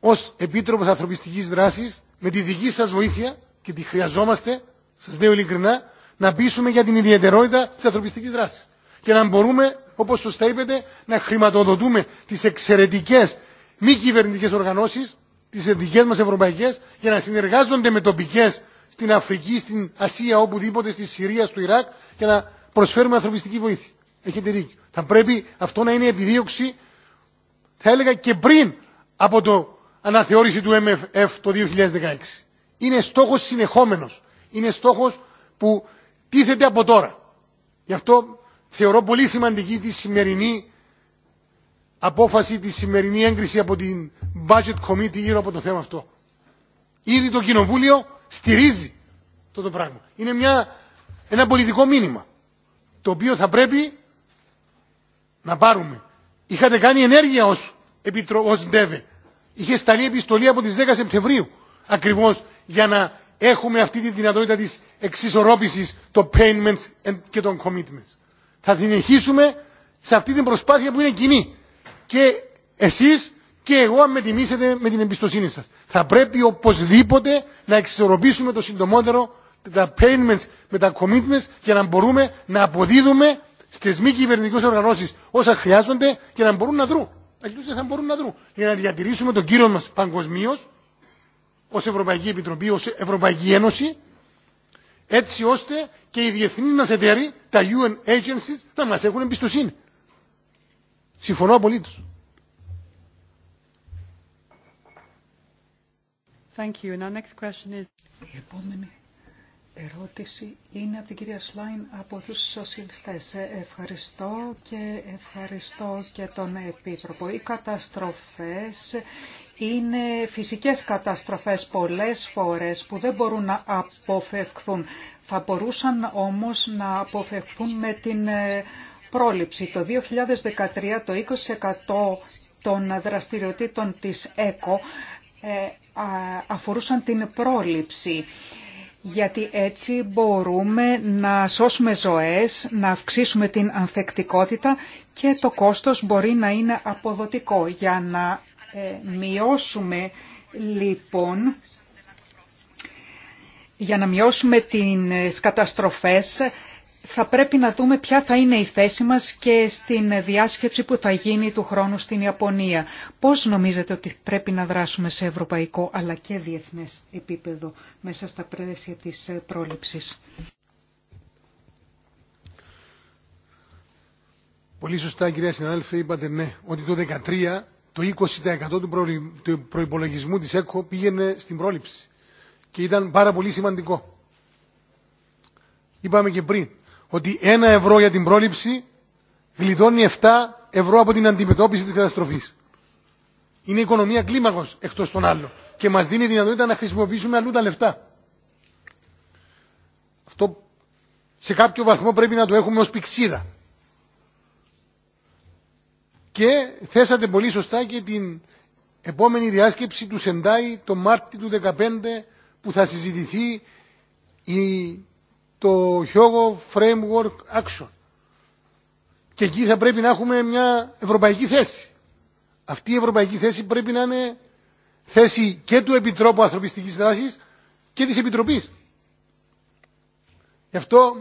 ως Επίτροπος Ανθρωπιστικής Δράσης, με τη δική σας βοήθεια, και τη χρειαζόμαστε, σας λέω ειλικρινά, να πείσουμε για την ιδιαιτερότητα της ανθρωπιστικής δράσης. Και να μπορούμε, όπως σωστά είπετε, να χρηματοδοτούμε τις εξαιρετικές μη κυβερνητικές οργανώσεις τις δικές μας ευρωπαϊκές για να συνεργάζονται με τοπικές στην Αφρική, στην Ασία, οπουδήποτε, στη Συρία, στο Ιράκ για να προσφέρουμε ανθρωπιστική βοήθεια. Έχετε δίκιο. Θα πρέπει αυτό να είναι επιδίωξη, θα έλεγα και πριν από το αναθεώρηση του MFF το 2016. Είναι στόχος συνεχόμενος. Είναι στόχος που τίθεται από τώρα. Γι' αυτό θεωρώ πολύ σημαντική τη σημερινή απόφαση τη σημερινή έγκριση από την Budget Committee γύρω από το θέμα αυτό. Ήδη το Κοινοβούλιο στηρίζει αυτό το πράγμα. Είναι μια, ένα πολιτικό μήνυμα το οποίο θα πρέπει να πάρουμε. Είχατε κάνει ενέργεια ως, επιτρο... ως ΝΤΕΒΕ. Είχε σταλεί επιστολή από τις 10 Σεπτεμβρίου ακριβώς για να έχουμε αυτή τη δυνατότητα της εξισορρόπησης των payments και των commitments. Θα συνεχίσουμε σε αυτή την προσπάθεια που είναι κοινή και εσείς και εγώ αν με τιμήσετε με την εμπιστοσύνη σας. Θα πρέπει οπωσδήποτε να εξισορροπήσουμε το συντομότερο τα payments με τα commitments για να μπορούμε να αποδίδουμε στι μη κυβερνητικέ οργανώσεις όσα χρειάζονται για να μπορούν να δρουν. Αλλιώς δεν θα μπορούν να δρουν. Για να διατηρήσουμε τον κύριο μας παγκοσμίω, ω Ευρωπαϊκή Επιτροπή, ω Ευρωπαϊκή Ένωση, έτσι ώστε και οι διεθνεί μα εταίροι, τα UN agencies, να μα έχουν εμπιστοσύνη. Συμφωνώ απολύτω. Thank you. And next question is... Η επόμενη ερώτηση είναι από την κυρία Σλάιν από τους σοσιαλιστές. Ε, ευχαριστώ και ευχαριστώ και τον Επίτροπο. Οι καταστροφές είναι φυσικές καταστροφές πολλές φορές που δεν μπορούν να αποφευχθούν. Θα μπορούσαν όμως να αποφευχθούν με την ε, πρόληψη. Το 2013 το 20% των δραστηριοτήτων της ΕΚΟ ε, αφορούσαν την πρόληψη γιατί έτσι μπορούμε να σώσουμε ζωές, να αυξήσουμε την ανθεκτικότητα και το κόστος μπορεί να είναι αποδοτικό. Για να ε, μειώσουμε λοιπόν για να μειώσουμε τις καταστροφές θα πρέπει να δούμε ποια θα είναι η θέση μας και στην διάσκεψη που θα γίνει του χρόνου στην Ιαπωνία. Πώς νομίζετε ότι πρέπει να δράσουμε σε ευρωπαϊκό αλλά και διεθνές επίπεδο μέσα στα πλαίσια της πρόληψης. Πολύ σωστά κυρία συνάδελφε είπατε ναι ότι το 2013 το 20% του προϋπολογισμού της ΕΚΟ πήγαινε στην πρόληψη και ήταν πάρα πολύ σημαντικό. Είπαμε και πριν ότι ένα ευρώ για την πρόληψη γλιτώνει 7 ευρώ από την αντιμετώπιση της καταστροφής. Είναι οικονομία κλίμακος εκτός των άλλων και μας δίνει δυνατότητα να χρησιμοποιήσουμε αλλού τα λεφτά. Αυτό σε κάποιο βαθμό πρέπει να το έχουμε ως πηξίδα. Και θέσατε πολύ σωστά και την επόμενη διάσκεψη του Σεντάι το Μάρτι του 2015 που θα συζητηθεί η το Hyogo Framework Action. Και εκεί θα πρέπει να έχουμε μια ευρωπαϊκή θέση. Αυτή η ευρωπαϊκή θέση πρέπει να είναι θέση και του Επιτρόπου Ανθρωπιστικής Δράσης και της Επιτροπής. Γι' αυτό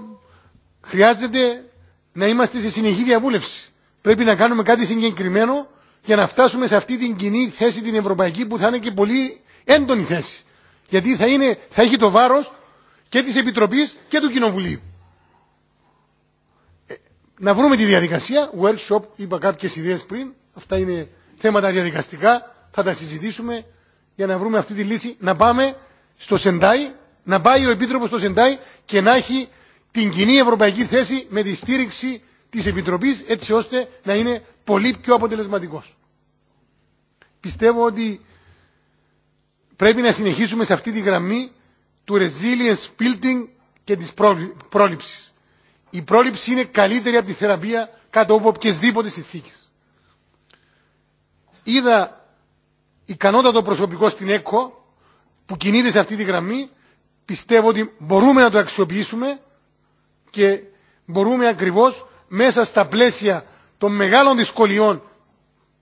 χρειάζεται να είμαστε σε συνεχή διαβούλευση. Πρέπει να κάνουμε κάτι συγκεκριμένο για να φτάσουμε σε αυτή την κοινή θέση την ευρωπαϊκή που θα είναι και πολύ έντονη θέση. Γιατί θα, έχει το βάρος και της Επιτροπής και του Κοινοβουλίου. Ε, να βρούμε τη διαδικασία, workshop, είπα κάποιες ιδέες πριν, αυτά είναι θέματα διαδικαστικά, θα τα συζητήσουμε για να βρούμε αυτή τη λύση, να πάμε στο Σεντάι, να πάει ο Επίτροπος στο Σεντάι και να έχει την κοινή ευρωπαϊκή θέση με τη στήριξη της Επιτροπής έτσι ώστε να είναι πολύ πιο αποτελεσματικός. Πιστεύω ότι πρέπει να συνεχίσουμε σε αυτή τη γραμμή του resilience building και της πρόληψης. Η πρόληψη είναι καλύτερη από τη θεραπεία κάτω από οποιασδήποτε συνθήκες. Είδα ικανότατο προσωπικό στην ΕΚΟ που κινείται σε αυτή τη γραμμή. Πιστεύω ότι μπορούμε να το αξιοποιήσουμε και μπορούμε ακριβώς μέσα στα πλαίσια των μεγάλων δυσκολιών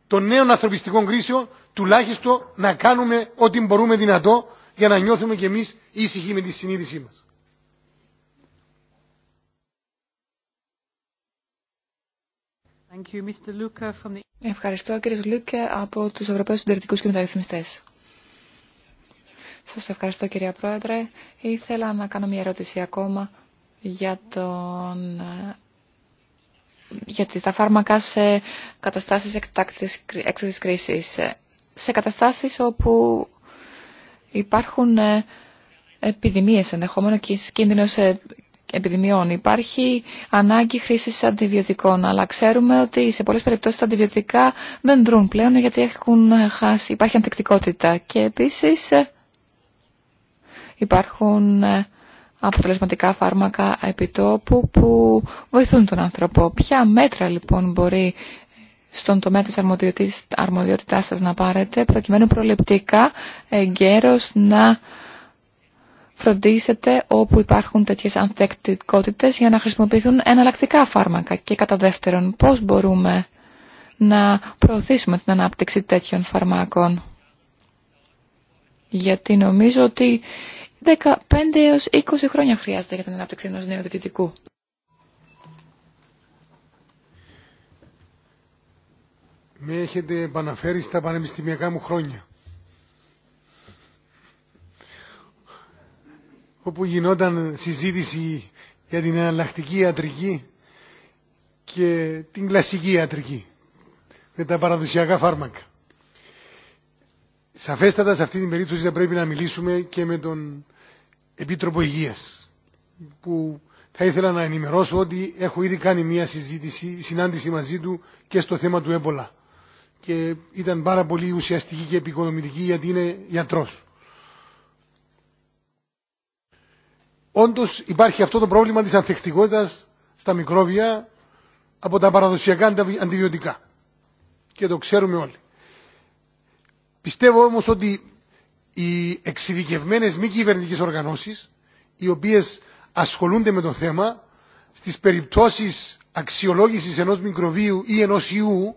των νέων ανθρωπιστικών κρίσεων τουλάχιστον να κάνουμε ό,τι μπορούμε δυνατό για να νιώθουμε κι εμείς ήσυχοι με τη συνείδησή μας. Ευχαριστώ κύριε Λούκε από τους Ευρωπαίους Συντηρητικούς και Μεταρρυθμιστές. Σας ευχαριστώ κυρία Πρόεδρε. Ήθελα να κάνω μια ερώτηση ακόμα για, τον... τα φάρμακα σε καταστάσεις εκτάκτης, έκτακτης κρίσης. Σε καταστάσεις όπου Υπάρχουν ε, επιδημίες ενδεχόμενο και κίνδυνος ε, επιδημιών. Υπάρχει ανάγκη χρήσης αντιβιωτικών, αλλά ξέρουμε ότι σε πολλές περιπτώσεις τα αντιβιωτικά δεν δρούν πλέον γιατί έχουν χάσει, υπάρχει ανθεκτικότητα. Και επίσης ε, υπάρχουν αποτελεσματικά φάρμακα επιτόπου που βοηθούν τον άνθρωπο. Ποια μέτρα λοιπόν μπορεί στον τομέα της αρμοδιότητάς σας να πάρετε, προκειμένου προληπτικά εγκαίρως να φροντίσετε όπου υπάρχουν τέτοιες ανθεκτικότητες για να χρησιμοποιηθούν εναλλακτικά φάρμακα. Και κατά δεύτερον, πώς μπορούμε να προωθήσουμε την ανάπτυξη τέτοιων φαρμάκων. Γιατί νομίζω ότι 15 έως 20 χρόνια χρειάζεται για την ανάπτυξη ενός νέου διοικητικού. με έχετε επαναφέρει στα πανεπιστημιακά μου χρόνια. όπου γινόταν συζήτηση για την εναλλακτική ιατρική και την κλασική ιατρική με τα παραδοσιακά φάρμακα. Σαφέστατα σε αυτή την περίπτωση θα πρέπει να μιλήσουμε και με τον Επίτροπο Υγείας που θα ήθελα να ενημερώσω ότι έχω ήδη κάνει μια συζήτηση, συνάντηση μαζί του και στο θέμα του έμπολα και ήταν πάρα πολύ ουσιαστική και επικοδομητική γιατί είναι γιατρός. Όντως υπάρχει αυτό το πρόβλημα της ανθεκτικότητας στα μικρόβια από τα παραδοσιακά αντιβιωτικά. Και το ξέρουμε όλοι. Πιστεύω όμως ότι οι εξειδικευμένες μη κυβερνητικέ οργανώσεις οι οποίες ασχολούνται με το θέμα στι περιπτώσεις αξιολόγησης ενός μικροβίου ή ενός ιού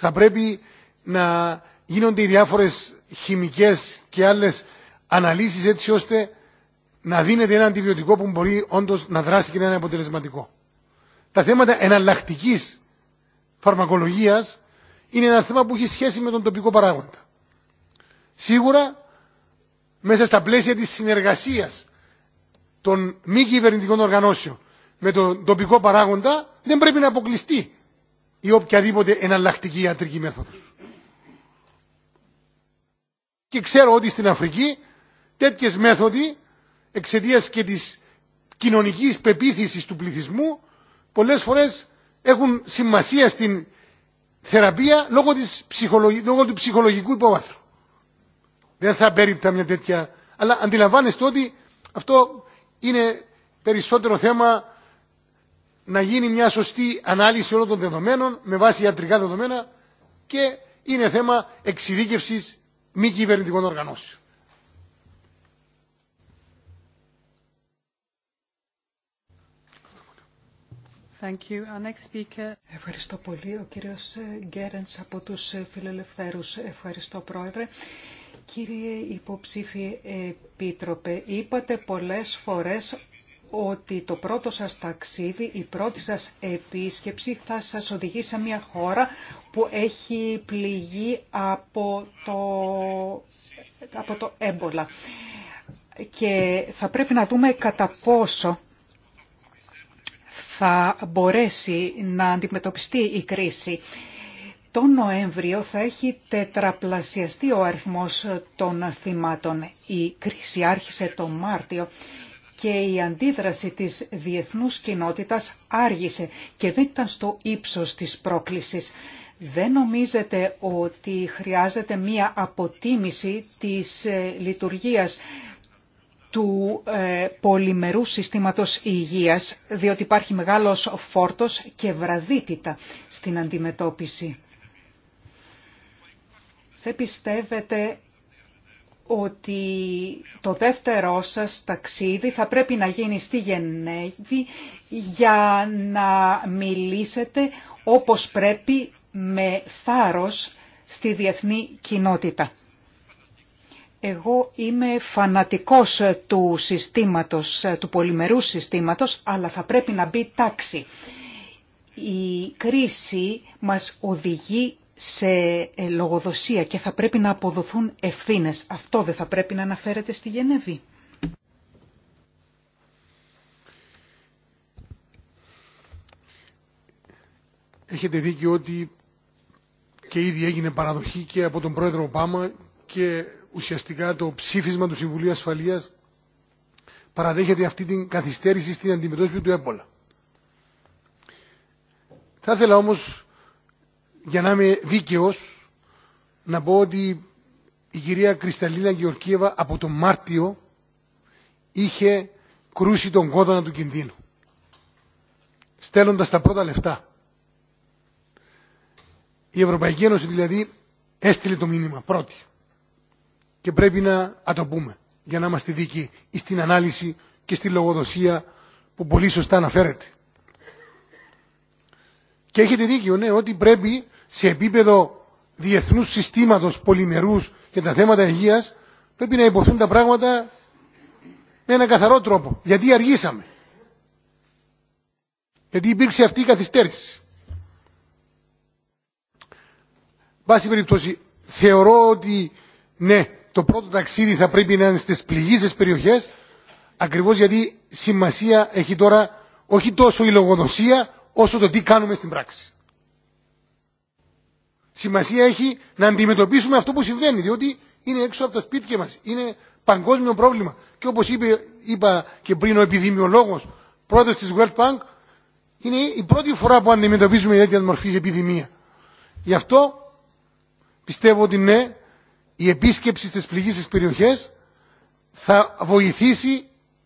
θα πρέπει να γίνονται οι διάφορες χημικές και άλλες αναλύσεις έτσι ώστε να δίνεται ένα αντιβιωτικό που μπορεί όντως να δράσει και να είναι αποτελεσματικό. Τα θέματα εναλλακτική φαρμακολογίας είναι ένα θέμα που έχει σχέση με τον τοπικό παράγοντα. Σίγουρα μέσα στα πλαίσια της συνεργασίας των μη κυβερνητικών οργανώσεων με τον τοπικό παράγοντα δεν πρέπει να αποκλειστεί ή οποιαδήποτε εναλλακτική ιατρική μέθοδος. Και ξέρω ότι στην Αφρική τέτοιες μέθοδοι εξαιτίας και της κοινωνικής πεποίθησης του πληθυσμού πολλές φορές έχουν σημασία στην θεραπεία λόγω, λόγω του ψυχολογικού υποβάθρου. Δεν θα περίπτα μια τέτοια... Αλλά αντιλαμβάνεστε ότι αυτό είναι περισσότερο θέμα να γίνει μια σωστή ανάλυση όλων των δεδομένων με βάση ιατρικά δεδομένα και είναι θέμα εξειδίκευσης μη κυβερνητικών οργανώσεων. Ευχαριστώ πολύ. Ο κύριος ε, Γκέρενς από τους ε, Φιλελευθέρους. Ευχαριστώ Πρόεδρε. Κύριε Υποψήφιε Επίτροπε, είπατε πολλές φορές ότι το πρώτο σας ταξίδι, η πρώτη σας επίσκεψη θα σας οδηγεί σε μια χώρα που έχει πληγεί από το, από το έμπολα. Και θα πρέπει να δούμε κατά πόσο θα μπορέσει να αντιμετωπιστεί η κρίση. Το Νοέμβριο θα έχει τετραπλασιαστεί ο αριθμός των θυμάτων. Η κρίση άρχισε το Μάρτιο και η αντίδραση της διεθνούς κοινότητας άργησε και δεν ήταν στο ύψος της πρόκλησης. Δεν νομίζετε ότι χρειάζεται μία αποτίμηση της ε, λειτουργίας του ε, πολυμερού συστήματος υγείας, διότι υπάρχει μεγάλος φόρτος και βραδύτητα στην αντιμετώπιση. Δεν πιστεύετε ότι το δεύτερό σας ταξίδι θα πρέπει να γίνει στη Γενέβη για να μιλήσετε όπως πρέπει με θάρρος στη διεθνή κοινότητα. Εγώ είμαι φανατικός του συστήματος, του πολυμερού συστήματος, αλλά θα πρέπει να μπει τάξη. Η κρίση μας οδηγεί σε ε, λογοδοσία και θα πρέπει να αποδοθούν ευθύνες. Αυτό δεν θα πρέπει να αναφέρεται στη Γενέβη. Έχετε δίκιο ότι και ήδη έγινε παραδοχή και από τον πρόεδρο Ομπάμα και ουσιαστικά το ψήφισμα του Συμβουλίου Ασφαλείας παραδέχεται αυτή την καθυστέρηση στην αντιμετώπιση του έμπολα. Θα ήθελα όμως για να είμαι δίκαιος να πω ότι η κυρία Κρυσταλίνα Γεωργίευα από τον Μάρτιο είχε κρούσει τον κόδωνα του κινδύνου στέλνοντας τα πρώτα λεφτά. Η Ευρωπαϊκή Ένωση δηλαδή έστειλε το μήνυμα πρώτη και πρέπει να το πούμε για να είμαστε δίκοι στην ανάλυση και στη λογοδοσία που πολύ σωστά αναφέρεται. Και έχετε δίκιο, ναι, ότι πρέπει σε επίπεδο διεθνού συστήματος πολυμερού και τα θέματα υγεία πρέπει να υποθούν τα πράγματα με ένα καθαρό τρόπο. Γιατί αργήσαμε. Γιατί υπήρξε αυτή η καθυστέρηση. βάση περιπτώσει, θεωρώ ότι ναι, το πρώτο ταξίδι θα πρέπει να είναι στις πληγήσεις περιοχές, ακριβώς γιατί σημασία έχει τώρα όχι τόσο η λογοδοσία, όσο το τι κάνουμε στην πράξη. Σημασία έχει να αντιμετωπίσουμε αυτό που συμβαίνει, διότι είναι έξω από τα σπίτια μας, είναι παγκόσμιο πρόβλημα. Και όπως είπε, είπα και πριν ο επιδημιολόγος, πρόεδρος της World Bank, είναι η πρώτη φορά που αντιμετωπίζουμε τέτοια μορφή επιδημία. Γι' αυτό πιστεύω ότι ναι, η επίσκεψη στις πληγήσεις περιοχές θα βοηθήσει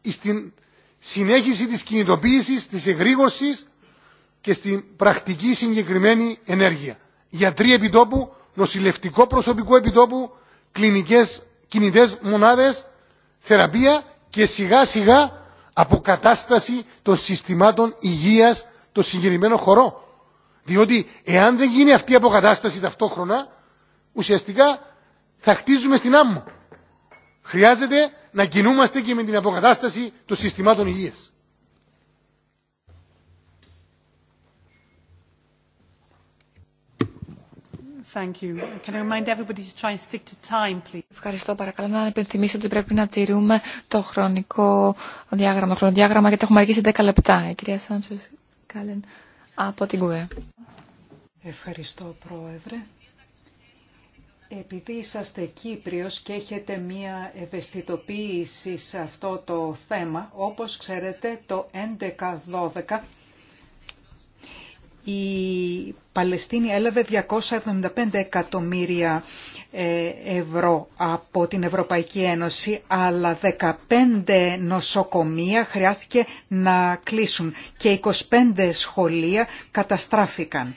στην συνέχιση της κινητοποίησης, της εγρήγορσης και στην πρακτική συγκεκριμένη ενέργεια γιατροί επιτόπου, νοσηλευτικό προσωπικό επιτόπου, κλινικές κινητές μονάδες, θεραπεία και σιγά σιγά αποκατάσταση των συστημάτων υγείας των συγκεκριμένων χωρών. Διότι εάν δεν γίνει αυτή η αποκατάσταση ταυτόχρονα, ουσιαστικά θα χτίζουμε στην άμμο. Χρειάζεται να κινούμαστε και με την αποκατάσταση των συστημάτων υγείας. Ευχαριστώ. Παρακαλώ να επιθυμήσω ότι πρέπει να τηρούμε το χρονικό διάγραμμα, χρονοδιάγραμμα γιατί έχουμε αργήσει 10 λεπτά. Η κυρία Σάντσες Κάλεν από την ΚΟΕ. Ευχαριστώ, Πρόεδρε. Επειδή είσαστε Κύπριος και έχετε μία ευαισθητοποίηση σε αυτό το θέμα, όπως ξέρετε το 11-12 η Παλαιστίνη έλαβε 275 εκατομμύρια ε, ευρώ από την Ευρωπαϊκή Ένωση, αλλά 15 νοσοκομεία χρειάστηκε να κλείσουν και 25 σχολεία καταστράφηκαν.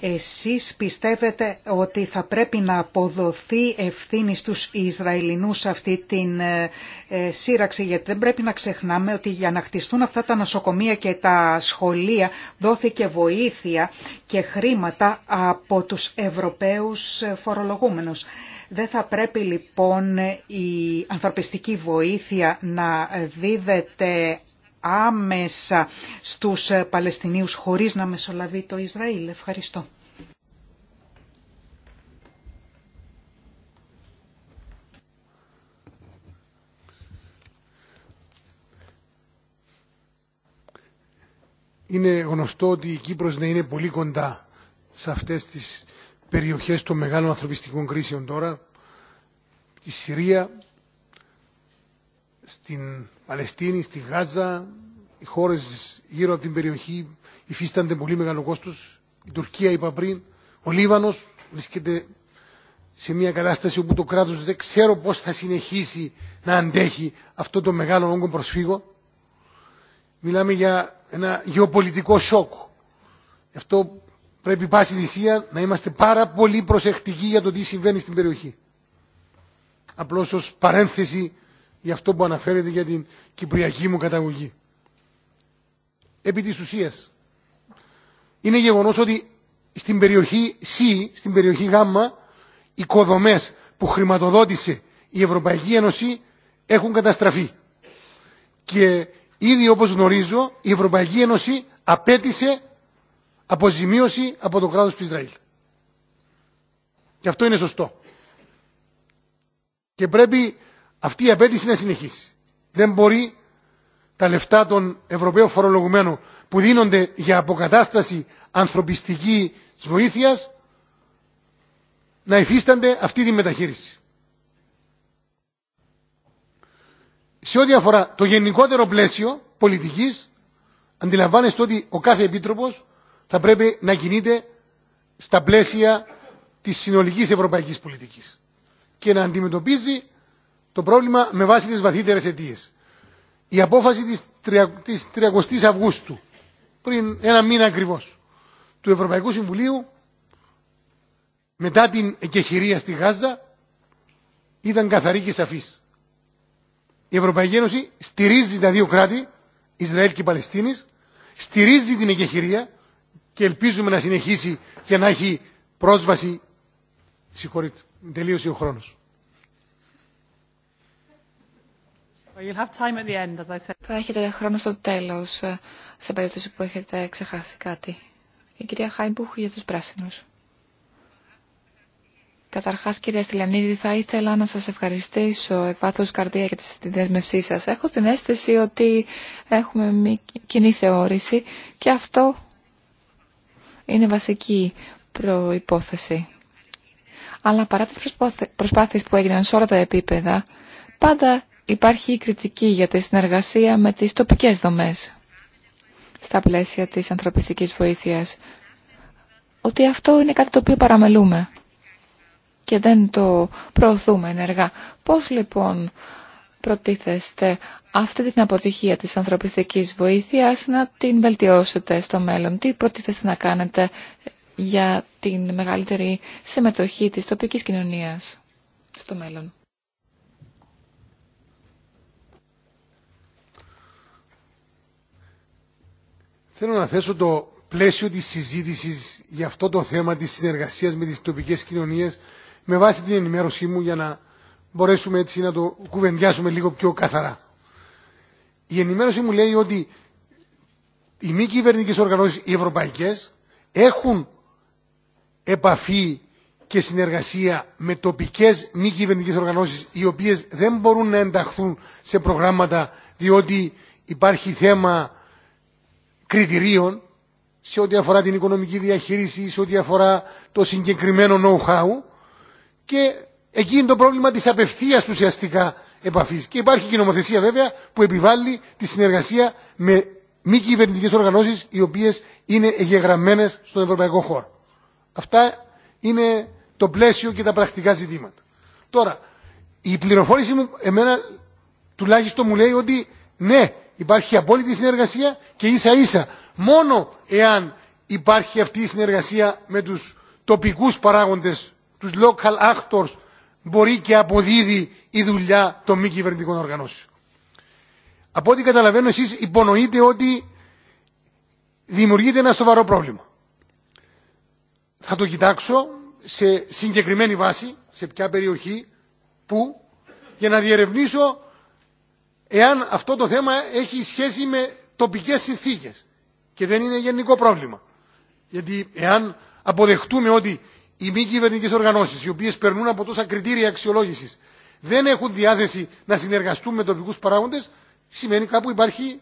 Εσείς πιστεύετε ότι θα πρέπει να αποδοθεί ευθύνη στους Ισραηλινούς αυτή την ε, ε, σύραξη, γιατί δεν πρέπει να ξεχνάμε ότι για να χτιστούν αυτά τα νοσοκομεία και τα σχολεία δόθηκε βοήθεια και χρήματα από τους Ευρωπαίους φορολογούμενους. Δεν θα πρέπει λοιπόν η ανθρωπιστική βοήθεια να δίδεται άμεσα στους ε, Παλαιστινίους χωρίς να μεσολαβεί το Ισραήλ. Ευχαριστώ. Είναι γνωστό ότι η Κύπρος να είναι πολύ κοντά σε αυτές τις περιοχές των μεγάλων ανθρωπιστικών κρίσεων τώρα, τη Συρία, στην Παλαιστίνη, στη Γάζα, οι χώρες γύρω από την περιοχή υφίστανται πολύ μεγάλο κόστος. Η Τουρκία, είπα πριν, ο Λίβανος βρίσκεται σε μια κατάσταση όπου το κράτος δεν ξέρω πώς θα συνεχίσει να αντέχει αυτό το μεγάλο όγκο προσφύγω. Μιλάμε για ένα γεωπολιτικό σοκ. Γι' αυτό πρέπει πάση θυσία να είμαστε πάρα πολύ προσεκτικοί για το τι συμβαίνει στην περιοχή. Απλώς ως παρένθεση για αυτό που αναφέρεται για την κυπριακή μου καταγωγή. Επί της ουσίας, είναι γεγονός ότι στην περιοχή C, στην περιοχή Γ, οι κοδομές που χρηματοδότησε η Ευρωπαϊκή Ένωση έχουν καταστραφεί. Και ήδη όπως γνωρίζω η Ευρωπαϊκή Ένωση απέτησε αποζημίωση από το κράτος του Ισραήλ. Και αυτό είναι σωστό. Και πρέπει αυτή η απέτηση να συνεχίσει. Δεν μπορεί τα λεφτά των Ευρωπαίων φορολογουμένων που δίνονται για αποκατάσταση ανθρωπιστική βοήθεια να υφίστανται αυτή τη μεταχείριση. Σε ό,τι αφορά το γενικότερο πλαίσιο πολιτικής, αντιλαμβάνεστε ότι ο κάθε επίτροπος θα πρέπει να κινείται στα πλαίσια της συνολικής ευρωπαϊκής πολιτικής και να αντιμετωπίζει το πρόβλημα με βάση τις βαθύτερες αιτίες. Η απόφαση της, 30, Αυγούστου, πριν ένα μήνα ακριβώς, του Ευρωπαϊκού Συμβουλίου, μετά την εκεχηρία στη Γάζα, ήταν καθαρή και σαφής. Η Ευρωπαϊκή Ένωση στηρίζει τα δύο κράτη, Ισραήλ και Παλαιστίνη, στηρίζει την εκεχηρία και ελπίζουμε να συνεχίσει και να έχει πρόσβαση. Συγχωρείτε, τελείωσε ο χρόνος. Θα έχετε χρόνο στο τέλος, ε, σε περίπτωση που έχετε ξεχάσει κάτι. Η κυρία Χάιμπουχ για τους πράσινους. Καταρχάς, κυρία Στυλιανίδη, θα ήθελα να σας ευχαριστήσω εκ βάθους καρδία για τη δέσμευσή σας. Έχω την αίσθηση ότι έχουμε μια κοινή θεώρηση και αυτό είναι βασική προϋπόθεση. Αλλά παρά τις προσπάθειες που έγιναν σε όλα τα επίπεδα, πάντα υπάρχει κριτική για τη συνεργασία με τις τοπικές δομές στα πλαίσια της ανθρωπιστικής βοήθειας. Ότι αυτό είναι κάτι το οποίο παραμελούμε και δεν το προωθούμε ενεργά. Πώς λοιπόν προτίθεστε αυτή την αποτυχία της ανθρωπιστικής βοήθειας να την βελτιώσετε στο μέλλον. Τι προτίθεστε να κάνετε για την μεγαλύτερη συμμετοχή της τοπικής κοινωνίας στο μέλλον. Θέλω να θέσω το πλαίσιο της συζήτησης για αυτό το θέμα της συνεργασίας με τις τοπικές κοινωνίες με βάση την ενημέρωσή μου για να μπορέσουμε έτσι να το κουβεντιάσουμε λίγο πιο καθαρά. Η ενημέρωση μου λέει ότι οι μη κυβερνητικέ οργανώσεις, οι ευρωπαϊκές, έχουν επαφή και συνεργασία με τοπικές μη κυβερνητικέ οργανώσεις οι οποίες δεν μπορούν να ενταχθούν σε προγράμματα διότι υπάρχει θέμα κριτηρίων σε ό,τι αφορά την οικονομική διαχείριση, σε ό,τι αφορά το συγκεκριμένο know-how και εκεί είναι το πρόβλημα της απευθείας ουσιαστικά επαφής. Και υπάρχει και νομοθεσία βέβαια που επιβάλλει τη συνεργασία με μη κυβερνητικές οργανώσεις οι οποίες είναι εγγεγραμμένες στον ευρωπαϊκό χώρο. Αυτά είναι το πλαίσιο και τα πρακτικά ζητήματα. Τώρα, η πληροφόρηση μου εμένα τουλάχιστον μου λέει ότι ναι, υπάρχει απόλυτη συνεργασία και ίσα ίσα μόνο εάν υπάρχει αυτή η συνεργασία με τους τοπικούς παράγοντες, τους local actors, μπορεί και αποδίδει η δουλειά των μη κυβερνητικών οργανώσεων. Από ό,τι καταλαβαίνω εσείς υπονοείτε ότι δημιουργείται ένα σοβαρό πρόβλημα. Θα το κοιτάξω σε συγκεκριμένη βάση, σε ποια περιοχή, πού, για να διερευνήσω εάν αυτό το θέμα έχει σχέση με τοπικές συνθήκες και δεν είναι γενικό πρόβλημα. Γιατί εάν αποδεχτούμε ότι οι μη κυβερνητικέ οργανώσεις οι οποίες περνούν από τόσα κριτήρια αξιολόγησης δεν έχουν διάθεση να συνεργαστούν με τοπικούς παράγοντες σημαίνει κάπου υπάρχει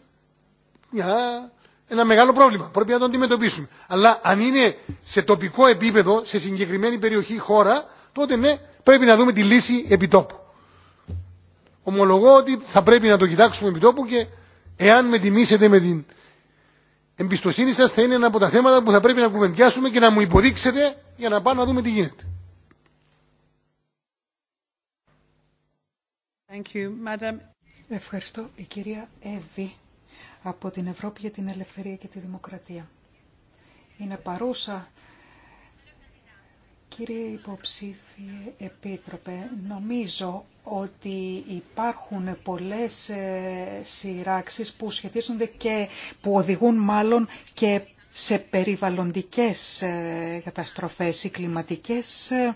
μια... ένα μεγάλο πρόβλημα. Πρέπει να το αντιμετωπίσουμε. Αλλά αν είναι σε τοπικό επίπεδο, σε συγκεκριμένη περιοχή χώρα τότε ναι πρέπει να δούμε τη λύση επιτόπου ομολογώ ότι θα πρέπει να το κοιτάξουμε επί τόπου και εάν με τιμήσετε με την εμπιστοσύνη σας θα είναι ένα από τα θέματα που θα πρέπει να κουβεντιάσουμε και να μου υποδείξετε για να πάω να δούμε τι γίνεται. Thank you, Madam. Ευχαριστώ. Η κυρία Εύη από την Ευρώπη για την Ελευθερία και τη Δημοκρατία. Είναι παρούσα Κύριε Υποψήφιε Επίτροπε, νομίζω ότι υπάρχουν πολλές ε, σειράξεις που σχετίζονται και που οδηγούν μάλλον και σε περιβαλλοντικές ε, καταστροφές ή κλιματικές ε,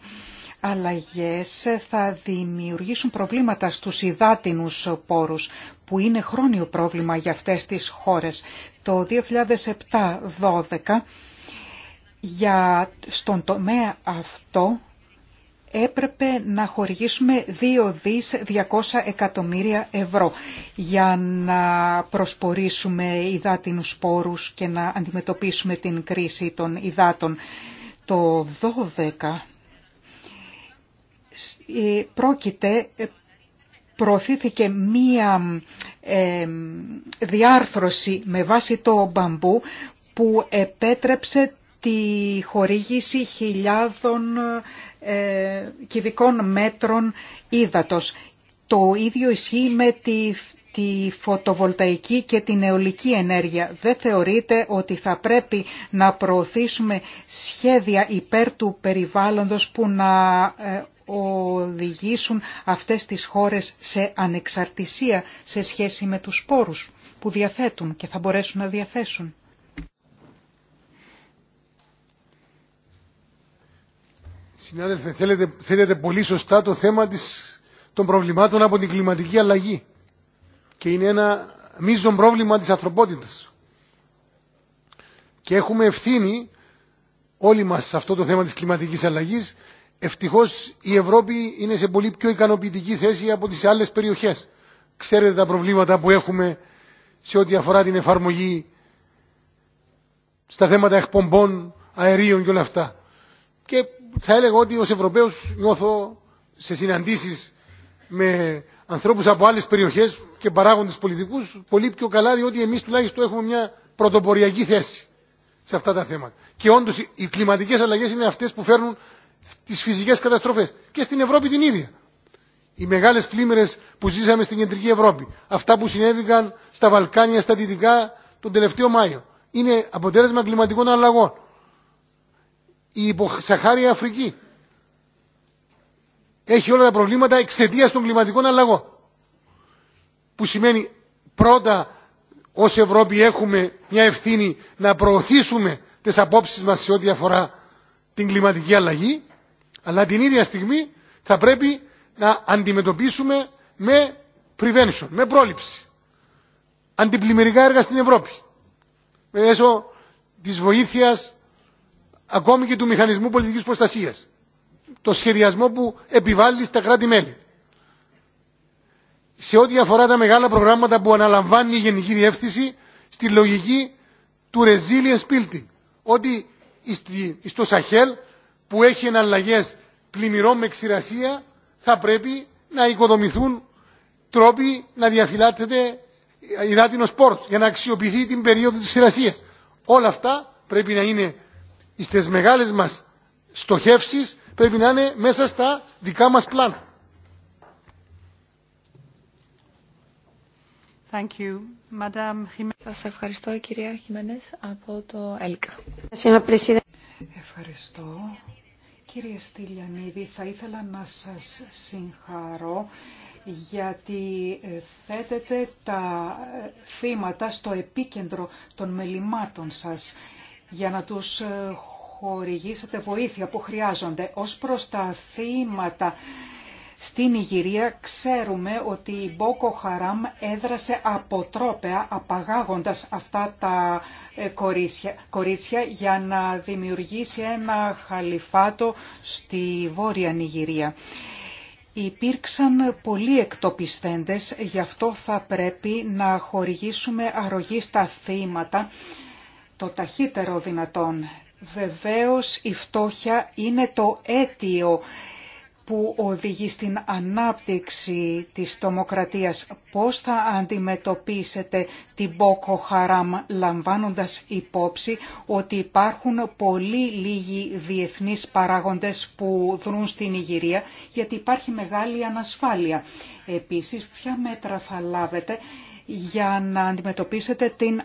αλλαγές θα δημιουργήσουν προβλήματα στους υδάτινους πόρους που είναι χρόνιο πρόβλημα για αυτές τις χώρες. Το 2007-12 για, στον τομέα αυτό έπρεπε να χορηγήσουμε 2 δις 200 εκατομμύρια ευρώ για να προσπορήσουμε υδάτινους σπόρους και να αντιμετωπίσουμε την κρίση των υδάτων. Το 12 ε, πρόκειται ε, προωθήθηκε μία ε, διάρθρωση με βάση το μπαμπού που επέτρεψε τη χορήγηση χιλιάδων ε, κυβικών μέτρων ύδατος. Το ίδιο ισχύει με τη, φωτοβολταϊκή και την αιωλική ενέργεια. Δεν θεωρείτε ότι θα πρέπει να προωθήσουμε σχέδια υπέρ του περιβάλλοντος που να ε, οδηγήσουν αυτές τις χώρες σε ανεξαρτησία σε σχέση με τους πόρους που διαθέτουν και θα μπορέσουν να διαθέσουν. Συνάδελφε, θέλετε, πολύ σωστά το θέμα των προβλημάτων από την κλιματική αλλαγή. Και είναι ένα μείζον πρόβλημα της ανθρωπότητας. Και έχουμε ευθύνη όλοι μας σε αυτό το θέμα της κλιματικής αλλαγής. Ευτυχώς η Ευρώπη είναι σε πολύ πιο ικανοποιητική θέση από τις άλλες περιοχές. Ξέρετε τα προβλήματα που έχουμε σε ό,τι αφορά την εφαρμογή στα θέματα εκπομπών, αερίων και όλα αυτά. Και θα έλεγα ότι ως Ευρωπαίος νιώθω σε συναντήσεις με ανθρώπους από άλλες περιοχές και παράγοντες πολιτικούς πολύ πιο καλά διότι εμείς τουλάχιστον έχουμε μια πρωτοποριακή θέση σε αυτά τα θέματα. Και όντως οι κλιματικές αλλαγές είναι αυτές που φέρνουν τις φυσικές καταστροφές και στην Ευρώπη την ίδια. Οι μεγάλες κλίμερες που ζήσαμε στην κεντρική Ευρώπη, αυτά που συνέβηκαν στα Βαλκάνια, στα Δυτικά τον τελευταίο Μάιο, είναι αποτέλεσμα κλιματικών αλλαγών η υποσαχάρια Αφρική έχει όλα τα προβλήματα εξαιτία των κλιματικών αλλαγών. Που σημαίνει πρώτα ως Ευρώπη έχουμε μια ευθύνη να προωθήσουμε τις απόψεις μας σε ό,τι αφορά την κλιματική αλλαγή, αλλά την ίδια στιγμή θα πρέπει να αντιμετωπίσουμε με prevention, με πρόληψη. Αντιπλημμυρικά έργα στην Ευρώπη. Μέσω της βοήθειας ακόμη και του μηχανισμού πολιτικής προστασίας. Το σχεδιασμό που επιβάλλει στα κράτη-μέλη. Σε ό,τι αφορά τα μεγάλα προγράμματα που αναλαμβάνει η Γενική Διεύθυνση στη λογική του resilience building. Ότι στο Σαχέλ που έχει εναλλαγές πλημμυρών με ξηρασία θα πρέπει να οικοδομηθούν τρόποι να διαφυλάτεται υδάτινο σπόρτ για να αξιοποιηθεί την περίοδο της ξηρασίας. Όλα αυτά πρέπει να είναι στις μεγάλες μας στοχεύσεις πρέπει να είναι μέσα στα δικά μας πλάνα. ευχαριστώ κυρία από το ΕΛΚΑ. Ευχαριστώ. Κύριε Στυλιανίδη, θα ήθελα να σας συγχαρώ γιατί ε, θέτετε τα ε, θύματα στο επίκεντρο των μελημάτων σας για να τους ε, χορηγήσετε βοήθεια που χρειάζονται. Ως προς τα θύματα στην Ιγυρία ξέρουμε ότι η Μπόκο Χαράμ έδρασε αποτρόπαια απαγάγοντας αυτά τα ε, κορίτσια, για να δημιουργήσει ένα χαλιφάτο στη Βόρεια Νιγηρία. Υπήρξαν πολλοί εκτοπιστέντες, γι' αυτό θα πρέπει να χορηγήσουμε αρρωγή στα θύματα το ταχύτερο δυνατόν. Βεβαίως η φτώχεια είναι το αίτιο που οδηγεί στην ανάπτυξη της τομοκρατίας. Πώς θα αντιμετωπίσετε την Μπόκο Χαράμ λαμβάνοντας υπόψη ότι υπάρχουν πολύ λίγοι διεθνείς παράγοντες που δρούν στην Ιγυρία γιατί υπάρχει μεγάλη ανασφάλεια. Επίσης, ποια μέτρα θα λάβετε για να αντιμετωπίσετε την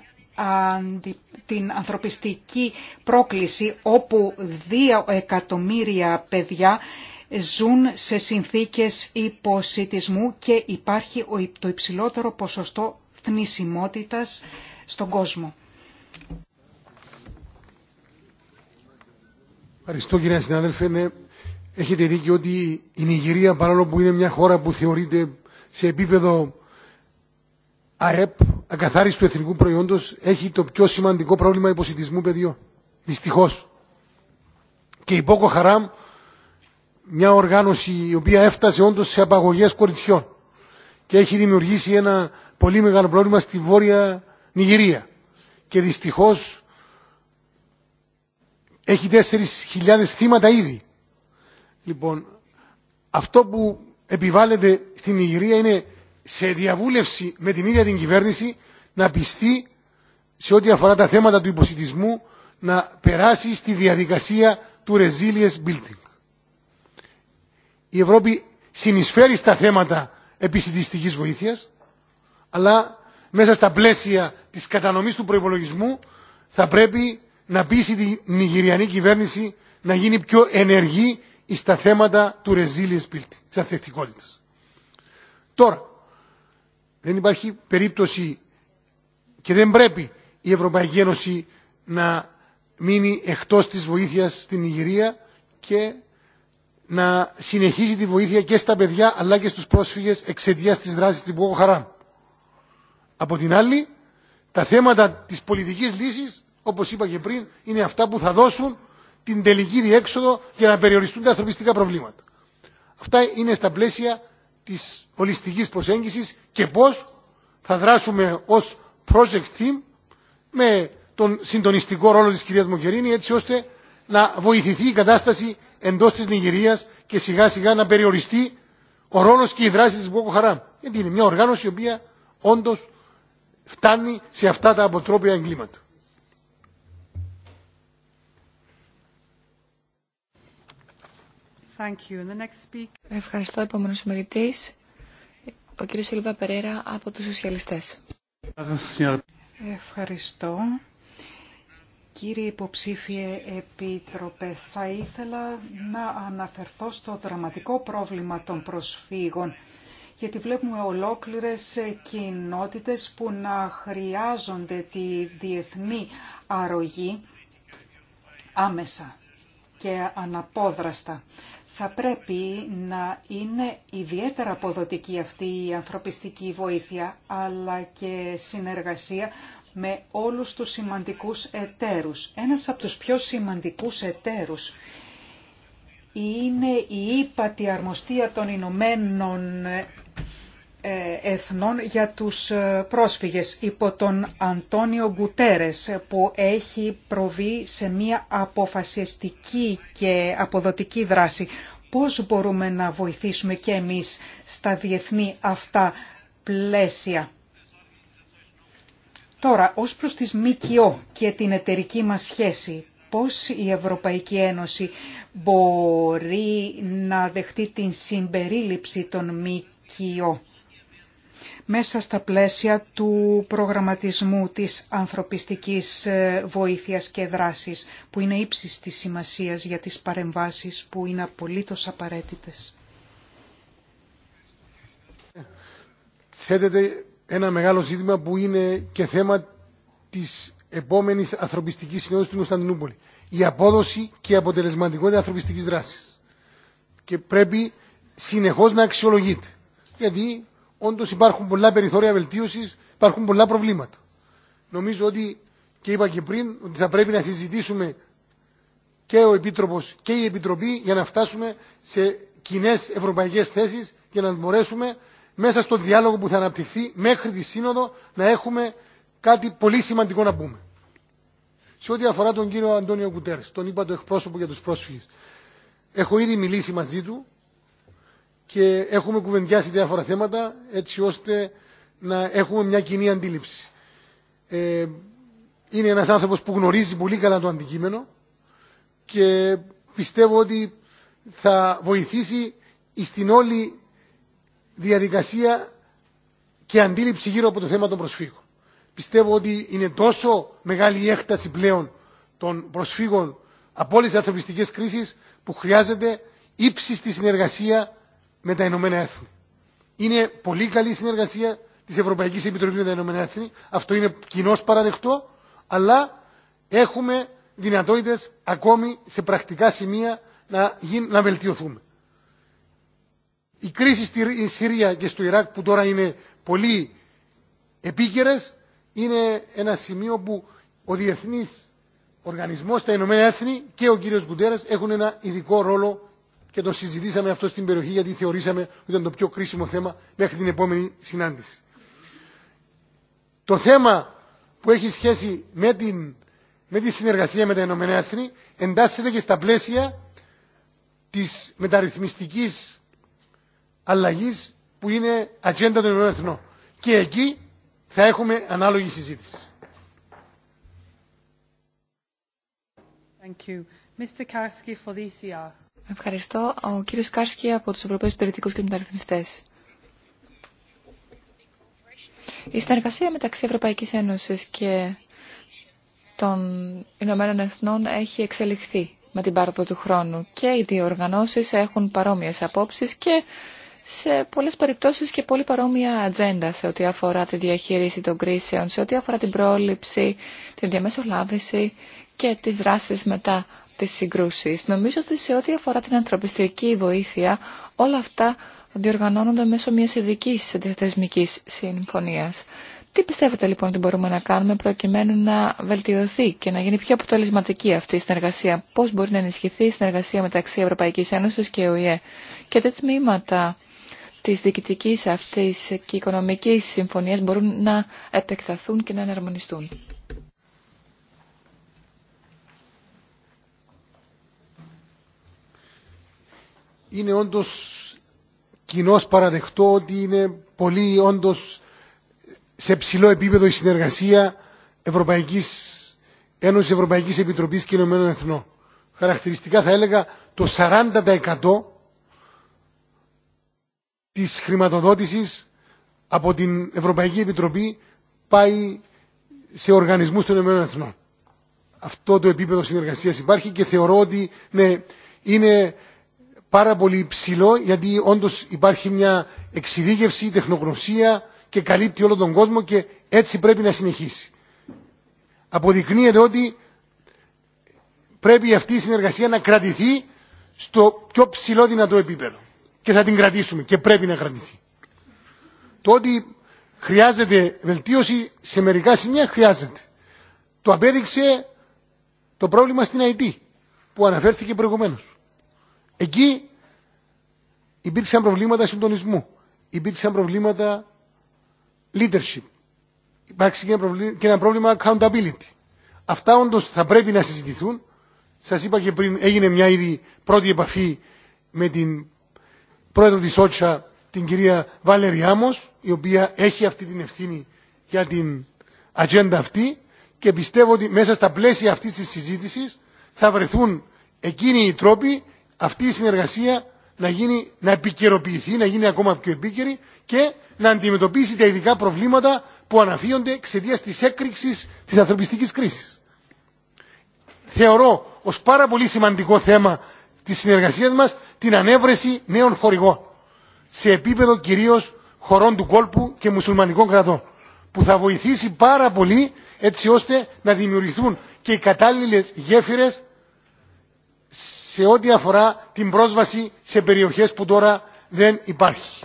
την ανθρωπιστική πρόκληση όπου δύο εκατομμύρια παιδιά ζουν σε συνθήκες υποσυτισμού και υπάρχει το υψηλότερο ποσοστό θνησιμότητας στον κόσμο. Ευχαριστώ κυρία συνάδελφε. Ναι, έχετε δίκιο ότι η Νιγηρία παρόλο που είναι μια χώρα που θεωρείται σε επίπεδο ΑΕΠ Ακαθάριση του εθνικού προϊόντος έχει το πιο σημαντικό πρόβλημα υποσυντισμού παιδιών. Δυστυχώς. Και η Πόκο Χαράμ, μια οργάνωση η οποία έφτασε όντως σε απαγωγές κοριτσιών και έχει δημιουργήσει ένα πολύ μεγάλο πρόβλημα στη Βόρεια Νιγηρία. Και δυστυχώς έχει 4.000 θύματα ήδη. Λοιπόν, αυτό που επιβάλλεται στην Νιγηρία είναι σε διαβούλευση με την ίδια την κυβέρνηση να πιστεί σε ό,τι αφορά τα θέματα του υποσυτισμού να περάσει στη διαδικασία του resilience building. Η Ευρώπη συνεισφέρει στα θέματα επισυντιστικής βοήθειας, αλλά μέσα στα πλαίσια της κατανομής του προϋπολογισμού θα πρέπει να πείσει την Νιγηριανή κυβέρνηση να γίνει πιο ενεργή στα θέματα του resilience building, της ανθεκτικότητας. Τώρα, δεν υπάρχει περίπτωση και δεν πρέπει η Ευρωπαϊκή Ένωση να μείνει εκτός της βοήθειας στην Ιγυρία και να συνεχίζει τη βοήθεια και στα παιδιά αλλά και στους πρόσφυγες εξαιτίας της δράσης της Μπόκο Από την άλλη, τα θέματα της πολιτικής λύσης, όπως είπα και πριν, είναι αυτά που θα δώσουν την τελική διέξοδο για να περιοριστούν τα ανθρωπιστικά προβλήματα. Αυτά είναι στα πλαίσια της ολιστικής προσέγγισης και πώς θα δράσουμε ως project team με τον συντονιστικό ρόλο της κυρίας Μογκερίνη έτσι ώστε να βοηθηθεί η κατάσταση εντός της Νιγηρίας και σιγά σιγά να περιοριστεί ο ρόλος και η δράση της Μπόκο Γιατί είναι μια οργάνωση η οποία όντως φτάνει σε αυτά τα αποτρόπια εγκλήματα. Ευχαριστώ, επόμενος ομιλητής, ο κύριος Σιλβά Περέρα από τους Σοσιαλιστές. Ευχαριστώ. Κύριε Υποψήφιε Επίτροπε, θα ήθελα να αναφερθώ στο δραματικό πρόβλημα των προσφύγων, γιατί βλέπουμε ολόκληρες κοινότητες που να χρειάζονται τη διεθνή αρρωγή άμεσα και αναπόδραστα θα πρέπει να είναι ιδιαίτερα αποδοτική αυτή η ανθρωπιστική βοήθεια, αλλά και συνεργασία με όλους τους σημαντικούς εταίρους. Ένας από τους πιο σημαντικούς εταίρους είναι η ύπατη αρμοστία των Ηνωμένων ε, εθνών για τους ε, πρόσφυγες υπό τον Αντώνιο Γκουτέρες που έχει προβεί σε μια αποφασιστική και αποδοτική δράση. Πώς μπορούμε να βοηθήσουμε και εμείς στα διεθνή αυτά πλαίσια. Τώρα, ως προς τις ΜΚΟ και την εταιρική μας σχέση, πώς η Ευρωπαϊκή Ένωση μπορεί να δεχτεί την συμπερίληψη των ΜΚΟ μέσα στα πλαίσια του προγραμματισμού της ανθρωπιστικής ε, βοήθειας και δράσης, που είναι ύψης της σημασίας για τις παρεμβάσεις που είναι απολύτως απαραίτητες. Θέτεται ένα μεγάλο ζήτημα που είναι και θέμα της επόμενης ανθρωπιστικής συνόδου του Κωνσταντινούπολη. Η απόδοση και η αποτελεσματικότητα ανθρωπιστικής δράσης. Και πρέπει συνεχώς να αξιολογείται. Γιατί Όντω υπάρχουν πολλά περιθώρια βελτίωση, υπάρχουν πολλά προβλήματα. Νομίζω ότι και είπα και πριν ότι θα πρέπει να συζητήσουμε και ο επίτροπο και η Επιτροπή για να φτάσουμε σε κοινέ ευρωπαϊκέ θέσει για να μπορέσουμε μέσα στο διάλογο που θα αναπτυχθεί μέχρι τη Σύνοδο να έχουμε κάτι πολύ σημαντικό να πούμε. Σε ό,τι αφορά τον κύριο Αντώνιο Κουτέρ, τον είπα το εκπρόσωπο για του πρόσφυγε. έχω ήδη μιλήσει μαζί του και έχουμε κουβεντιάσει διάφορα θέματα έτσι ώστε να έχουμε μια κοινή αντίληψη. Ε, είναι ένας άνθρωπος που γνωρίζει πολύ καλά το αντικείμενο και πιστεύω ότι θα βοηθήσει στην όλη διαδικασία και αντίληψη γύρω από το θέμα των προσφύγων. Πιστεύω ότι είναι τόσο μεγάλη η έκταση πλέον των προσφύγων από όλε τι ανθρωπιστικέ κρίσει που χρειάζεται ύψιστη συνεργασία με τα Ηνωμένα Έθνη. Είναι πολύ καλή η συνεργασία τη Ευρωπαϊκή Επιτροπή με τα Ηνωμένα Έθνη. Αυτό είναι κοινώ παραδεκτό, αλλά έχουμε δυνατότητε ακόμη σε πρακτικά σημεία να, να βελτιωθούμε. Η κρίση στη Συρία και στο Ιράκ που τώρα είναι πολύ επίκαιρε είναι ένα σημείο που ο διεθνή οργανισμό, τα Ηνωμένα Έθνη και ο κύριος Γκουντέρας έχουν ένα ειδικό ρόλο και το συζητήσαμε αυτό στην περιοχή γιατί θεωρήσαμε ότι ήταν το πιο κρίσιμο θέμα μέχρι την επόμενη συνάντηση. Το θέμα που έχει σχέση με, την, με τη συνεργασία με τα Ηνωμένα Έθνη εντάσσεται και στα πλαίσια της μεταρρυθμιστικής αλλαγής που είναι ατζέντα των Ηνωμένων Και εκεί θα έχουμε ανάλογη συζήτηση. Thank you. Mr. Karski for the ECR. Ευχαριστώ. Ο κύριος Κάρσκι από τους Ευρωπαίους Συντηρητικούς και Μεταρρυθμιστές. Η συνεργασία μεταξύ Ευρωπαϊκής Ένωσης και των Ηνωμένων Εθνών έχει εξελιχθεί με την πάροδο του χρόνου και οι δύο οργανώσεις έχουν παρόμοιες απόψεις και σε πολλές περιπτώσεις και πολύ παρόμοια ατζέντα σε ό,τι αφορά τη διαχείριση των κρίσεων, σε ό,τι αφορά την πρόληψη, την διαμεσολάβηση και τις δράσεις μετά τις συγκρούσεις. Νομίζω ότι σε ό,τι αφορά την ανθρωπιστική βοήθεια, όλα αυτά διοργανώνονται μέσω μιας ειδική διαθεσμικής συμφωνίας. Τι πιστεύετε λοιπόν ότι μπορούμε να κάνουμε προκειμένου να βελτιωθεί και να γίνει πιο αποτελεσματική αυτή η συνεργασία. Πώς μπορεί να ενισχυθεί η συνεργασία μεταξύ Ευρωπαϊκής Ένωσης και ΟΗΕ και τι τμήματα της διοικητικής αυτής και οικονομικής συμφωνίας μπορούν να επεκταθούν και να εναρμονιστούν. είναι όντω κοινώ παραδεχτό ότι είναι πολύ όντω σε ψηλό επίπεδο η συνεργασία Ευρωπαϊκής Ένωσης Ευρωπαϊκή Επιτροπή και Ηνωμένων Εθνών. Χαρακτηριστικά θα έλεγα το 40% της χρηματοδότησης από την Ευρωπαϊκή Επιτροπή πάει σε οργανισμούς των Ηνωμένων Εθνών. Αυτό το επίπεδο συνεργασίας υπάρχει και θεωρώ ότι ναι, είναι πάρα πολύ ψηλό, γιατί όντω υπάρχει μια εξειδίκευση, τεχνογνωσία και καλύπτει όλο τον κόσμο και έτσι πρέπει να συνεχίσει. Αποδεικνύεται ότι πρέπει αυτή η συνεργασία να κρατηθεί στο πιο ψηλό δυνατό επίπεδο. Και θα την κρατήσουμε και πρέπει να κρατηθεί. Το ότι χρειάζεται βελτίωση σε μερικά σημεία χρειάζεται. Το απέδειξε το πρόβλημα στην ΑΕΤ που αναφέρθηκε προηγουμένως. Εκεί υπήρξαν προβλήματα συντονισμού, υπήρξαν προβλήματα leadership, υπάρξει και ένα πρόβλημα accountability. Αυτά όντω θα πρέπει να συζητηθούν. Σα είπα και πριν, έγινε μια ήδη πρώτη επαφή με την πρόεδρο τη Ότσα, την κυρία Βάλερη Άμο, η οποία έχει αυτή την ευθύνη για την ατζέντα αυτή και πιστεύω ότι μέσα στα πλαίσια αυτή τη συζήτηση θα βρεθούν εκείνοι οι τρόποι αυτή η συνεργασία να, γίνει, να επικαιροποιηθεί, να γίνει ακόμα πιο επίκαιρη και να αντιμετωπίσει τα ειδικά προβλήματα που αναφύονται εξαιτία τη έκρηξη τη ανθρωπιστική κρίση. Θεωρώ ω πάρα πολύ σημαντικό θέμα τη συνεργασία μα την ανέβρεση νέων χορηγών σε επίπεδο κυρίω χωρών του κόλπου και μουσουλμανικών κρατών που θα βοηθήσει πάρα πολύ έτσι ώστε να δημιουργηθούν και οι κατάλληλε γέφυρε σε ό,τι αφορά την πρόσβαση σε περιοχές που τώρα δεν υπάρχει.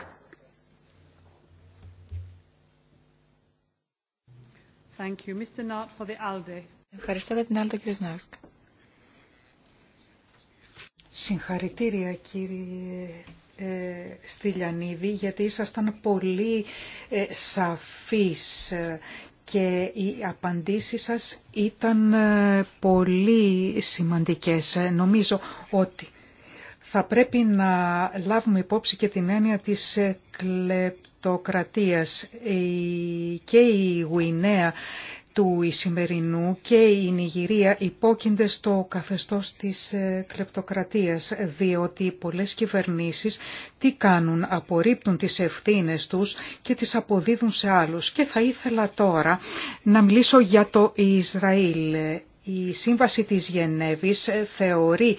Thank you. Mr. for the ALDE. Ευχαριστώ για την άλλη κύριε Συγχαρητήρια κύριε ε, Στυλιανίδη γιατί ήσασταν πολύ ε, σαφής ε, και οι απαντήσεις σας ήταν ε, πολύ σημαντικές. Ε, νομίζω ότι θα πρέπει να λάβουμε υπόψη και την έννοια της ε, κλεπτοκρατίας. Και η Γουινέα του Ισημερινού και η Νιγηρία υπόκεινται στο καθεστώς της ε, κλεπτοκρατίας, διότι πολλές κυβερνήσεις τι κάνουν, απορρίπτουν τις ευθύνες τους και τις αποδίδουν σε άλλους. Και θα ήθελα τώρα να μιλήσω για το Ισραήλ. Η Σύμβαση της Γενέβης ε, θεωρεί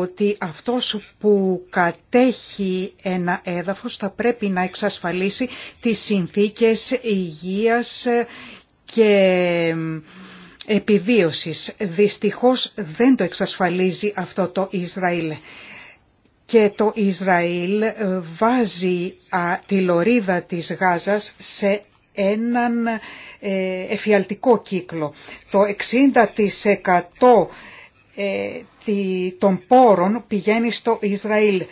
ότι αυτός που κατέχει ένα έδαφος θα πρέπει να εξασφαλίσει τις συνθήκες υγείας ε, και επιβίωσης. Δυστυχώς δεν το εξασφαλίζει αυτό το Ισραήλ. Και το Ισραήλ ε, βάζει τη λωρίδα της Γάζας σε έναν ε, εφιαλτικό κύκλο. Το 60% ε, των πόρων πηγαίνει στο Ισραήλ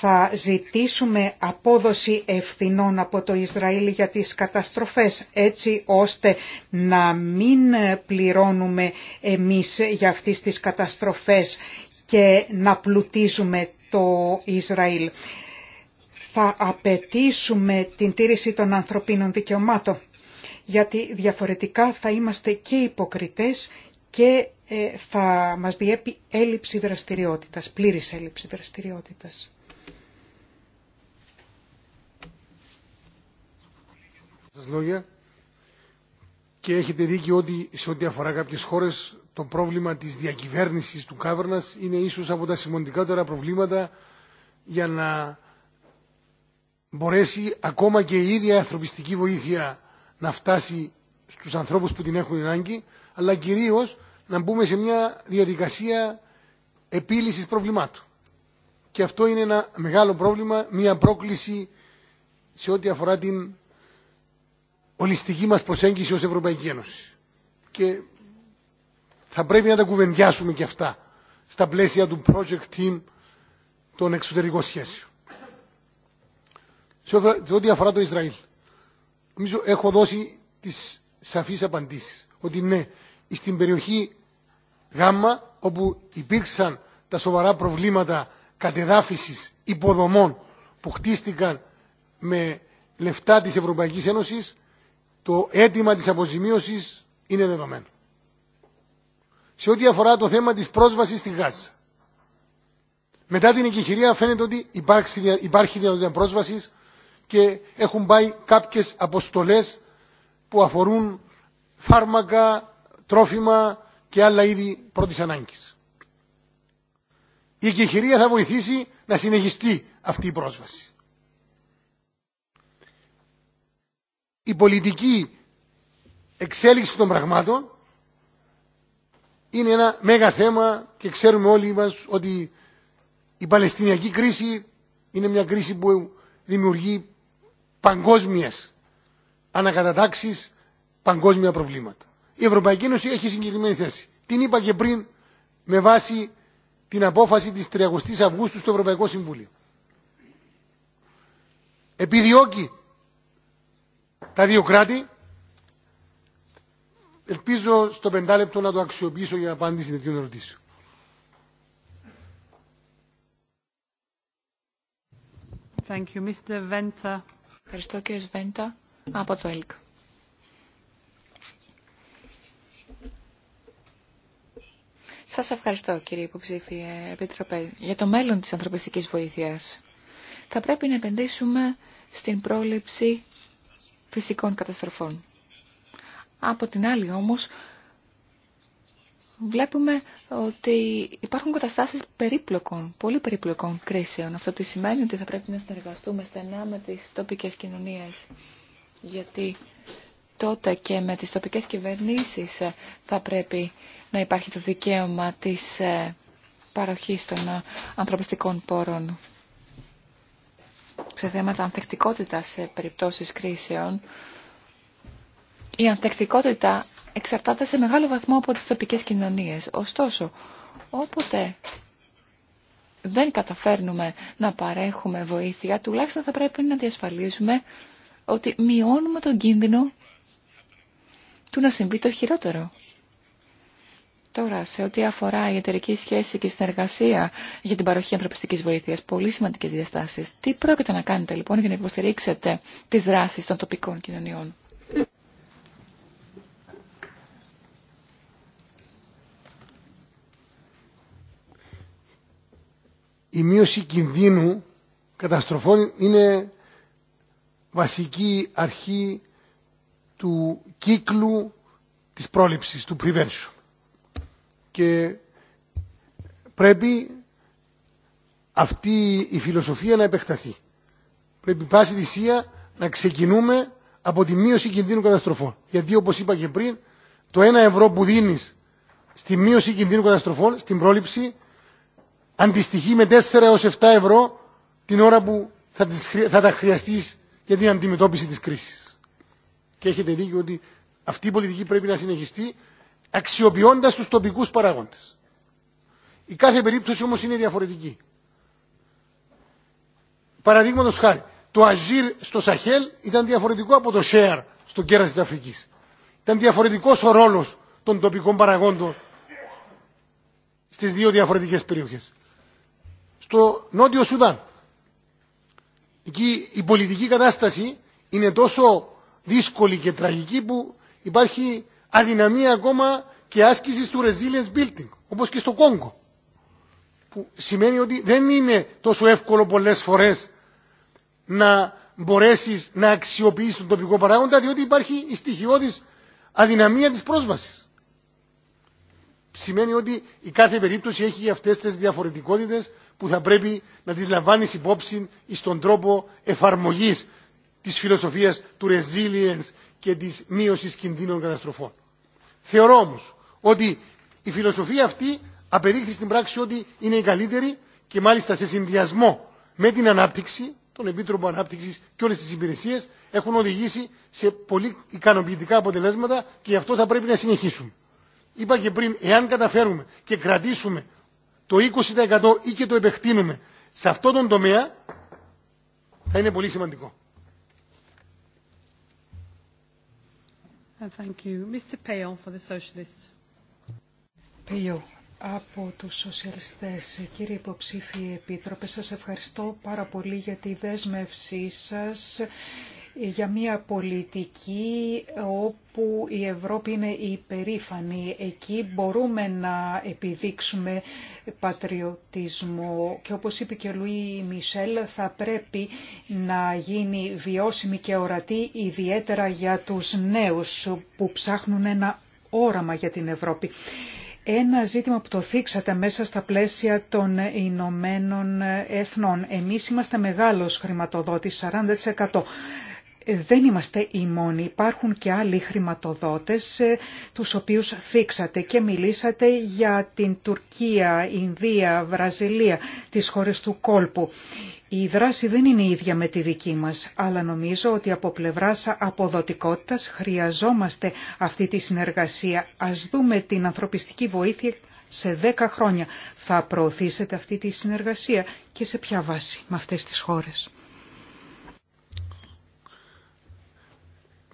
θα ζητήσουμε απόδοση ευθυνών από το Ισραήλ για τις καταστροφές έτσι ώστε να μην πληρώνουμε εμείς για αυτές τις καταστροφές και να πλουτίζουμε το Ισραήλ. Θα απαιτήσουμε την τήρηση των ανθρωπίνων δικαιωμάτων γιατί διαφορετικά θα είμαστε και υποκριτές και ε, θα μας διέπει έλλειψη δραστηριότητας, πλήρης έλλειψη δραστηριότητας. σας λόγια και έχετε δίκιο ότι σε ό,τι αφορά κάποιες χώρες το πρόβλημα της διακυβέρνησης του Κάβερνας είναι ίσως από τα σημαντικότερα προβλήματα για να μπορέσει ακόμα και η ίδια ανθρωπιστική βοήθεια να φτάσει στους ανθρώπους που την έχουν ανάγκη, αλλά κυρίως να μπούμε σε μια διαδικασία επίλυσης προβλημάτων. Και αυτό είναι ένα μεγάλο πρόβλημα, μια πρόκληση σε ό,τι αφορά την ολιστική μας προσέγγιση ως Ευρωπαϊκή Ένωση. Και θα πρέπει να τα κουβεντιάσουμε και αυτά στα πλαίσια του project team των εξωτερικών σχέσεων. Σε ό,τι αφορά το Ισραήλ, νομίζω έχω δώσει τις σαφείς απαντήσεις. Ότι ναι, στην περιοχή Γάμα, όπου υπήρξαν τα σοβαρά προβλήματα κατεδάφισης υποδομών που χτίστηκαν με λεφτά της Ευρωπαϊκής Ένωσης, το αίτημα της αποζημίωσης είναι δεδομένο. Σε ό,τι αφορά το θέμα της πρόσβασης στη Γάζα. Μετά την εγκυχηρία φαίνεται ότι υπάρχει, υπάρχει δυνατότητα πρόσβασης και έχουν πάει κάποιες αποστολές που αφορούν φάρμακα, τρόφιμα και άλλα είδη πρώτης ανάγκης. Η εγκυχηρία θα βοηθήσει να συνεχιστεί αυτή η πρόσβαση. η πολιτική εξέλιξη των πραγμάτων είναι ένα μέγα θέμα και ξέρουμε όλοι μας ότι η Παλαιστινιακή κρίση είναι μια κρίση που δημιουργεί παγκόσμιες ανακατατάξεις, παγκόσμια προβλήματα. Η Ευρωπαϊκή Ένωση έχει συγκεκριμένη θέση. Την είπα και πριν με βάση την απόφαση της 30 Αυγούστου στο Ευρωπαϊκό Συμβούλιο. Επιδιώκει τα δύο κράτη, ελπίζω στο πεντάλεπτο να το αξιοποιήσω για απάντηση τέτοιων ερωτήσεων. Thank you, Ευχαριστώ κύριε Βέντα από το ΕΛΚ. Σας ευχαριστώ κύριε υποψήφιε Επιτροπέ για το μέλλον της ανθρωπιστικής βοήθειας. Θα πρέπει να επενδύσουμε στην πρόληψη φυσικών καταστροφών. Από την άλλη όμως βλέπουμε ότι υπάρχουν καταστάσεις περίπλοκων, πολύ περίπλοκων κρίσεων. Αυτό τι σημαίνει ότι θα πρέπει να συνεργαστούμε στενά με τις τοπικές κοινωνίες. Γιατί τότε και με τις τοπικές κυβερνήσεις θα πρέπει να υπάρχει το δικαίωμα της ε, παροχής των ε, ανθρωπιστικών πόρων σε θέματα ανθεκτικότητα σε περιπτώσεις κρίσεων, η ανθεκτικότητα εξαρτάται σε μεγάλο βαθμό από τις τοπικές κοινωνίες. Ωστόσο, όποτε δεν καταφέρνουμε να παρέχουμε βοήθεια, τουλάχιστον θα πρέπει να διασφαλίσουμε ότι μειώνουμε τον κίνδυνο του να συμβεί το χειρότερο. Τώρα, σε ό,τι αφορά η εταιρική σχέση και συνεργασία για την παροχή ανθρωπιστική βοήθεια, πολύ σημαντικέ διαστάσει. Τι πρόκειται να κάνετε λοιπόν για να υποστηρίξετε τι δράσει των τοπικών κοινωνιών. Η μείωση κινδύνου καταστροφών είναι βασική αρχή του κύκλου της πρόληψης, του prevention και πρέπει αυτή η φιλοσοφία να επεκταθεί. Πρέπει πάση θυσία να ξεκινούμε από τη μείωση κινδύνου καταστροφών. Γιατί όπως είπα και πριν, το ένα ευρώ που δίνεις στη μείωση κινδύνου καταστροφών, στην πρόληψη, αντιστοιχεί με 4 έως 7 ευρώ την ώρα που θα, θα τα χρειαστείς για την αντιμετώπιση της κρίσης. Και έχετε δίκιο ότι αυτή η πολιτική πρέπει να συνεχιστεί αξιοποιώντας τους τοπικούς παράγοντες. Η κάθε περίπτωση όμως είναι διαφορετική. Παραδείγματος χάρη, το Αζίρ στο Σαχέλ ήταν διαφορετικό από το Σέαρ στο κέρας της Αφρικής. Ήταν διαφορετικός ο ρόλος των τοπικών παραγόντων στις δύο διαφορετικές περιοχές. Στο Νότιο Σουδάν, εκεί η πολιτική κατάσταση είναι τόσο δύσκολη και τραγική που υπάρχει αδυναμία ακόμα και άσκηση του resilience building, όπω και στο Κόγκο. Που σημαίνει ότι δεν είναι τόσο εύκολο πολλέ φορέ να μπορέσει να αξιοποιήσει τον τοπικό παράγοντα, διότι υπάρχει η στοιχειώδη αδυναμία τη πρόσβαση. Σημαίνει ότι η κάθε περίπτωση έχει αυτέ τι διαφορετικότητε που θα πρέπει να τι λαμβάνει υπόψη στον τρόπο εφαρμογή τη φιλοσοφία του resilience και της μείωσης κινδύνων καταστροφών. Θεωρώ όμως ότι η φιλοσοφία αυτή απερίχθη στην πράξη ότι είναι η καλύτερη και μάλιστα σε συνδυασμό με την ανάπτυξη, τον Επίτροπο Ανάπτυξη και όλε τι υπηρεσίες έχουν οδηγήσει σε πολύ ικανοποιητικά αποτελέσματα και γι' αυτό θα πρέπει να συνεχίσουμε. Είπα και πριν, εάν καταφέρουμε και κρατήσουμε το 20% ή και το επεκτείνουμε σε αυτόν τον τομέα, θα είναι πολύ σημαντικό. Uh, thank από τους σοσιαλιστές. Κύριε υποψήφιοι επίτροπε, σας ευχαριστώ πάρα πολύ για τη δέσμευσή σας για μια πολιτική όπου η Ευρώπη είναι υπερήφανη. Εκεί μπορούμε να επιδείξουμε πατριωτισμό και όπως είπε και ο Λουί Μισελ θα πρέπει να γίνει βιώσιμη και ορατή ιδιαίτερα για τους νέους που ψάχνουν ένα όραμα για την Ευρώπη. Ένα ζήτημα που το θίξατε μέσα στα πλαίσια των Ηνωμένων Εθνών. Εμείς είμαστε μεγάλος χρηματοδότης, 40% δεν είμαστε οι μόνοι. Υπάρχουν και άλλοι χρηματοδότες, ε, τους οποίους θίξατε και μιλήσατε για την Τουρκία, Ινδία, Βραζιλία, τις χώρες του κόλπου. Η δράση δεν είναι η ίδια με τη δική μας, αλλά νομίζω ότι από πλευράς αποδοτικότητας χρειαζόμαστε αυτή τη συνεργασία. Ας δούμε την ανθρωπιστική βοήθεια σε 10 χρόνια. Θα προωθήσετε αυτή τη συνεργασία και σε ποια βάση με αυτές τις χώρες.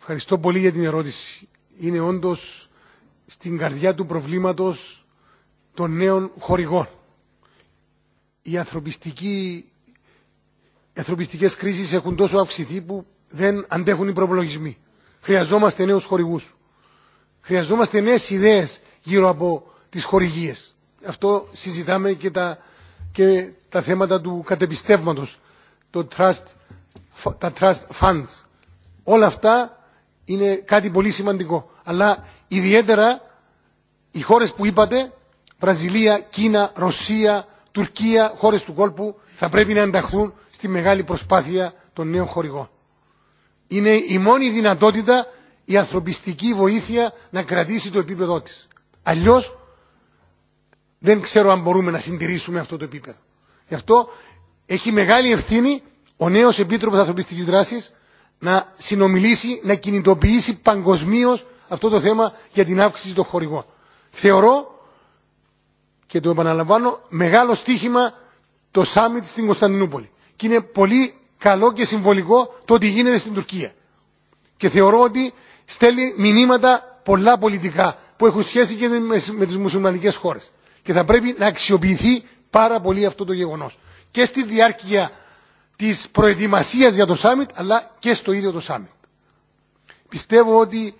Ευχαριστώ πολύ για την ερώτηση. Είναι όντως στην καρδιά του προβλήματος των νέων χορηγών. Οι ανθρωπιστικέ κρίσεις έχουν τόσο αυξηθεί που δεν αντέχουν οι προπολογισμοί. Χρειαζόμαστε νέους χορηγούς. Χρειαζόμαστε νέες ιδέες γύρω από τις χορηγίες. Αυτό συζητάμε και τα, και τα θέματα του κατεπιστεύματος, trust, τα trust funds. Όλα αυτά είναι κάτι πολύ σημαντικό. Αλλά ιδιαίτερα οι χώρες που είπατε, Βραζιλία, Κίνα, Ρωσία, Τουρκία, χώρες του κόλπου, θα πρέπει να ενταχθούν στη μεγάλη προσπάθεια των νέων χορηγών. Είναι η μόνη δυνατότητα η ανθρωπιστική βοήθεια να κρατήσει το επίπεδό της. Αλλιώς δεν ξέρω αν μπορούμε να συντηρήσουμε αυτό το επίπεδο. Γι' αυτό έχει μεγάλη ευθύνη ο νέος Επίτροπος Ανθρωπιστικής Δράσης να συνομιλήσει, να κινητοποιήσει παγκοσμίω αυτό το θέμα για την αύξηση των χορηγών. Θεωρώ και το επαναλαμβάνω μεγάλο στίχημα το summit στην Κωνσταντινούπολη. Και είναι πολύ καλό και συμβολικό το ότι γίνεται στην Τουρκία. Και θεωρώ ότι στέλνει μηνύματα πολλά πολιτικά που έχουν σχέση και με τις μουσουλμανικές χώρες. Και θα πρέπει να αξιοποιηθεί πάρα πολύ αυτό το γεγονός. Και στη διάρκεια της προετοιμασίας για το Σάμιτ αλλά και στο ίδιο το Σάμιτ. Πιστεύω ότι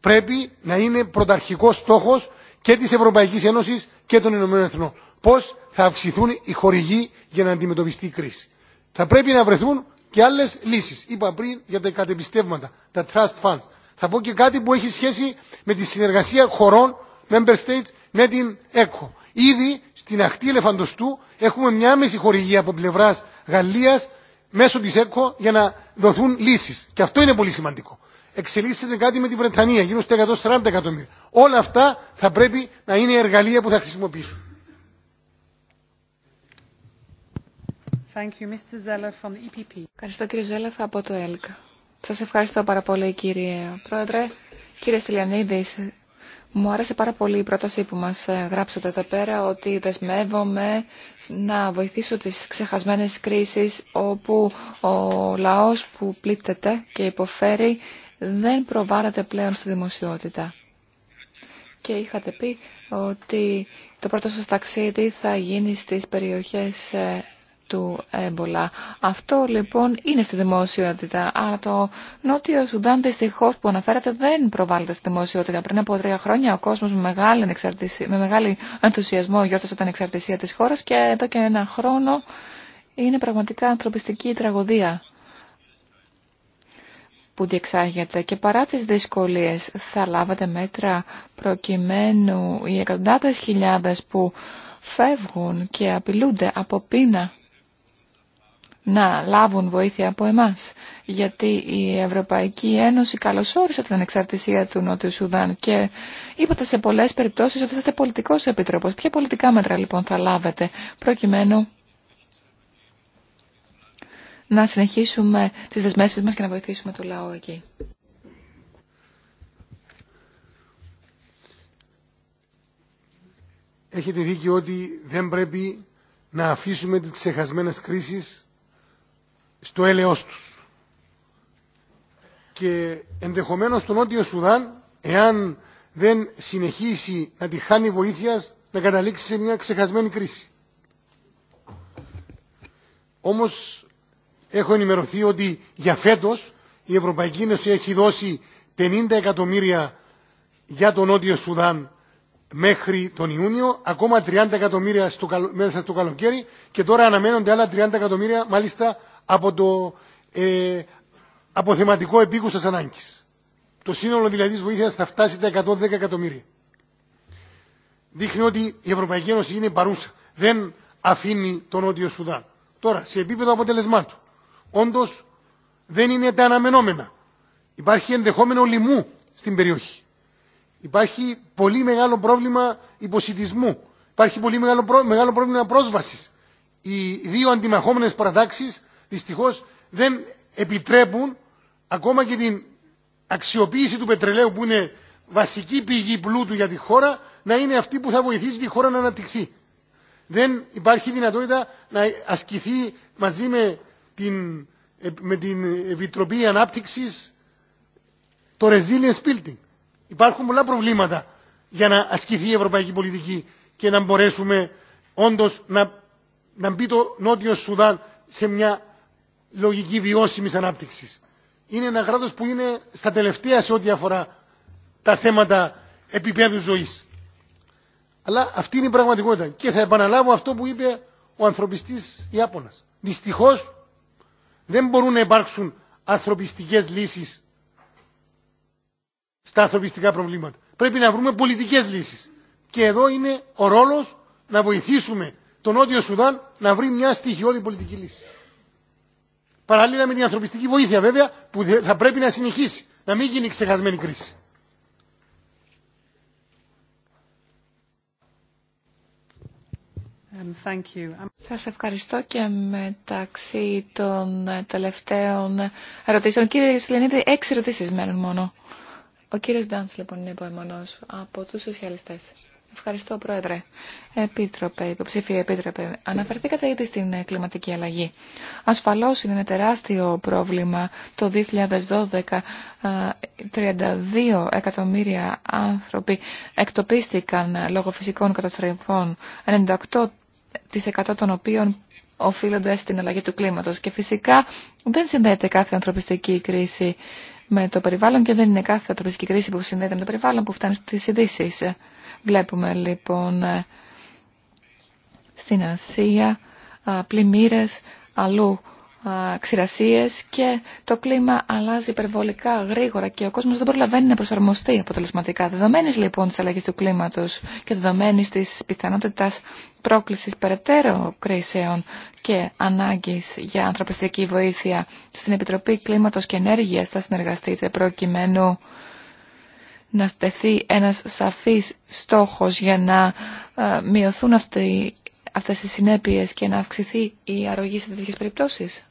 πρέπει να είναι πρωταρχικός στόχος και της Ευρωπαϊκής Ένωσης και των Ηνωμένων Εθνών. Πώς θα αυξηθούν οι χορηγοί για να αντιμετωπιστεί η κρίση. Θα πρέπει να βρεθούν και άλλες λύσεις. Είπα πριν για τα κατεπιστεύματα, τα trust funds. Θα πω και κάτι που έχει σχέση με τη συνεργασία χωρών, member states, με την ΕΚΧΟ. Ήδη στην ακτή ελεφαντοστού έχουμε μια άμεση χορηγία από πλευρά. Γαλλία μέσω της ΕΚΟ για να δοθούν λύσεις. Και αυτό είναι πολύ σημαντικό. Εξελίσσεται κάτι με τη Βρετανία, γύρω στα 140 εκατομμύρια. Όλα αυτά θα πρέπει να είναι εργαλεία που θα χρησιμοποιήσουν. Thank e Ευχαριστώ κύριε Ζέλεφ από το ΕΛΚΑ. Σας ευχαριστώ πάρα πολύ κύριε Πρόεδρε. Κύριε Στυλιανίδη, μου άρεσε πάρα πολύ η πρόταση που μας ε, γράψατε εδώ πέρα ότι δεσμεύομαι να βοηθήσω τις ξεχασμένες κρίσεις όπου ο λαός που πλήττεται και υποφέρει δεν προβάλλεται πλέον στη δημοσιότητα. Και είχατε πει ότι το πρώτο σας ταξίδι θα γίνει στις περιοχές ε, του έμπολα. Αυτό λοιπόν είναι στη δημοσιότητα, αλλά το Νότιο Σουδάν δυστυχώ που αναφέρατε δεν προβάλλεται στη δημοσιότητα. Πριν από τρία χρόνια ο κόσμο με μεγάλη, ενθουσιασμό γιόρτασε την εξαρτησία τη χώρα και εδώ και ένα χρόνο είναι πραγματικά ανθρωπιστική τραγωδία που διεξάγεται και παρά τις δυσκολίες θα λάβετε μέτρα προκειμένου οι εκατοντάδες χιλιάδες που φεύγουν και απειλούνται από πείνα να λάβουν βοήθεια από εμάς. Γιατί η Ευρωπαϊκή Ένωση καλωσόρισε την εξαρτησία του Νότιου Σουδάν και είπατε σε πολλές περιπτώσεις ότι είστε πολιτικός επιτρόπος. Ποια πολιτικά μέτρα λοιπόν θα λάβετε προκειμένου να συνεχίσουμε τις δεσμεύσεις μας και να βοηθήσουμε το λαό εκεί. Έχετε δίκιο ότι δεν πρέπει να αφήσουμε τις ξεχασμένες κρίσεις στο έλεος τους. Και ενδεχομένως το Νότιο Σουδάν, εάν δεν συνεχίσει να τη χάνει βοήθεια να καταλήξει σε μια ξεχασμένη κρίση. Όμως έχω ενημερωθεί ότι για φέτος η Ευρωπαϊκή Ένωση έχει δώσει 50 εκατομμύρια για τον Νότιο Σουδάν μέχρι τον Ιούνιο, ακόμα 30 εκατομμύρια στο, μέσα στο καλοκαίρι και τώρα αναμένονται άλλα 30 εκατομμύρια μάλιστα από το ε, αποθεματικό επίκουσας ανάγκης. Το σύνολο δηλαδή της βοήθειας θα φτάσει τα 110 εκατομμύρια. Δείχνει ότι η Ευρωπαϊκή Ένωση είναι παρούσα. Δεν αφήνει τον Νότιο Σουδάν. Τώρα, σε επίπεδο αποτελεσμάτων. Όντω δεν είναι τα αναμενόμενα. Υπάρχει ενδεχόμενο λοιμού στην περιοχή. Υπάρχει πολύ μεγάλο πρόβλημα υποσυντισμού. Υπάρχει πολύ μεγάλο, μεγάλο πρόβλημα πρόσβαση. Οι δύο αντιμαχόμενε παρατάξει δυστυχώ δεν επιτρέπουν ακόμα και την αξιοποίηση του πετρελαίου που είναι βασική πηγή πλούτου για τη χώρα να είναι αυτή που θα βοηθήσει τη χώρα να αναπτυχθεί. Δεν υπάρχει δυνατότητα να ασκηθεί μαζί με την, με Επιτροπή Ανάπτυξης το resilience building. Υπάρχουν πολλά προβλήματα για να ασκηθεί η ευρωπαϊκή πολιτική και να μπορέσουμε όντω να, να μπει το Νότιο Σουδάν σε μια λογική βιώσιμη ανάπτυξη. Είναι ένα κράτο που είναι στα τελευταία σε ό,τι αφορά τα θέματα επίπεδου ζωή. Αλλά αυτή είναι η πραγματικότητα. Και θα επαναλάβω αυτό που είπε ο ανθρωπιστή Ιάπωνα. Δυστυχώ δεν μπορούν να υπάρξουν ανθρωπιστικέ λύσει στα ανθρωπιστικά προβλήματα. Πρέπει να βρούμε πολιτικές λύσεις. Και εδώ είναι ο ρόλος να βοηθήσουμε τον Νότιο Σουδάν να βρει μια στοιχειώδη πολιτική λύση. Παράλληλα με την ανθρωπιστική βοήθεια βέβαια που θα πρέπει να συνεχίσει, να μην γίνει ξεχασμένη κρίση. Um, thank um, Σας ευχαριστώ και μεταξύ των ε, τελευταίων ερωτήσεων. Κύριε Σιλενίδη, έξι ερωτήσεις μένουν μόνο. Ο κύριος Ντάνς λοιπόν είναι υποαιμονός από τους σοσιαλιστές. Ευχαριστώ Πρόεδρε. Επίτροπε, υποψήφια Επίτροπε, αναφερθήκατε ήδη στην ε, κλιματική αλλαγή. Ασφαλώς είναι ένα τεράστιο πρόβλημα. Το 2012 32 εκατομμύρια άνθρωποι εκτοπίστηκαν λόγω φυσικών καταστροφών, 98% των οποίων οφείλονται στην αλλαγή του κλίματος. Και φυσικά δεν συνδέεται κάθε ανθρωπιστική κρίση με το περιβάλλον και δεν είναι κάθε ανθρωπιστική κρίση που συνδέεται με το περιβάλλον που φτάνει στις ειδήσει. Βλέπουμε λοιπόν στην Ασία πλημμύρες αλλού ξηρασίες και το κλίμα αλλάζει υπερβολικά γρήγορα και ο κόσμος δεν προλαβαίνει να προσαρμοστεί αποτελεσματικά. Δεδομένης λοιπόν της αλλαγής του κλίματος και δεδομένης της πιθανότητας πρόκλησης περαιτέρω κρίσεων και ανάγκης για ανθρωπιστική βοήθεια στην Επιτροπή Κλίματος και Ενέργειας θα συνεργαστείτε προκειμένου να στεθεί ένας σαφής στόχος για να μειωθούν αυτοί αυτές οι συνέπειες και να αυξηθεί η αρρωγή σε τέτοιες περιπτώσεις.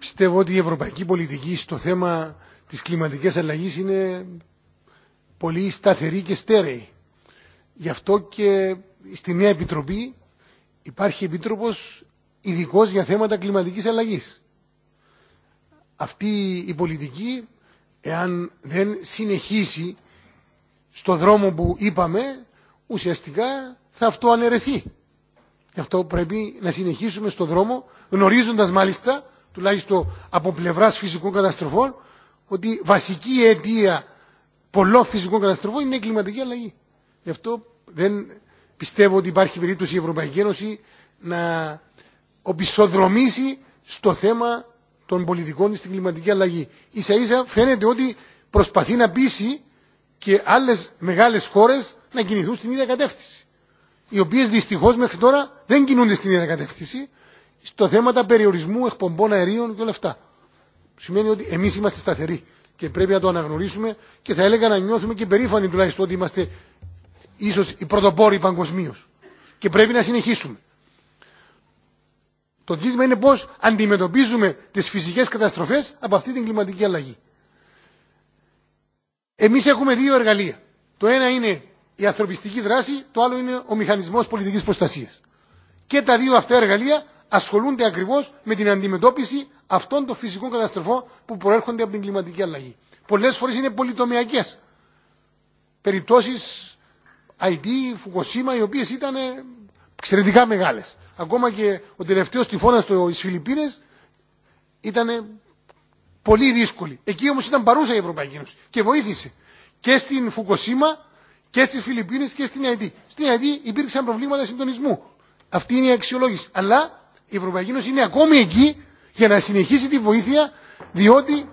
Πιστεύω ότι η ευρωπαϊκή πολιτική στο θέμα της κλιματικής αλλαγής είναι πολύ σταθερή και στέρεη. Γι' αυτό και στη νέα επιτροπή υπάρχει επίτροπος ειδικό για θέματα κλιματικής αλλαγής. Αυτή η πολιτική, εάν δεν συνεχίσει στο δρόμο που είπαμε, ουσιαστικά θα αυτό Γι' αυτό πρέπει να συνεχίσουμε στο δρόμο, γνωρίζοντας μάλιστα τουλάχιστον από πλευρά φυσικών καταστροφών, ότι βασική αιτία πολλών φυσικών καταστροφών είναι η κλιματική αλλαγή. Γι' αυτό δεν πιστεύω ότι υπάρχει περίπτωση η Ευρωπαϊκή Ένωση να οπισθοδρομήσει στο θέμα των πολιτικών στην κλιματική αλλαγή. σα ίσα φαίνεται ότι προσπαθεί να πείσει και άλλε μεγάλε χώρε να κινηθούν στην ίδια κατεύθυνση. Οι οποίε δυστυχώ μέχρι τώρα δεν κινούνται στην ίδια κατεύθυνση στο θέματα περιορισμού εκπομπών αερίων και όλα αυτά. Σημαίνει ότι εμείς είμαστε σταθεροί και πρέπει να το αναγνωρίσουμε και θα έλεγα να νιώθουμε και περήφανοι τουλάχιστον ότι είμαστε ίσως οι πρωτοπόροι παγκοσμίω. Και πρέπει να συνεχίσουμε. Το δίσμα είναι πώς αντιμετωπίζουμε τις φυσικές καταστροφές από αυτή την κλιματική αλλαγή. Εμείς έχουμε δύο εργαλεία. Το ένα είναι η ανθρωπιστική δράση, το άλλο είναι ο μηχανισμός πολιτικής προστασίας. Και τα δύο αυτά εργαλεία ασχολούνται ακριβώ με την αντιμετώπιση αυτών των φυσικών καταστροφών που προέρχονται από την κλιματική αλλαγή. Πολλέ φορέ είναι πολυτομιακέ. Περιπτώσει IT, Φουκοσίμα, οι οποίε ήταν ε, εξαιρετικά μεγάλε. Ακόμα και ο τελευταίο τυφώνα στι Φιλιππίνε ήταν ε, πολύ δύσκολη. Εκεί όμω ήταν παρούσα η Ευρωπαϊκή Ένωση και βοήθησε και στην Φουκοσίμα και στι Φιλιππίνε και στην ΑΕΤ. Στην ΑΕΤ υπήρξαν προβλήματα συντονισμού. Αυτή είναι η αξιολόγηση. Αλλά η Ευρωπαϊκή Ένωση είναι ακόμη εκεί για να συνεχίσει τη βοήθεια διότι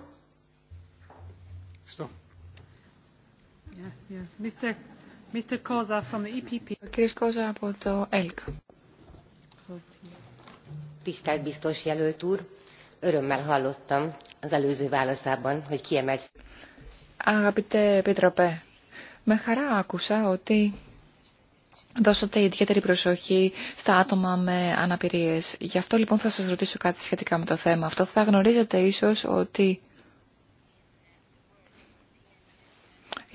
Αγαπητέ Επίτροπε, με χαρά άκουσα ότι δώσατε ιδιαίτερη προσοχή στα άτομα με αναπηρίες. Γι' αυτό λοιπόν θα σας ρωτήσω κάτι σχετικά με το θέμα αυτό. Θα γνωρίζετε ίσως ότι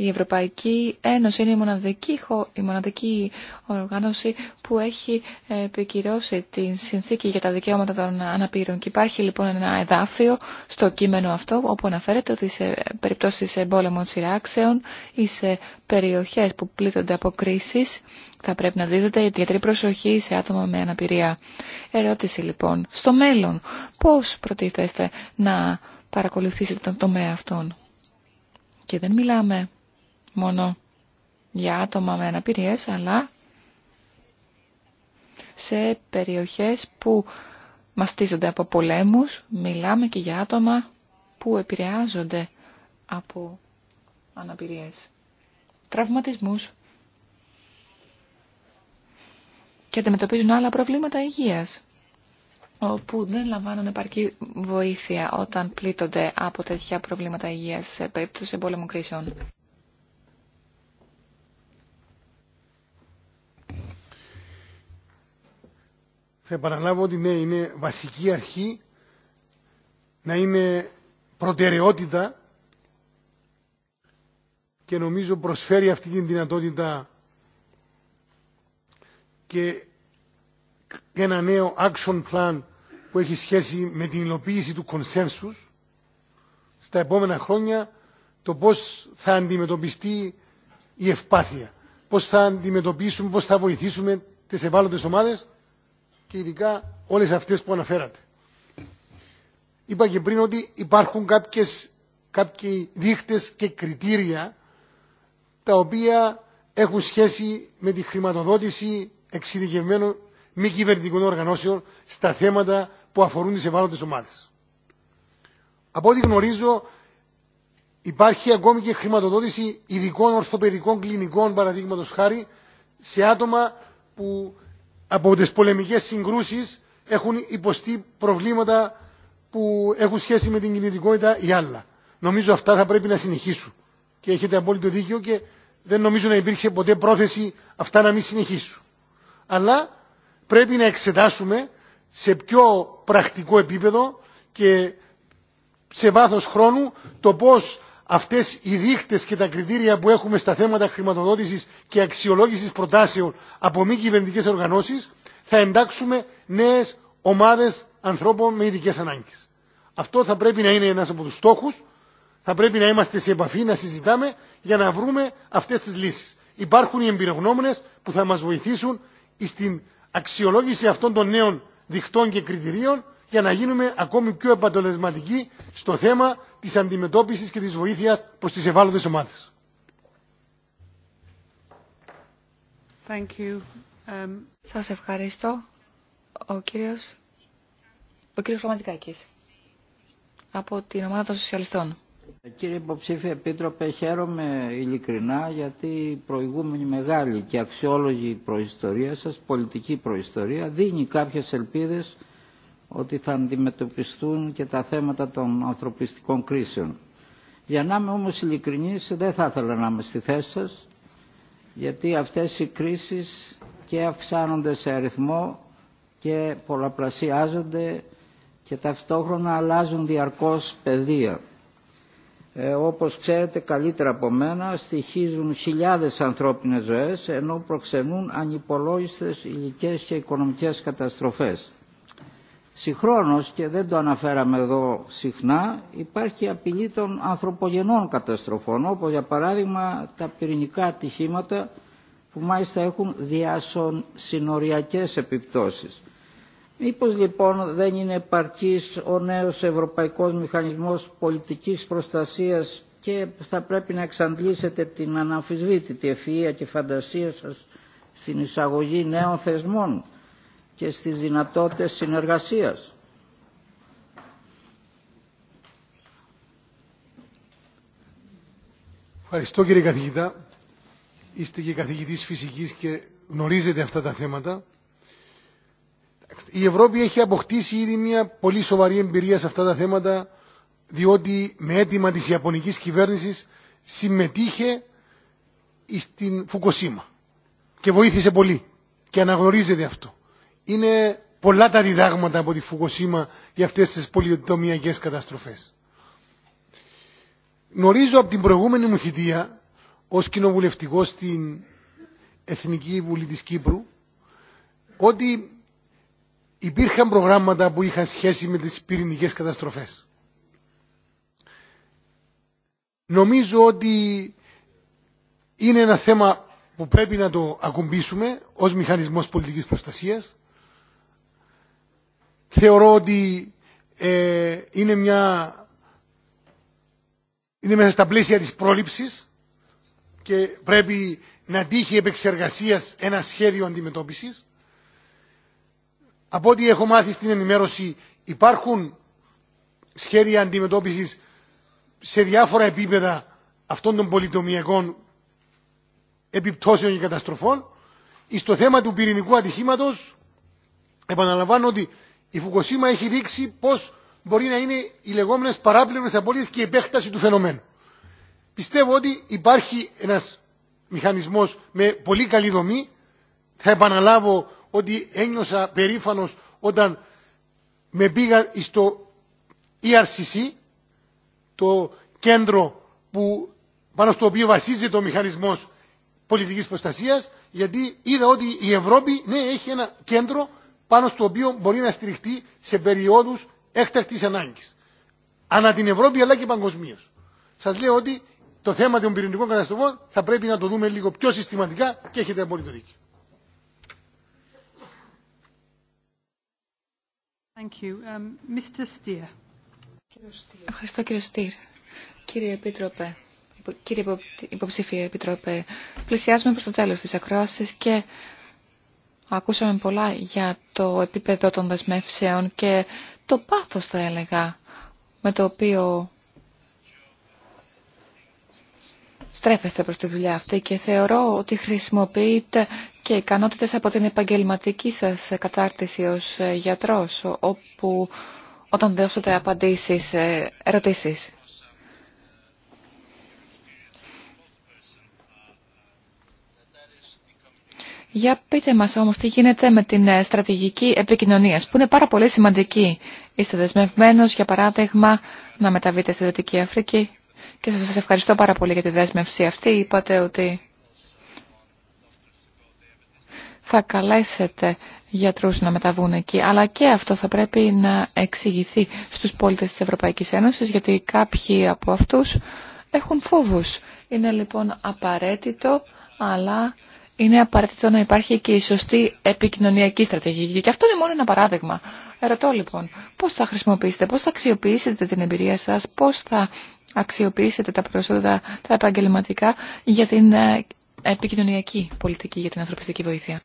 Η Ευρωπαϊκή Ένωση είναι η μοναδική, η μοναδική οργάνωση που έχει επικυρώσει την συνθήκη για τα δικαιώματα των αναπήρων. Και υπάρχει λοιπόν ένα εδάφιο στο κείμενο αυτό όπου αναφέρεται ότι σε περιπτώσει εμπόλεμων σειράξεων ή σε περιοχέ που πλήττονται από κρίσει, θα πρέπει να δίδεται ιδιαίτερη προσοχή σε άτομα με αναπηρία. Ερώτηση λοιπόν, στο μέλλον πώς προτίθεστε να παρακολουθήσετε τον τομέα αυτόν. Και δεν μιλάμε μόνο για άτομα με αναπηρίες, αλλά σε περιοχές που μαστίζονται από πολέμους, μιλάμε και για άτομα που επηρεάζονται από αναπηρίες, τραυματισμούς και αντιμετωπίζουν άλλα προβλήματα υγείας όπου δεν λαμβάνουν επαρκή βοήθεια όταν πλήττονται από τέτοια προβλήματα υγείας σε περίπτωση πόλεμων κρίσεων. θα επαναλάβω ότι ναι, είναι βασική αρχή να είναι προτεραιότητα και νομίζω προσφέρει αυτή την δυνατότητα και ένα νέο action plan που έχει σχέση με την υλοποίηση του consensus στα επόμενα χρόνια το πώς θα αντιμετωπιστεί η ευπάθεια, πώς θα αντιμετωπίσουμε, πώς θα βοηθήσουμε τις ευάλωτες ομάδες και ειδικά όλες αυτές που αναφέρατε. Είπα και πριν ότι υπάρχουν κάποιες, κάποιοι δείχτες και κριτήρια τα οποία έχουν σχέση με τη χρηματοδότηση εξειδικευμένων μη κυβερνητικών οργανώσεων στα θέματα που αφορούν τις ευάλωτες ομάδες. Από ό,τι γνωρίζω υπάρχει ακόμη και χρηματοδότηση ειδικών ορθοπαιδικών κλινικών παραδείγματος χάρη σε άτομα που από τις πολεμικές συγκρούσεις έχουν υποστεί προβλήματα που έχουν σχέση με την κινητικότητα ή άλλα. Νομίζω αυτά θα πρέπει να συνεχίσουν. Και έχετε απόλυτο δίκιο και δεν νομίζω να υπήρχε ποτέ πρόθεση αυτά να μην συνεχίσουν. Αλλά πρέπει να εξετάσουμε σε πιο πρακτικό επίπεδο και σε βάθος χρόνου το πώς αυτές οι δείχτες και τα κριτήρια που έχουμε στα θέματα χρηματοδότησης και αξιολόγησης προτάσεων από μη κυβερνητικέ οργανώσεις θα εντάξουμε νέες ομάδες ανθρώπων με ειδικέ ανάγκες. Αυτό θα πρέπει να είναι ένας από τους στόχους, θα πρέπει να είμαστε σε επαφή, να συζητάμε για να βρούμε αυτές τις λύσεις. Υπάρχουν οι εμπειρογνώμονες που θα μας βοηθήσουν στην αξιολόγηση αυτών των νέων δικτών και κριτηρίων για να γίνουμε ακόμη πιο επαντολεσματικοί στο θέμα Τη αντιμετωπίση και τη βοήθεια προ τι ευάλωτε ομάδε. Thank Um... ευχαριστώ. Ο κύριος, ο από την ομάδα των Σοσιαλιστών. Κύριε Υποψήφια Επίτροπε, χαίρομαι ειλικρινά γιατί η προηγούμενη μεγάλη και αξιόλογη προϊστορία σας, πολιτική προϊστορία, δίνει κάποιες ελπίδες ότι θα αντιμετωπιστούν και τα θέματα των ανθρωπιστικών κρίσεων. Για να είμαι όμως ειλικρινής δεν θα ήθελα να είμαι στη θέση σας γιατί αυτές οι κρίσεις και αυξάνονται σε αριθμό και πολλαπλασιάζονται και ταυτόχρονα αλλάζουν διαρκώς πεδία. Ε, όπως ξέρετε καλύτερα από μένα στοιχίζουν χιλιάδες ανθρώπινες ζωές ενώ προξενούν ανυπολόγιστες υλικές και οικονομικές καταστροφές. Συγχρόνως, και δεν το αναφέραμε εδώ συχνά, υπάρχει απειλή των ανθρωπογενών καταστροφών, όπως για παράδειγμα τα πυρηνικά ατυχήματα που μάλιστα έχουν διάσων συνοριακές επιπτώσεις. Μήπως λοιπόν δεν είναι επαρκής ο νέος ευρωπαϊκός μηχανισμός πολιτικής προστασίας και θα πρέπει να εξαντλήσετε την αναμφισβήτητη ευφυΐα και φαντασία σας στην εισαγωγή νέων θεσμών και στις δυνατότητες συνεργασίας. Ευχαριστώ κύριε καθηγητά. Είστε και καθηγητής φυσικής και γνωρίζετε αυτά τα θέματα. Η Ευρώπη έχει αποκτήσει ήδη μια πολύ σοβαρή εμπειρία σε αυτά τα θέματα διότι με αίτημα της Ιαπωνικής κυβέρνησης συμμετείχε στην Φουκοσίμα και βοήθησε πολύ και αναγνωρίζεται αυτό. Είναι πολλά τα διδάγματα από τη Φουκοσίμα για αυτές τις πολυτομιακέ καταστροφές. Γνωρίζω από την προηγούμενη μου θητεία ως κοινοβουλευτικό στην Εθνική Βουλή της Κύπρου ότι υπήρχαν προγράμματα που είχαν σχέση με τις πυρηνικές καταστροφές. Νομίζω ότι είναι ένα θέμα που πρέπει να το ακουμπήσουμε ως μηχανισμός πολιτικής προστασίας θεωρώ ότι ε, είναι μια είναι μέσα στα πλαίσια της πρόληψης και πρέπει να τύχει επεξεργασίας ένα σχέδιο αντιμετώπισης. Από ό,τι έχω μάθει στην ενημέρωση υπάρχουν σχέδια αντιμετώπισης σε διάφορα επίπεδα αυτών των πολυτομιακών επιπτώσεων και καταστροφών. Στο θέμα του πυρηνικού ατυχήματος επαναλαμβάνω ότι η Φουκοσίμα έχει δείξει πώ μπορεί να είναι οι λεγόμενε παράπλευρε απώλειε και η επέκταση του φαινομένου. Πιστεύω ότι υπάρχει ένα μηχανισμό με πολύ καλή δομή. Θα επαναλάβω ότι ένιωσα περήφανο όταν με πήγαν στο ERCC, το κέντρο που, πάνω στο οποίο βασίζεται ο μηχανισμός πολιτικής προστασίας, γιατί είδα ότι η Ευρώπη, ναι, έχει ένα κέντρο πάνω στο οποίο μπορεί να στηριχτεί σε περιόδου έκτακτη ανάγκη. Ανά την Ευρώπη αλλά και παγκοσμίω. Σα λέω ότι το θέμα των πυρηνικών καταστροφών θα πρέπει να το δούμε λίγο πιο συστηματικά και έχετε απόλυτο δίκιο. Thank um, Ευχαριστώ κύριε Στήρ. Κύριε Επίτροπε, κύριε Υποψήφια Επιτροπέ, πλησιάζουμε προς το τέλος της ακρόασης και Ακούσαμε πολλά για το επίπεδο των δεσμεύσεων και το πάθος θα έλεγα με το οποίο στρέφεστε προς τη δουλειά αυτή και θεωρώ ότι χρησιμοποιείτε και ικανότητε από την επαγγελματική σας κατάρτιση ως ε, γιατρός όπου όταν δώσετε απαντήσεις, ε, ερωτήσεις. Για πείτε μας όμως τι γίνεται με την ε, στρατηγική επικοινωνία που είναι πάρα πολύ σημαντική. Είστε δεσμευμένος για παράδειγμα να μεταβείτε στη Δυτική Αφρική και σας ευχαριστώ πάρα πολύ για τη δέσμευση αυτή. Είπατε ότι θα καλέσετε γιατρούς να μεταβούν εκεί. Αλλά και αυτό θα πρέπει να εξηγηθεί στους πολίτες της Ευρωπαϊκής Ένωσης, γιατί κάποιοι από αυτούς έχουν φόβους. Είναι λοιπόν απαραίτητο, αλλά είναι απαραίτητο να υπάρχει και η σωστή επικοινωνιακή στρατηγική. Και αυτό είναι μόνο ένα παράδειγμα. Ρωτώ λοιπόν, πώ θα χρησιμοποιήσετε, πώ θα αξιοποιήσετε την εμπειρία σα, πώ θα αξιοποιήσετε τα προσόντα, τα επαγγελματικά για την ε, επικοινωνιακή πολιτική, για την ανθρωπιστική βοήθεια.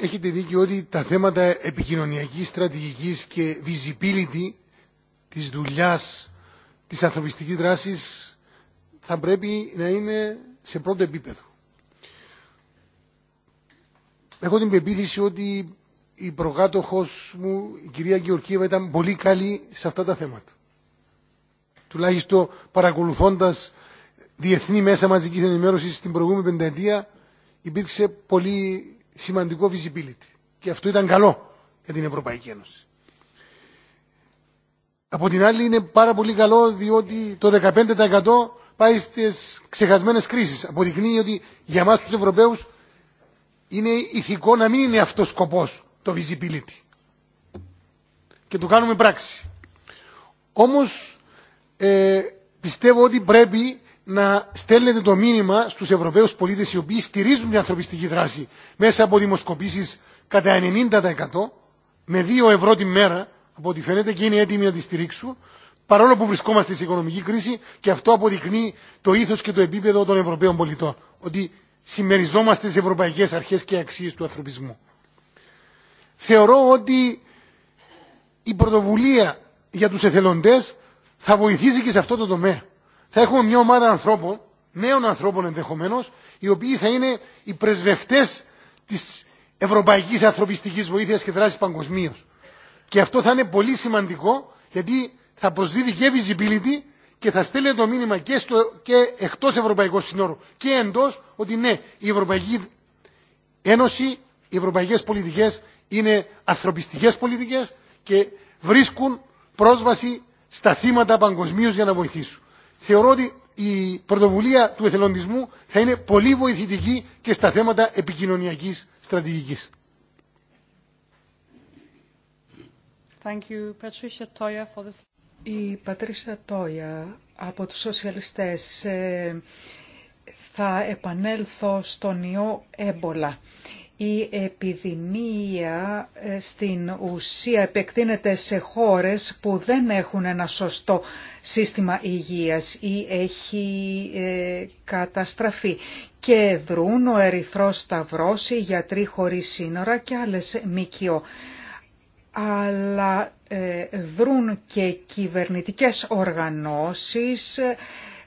Έχετε δίκιο ότι τα θέματα επικοινωνιακής στρατηγικής και visibility της δουλειάς της ανθρωπιστικής δράσης θα πρέπει να είναι σε πρώτο επίπεδο. Έχω την πεποίθηση ότι η προκάτοχος μου, η κυρία Γεωργίευα, ήταν πολύ καλή σε αυτά τα θέματα. Τουλάχιστον παρακολουθώντας διεθνή μέσα μαζικής ενημέρωσης στην προηγούμενη πενταετία υπήρξε πολύ σημαντικό visibility. Και αυτό ήταν καλό για την Ευρωπαϊκή Ένωση. Από την άλλη είναι πάρα πολύ καλό διότι το 15% πάει στι ξεχασμένε κρίσει. Αποδεικνύει ότι για εμά του Ευρωπαίου είναι ηθικό να μην είναι αυτό σκοπό το visibility. Και το κάνουμε πράξη. Όμω ε, πιστεύω ότι πρέπει να στέλνετε το μήνυμα στους Ευρωπαίου πολίτες οι οποίοι στηρίζουν την ανθρωπιστική δράση μέσα από δημοσκοπήσεις κατά 90% με 2 ευρώ τη μέρα από ό,τι φαίνεται και είναι έτοιμοι να τη στηρίξουν παρόλο που βρισκόμαστε σε οικονομική κρίση και αυτό αποδεικνύει το ήθος και το επίπεδο των Ευρωπαίων πολιτών. Ότι συμμεριζόμαστε στις ευρωπαϊκές αρχές και αξίες του ανθρωπισμού. Θεωρώ ότι η πρωτοβουλία για τους εθελοντές θα βοηθήσει και σε αυτό το τομέα. Θα έχουμε μια ομάδα ανθρώπων, νέων ανθρώπων ενδεχομένω, οι οποίοι θα είναι οι πρεσβευτές της ευρωπαϊκής ανθρωπιστικής βοήθειας και δράση παγκοσμίω. Και αυτό θα είναι πολύ σημαντικό γιατί θα προσδίδει και visibility και θα στέλνει το μήνυμα και, στο, και εκτός Ευρωπαϊκού Συνόρου και εντός ότι ναι, η Ευρωπαϊκή Ένωση, οι ευρωπαϊκές πολιτικές είναι ανθρωπιστικές πολιτικές και βρίσκουν πρόσβαση στα θύματα παγκοσμίω για να βοηθήσουν. Θεωρώ ότι η πρωτοβουλία του εθελοντισμού θα είναι πολύ βοηθητική και στα θέματα επικοινωνιακής στρατηγικής. Η Πατρίσα Τόια από τους σοσιαλιστές ε, θα επανέλθω στον ιό έμπολα. Η επιδημία ε, στην ουσία επεκτείνεται σε χώρες που δεν έχουν ένα σωστό σύστημα υγείας ή έχει ε, καταστραφεί και δρούν ο Ερυθρός Σταυρός, οι γιατροί χωρίς σύνορα και άλλες μικιο αλλά ε, δρούν και κυβερνητικές οργανώσεις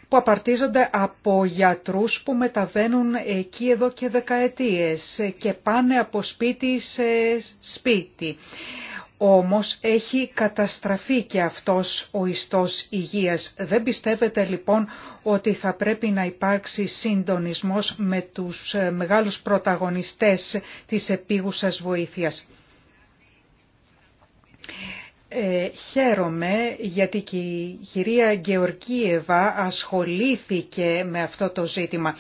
που απαρτίζονται από γιατρούς που μεταβαίνουν εκεί εδώ και δεκαετίες και πάνε από σπίτι σε σπίτι. Όμως έχει καταστραφεί και αυτός ο ιστός υγείας. Δεν πιστεύετε λοιπόν ότι θα πρέπει να υπάρξει συντονισμός με τους ε, μεγάλους πρωταγωνιστές της επίγουσας βοήθειας. Ε, χαίρομαι γιατί και η κυρία Γεωργίεβα ασχολήθηκε με αυτό το ζήτημα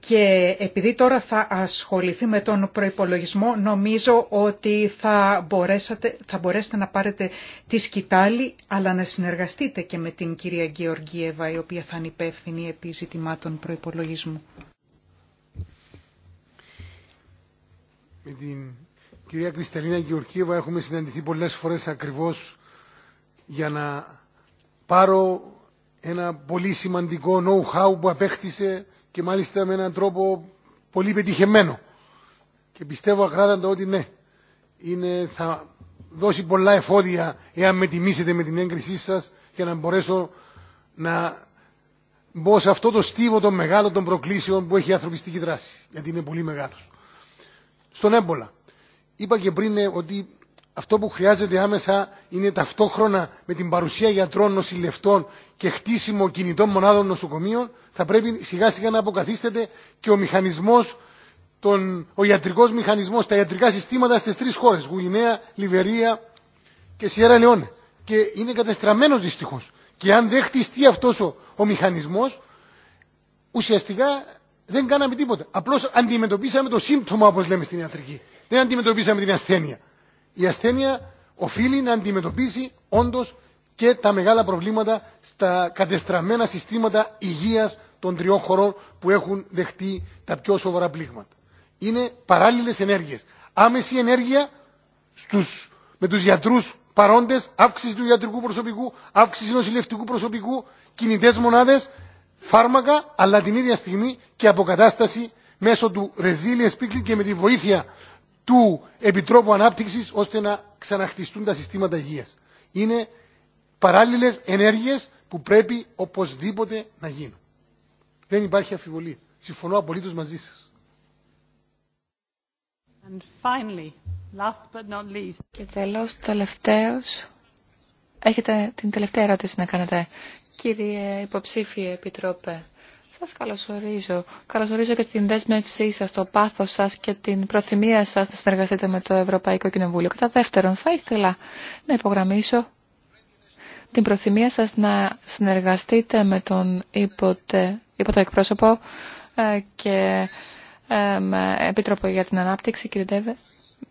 και επειδή τώρα θα ασχοληθεί με τον προϋπολογισμό νομίζω ότι θα, μπορέσατε, θα μπορέσετε να πάρετε τη σκητάλη αλλά να συνεργαστείτε και με την κυρία Γεωργίεβα η οποία θα είναι υπεύθυνη επί ζητημάτων προϋπολογισμού. Με κυρία Κρυσταλίνα Γεωργίευα έχουμε συναντηθεί πολλές φορές ακριβώς για να πάρω ένα πολύ σημαντικό know-how που απέκτησε και μάλιστα με έναν τρόπο πολύ πετυχεμένο. Και πιστεύω ακράδαντα ότι ναι, είναι, θα δώσει πολλά εφόδια εάν με τιμήσετε με την έγκρισή σας για να μπορέσω να μπω σε αυτό το στίβο των μεγάλων των προκλήσεων που έχει η ανθρωπιστική δράση, γιατί είναι πολύ μεγάλος. Στον έμπολα, Είπα και πριν ε, ότι αυτό που χρειάζεται άμεσα είναι ταυτόχρονα με την παρουσία γιατρών, νοσηλευτών και χτίσιμο κινητών μονάδων νοσοκομείων, θα πρέπει σιγά σιγά να αποκαθίσταται και ο μηχανισμός, ο ιατρικός μηχανισμός, τα ιατρικά συστήματα στις τρεις χώρες, Γουινέα, Λιβερία και Σιέρα Λεόνε. Και είναι κατεστραμμένος δυστυχώ. Και αν δεν χτιστεί αυτός ο, ο μηχανισμός, ουσιαστικά δεν κάναμε τίποτα. Απλώς αντιμετωπίσαμε το σύμπτωμα, όπως λέμε στην ιατρική δεν αντιμετωπίσαμε την ασθένεια. Η ασθένεια οφείλει να αντιμετωπίσει όντω και τα μεγάλα προβλήματα στα κατεστραμμένα συστήματα υγεία των τριών χωρών που έχουν δεχτεί τα πιο σοβαρά πλήγματα. Είναι παράλληλε ενέργειε. Άμεση ενέργεια στους, με του γιατρού παρόντε, αύξηση του ιατρικού προσωπικού, αύξηση νοσηλευτικού προσωπικού, κινητέ μονάδε, φάρμακα, αλλά την ίδια στιγμή και αποκατάσταση μέσω του Resilience Pickle και με τη βοήθεια του Επιτρόπου Ανάπτυξης ώστε να ξαναχτιστούν τα συστήματα υγείας. Είναι παράλληλες ενέργειες που πρέπει οπωσδήποτε να γίνουν. Δεν υπάρχει αφιβολία. Συμφωνώ απολύτως μαζί σας. And finally, last but not least. Και τέλος, τελευταίος. Έχετε την τελευταία ερώτηση να κάνετε. Κύριε Υποψήφιε Επιτρόπε, σας καλωσορίζω. Καλωσορίζω και την δέσμευσή σας, το πάθος σας και την προθυμία σας να συνεργαστείτε με το Ευρωπαϊκό Κοινοβούλιο. Κατά δεύτερον, θα ήθελα να υπογραμμίσω την προθυμία σας να συνεργαστείτε με τον υποτε, υποτε εκπρόσωπο ε, και ε, Επίτροπο για την Ανάπτυξη, κύριε Ντέβε,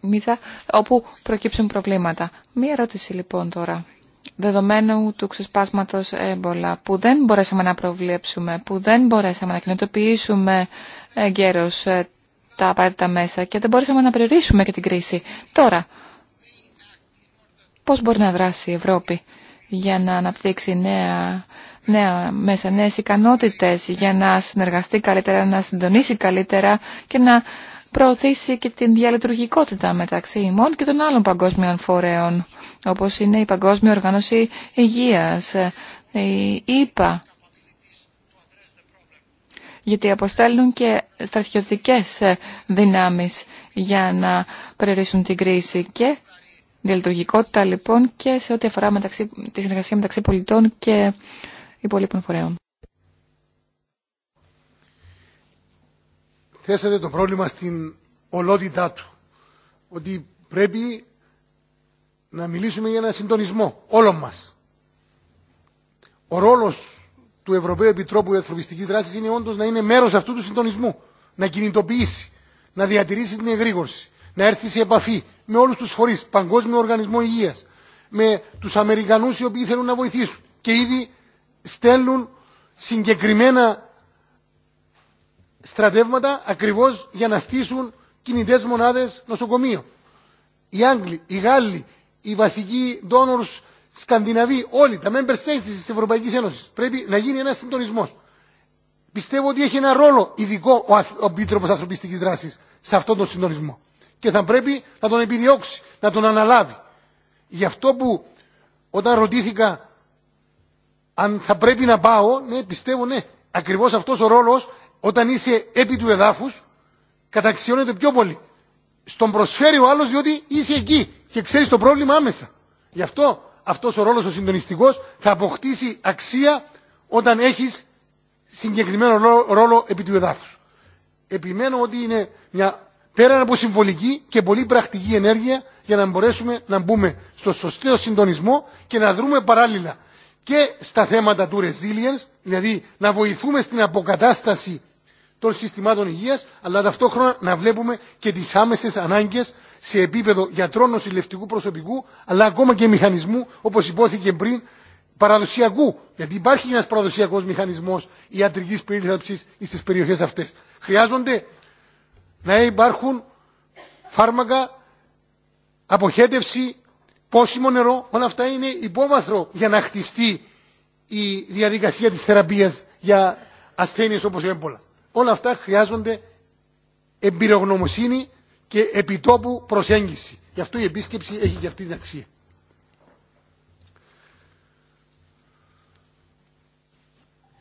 Μίθα, όπου προκύψουν προβλήματα. Μία ερώτηση λοιπόν τώρα δεδομένου του ξεσπάσματος έμπολα που δεν μπορέσαμε να προβλέψουμε, που δεν μπορέσαμε να κινητοποιήσουμε εγκαίρως ε, τα απαραίτητα μέσα και δεν μπορέσαμε να περιορίσουμε και την κρίση. Τώρα, πώς μπορεί να δράσει η Ευρώπη για να αναπτύξει νέα, νέα μέσα, νέες ικανότητες, για να συνεργαστεί καλύτερα, να συντονίσει καλύτερα και να προωθήσει και την διαλειτουργικότητα μεταξύ ημών και των άλλων παγκόσμιων φορέων όπως είναι η Παγκόσμια Οργάνωση Υγείας, η ΕΠΑ, γιατί αποστέλνουν και στρατιωτικές δυνάμεις για να περιορίσουν την κρίση και διαλειτουργικότητα λοιπόν και σε ό,τι αφορά μεταξύ, τη συνεργασία μεταξύ πολιτών και υπολείπων φορέων. Θέσατε το πρόβλημα στην ολότητά του. Ότι πρέπει να μιλήσουμε για ένα συντονισμό όλων μας. Ο ρόλος του Ευρωπαίου Επιτρόπου για Ανθρωπιστική Δράση είναι όντως να είναι μέρος αυτού του συντονισμού, να κινητοποιήσει, να διατηρήσει την εγρήγορση, να έρθει σε επαφή με όλους τους φορείς, Παγκόσμιο Οργανισμό Υγείας, με τους Αμερικανούς οι οποίοι θέλουν να βοηθήσουν και ήδη στέλνουν συγκεκριμένα στρατεύματα ακριβώς για να στήσουν κινητές μονάδες νοσοκομείων. Οι Άγγλοι, οι Γάλλοι, οι βασικοί donors Σκανδιναβοί, όλοι τα member states τη Ευρωπαϊκή Ένωση, Πρέπει να γίνει ένα συντονισμό. Πιστεύω ότι έχει ένα ρόλο ειδικό ο Επίτροπος Ανθρωπιστική δράση, σε αυτόν τον συντονισμό. Και θα πρέπει να τον επιδιώξει, να τον αναλάβει. Γι' αυτό που όταν ρωτήθηκα αν θα πρέπει να πάω, ναι πιστεύω ναι. ακριβώ αυτό ο ρόλο όταν είσαι επί του εδάφου καταξιώνεται πιο πολύ. Στον προσφέρει ο άλλο διότι είσαι εκεί και ξέρει το πρόβλημα άμεσα. Γι' αυτό αυτός ο ρόλος ο συντονιστικό θα αποκτήσει αξία όταν έχεις συγκεκριμένο ρόλο επί του εδάφου. Επιμένω ότι είναι μια πέραν από συμβολική και πολύ πρακτική ενέργεια για να μπορέσουμε να μπούμε στο σωστό συντονισμό και να δρούμε παράλληλα και στα θέματα του resilience, δηλαδή να βοηθούμε στην αποκατάσταση των συστημάτων υγείας, αλλά ταυτόχρονα να βλέπουμε και τις άμεσες ανάγκες σε επίπεδο γιατρών νοσηλευτικού προσωπικού, αλλά ακόμα και μηχανισμού, όπω υπόθηκε πριν, παραδοσιακού. Γιατί υπάρχει ένα παραδοσιακό μηχανισμός ιατρική περίληψης στι περιοχέ αυτέ. Χρειάζονται να υπάρχουν φάρμακα, αποχέτευση, πόσιμο νερό, όλα αυτά είναι υπόβαθρο για να χτιστεί η διαδικασία της θεραπείας για ασθένειες όπως η έμπολα. Όλα αυτά χρειάζονται εμπειρογνωμοσύνη και επιτόπου προσέγγιση. Γι' αυτό η επίσκεψη έχει και αυτή την αξία.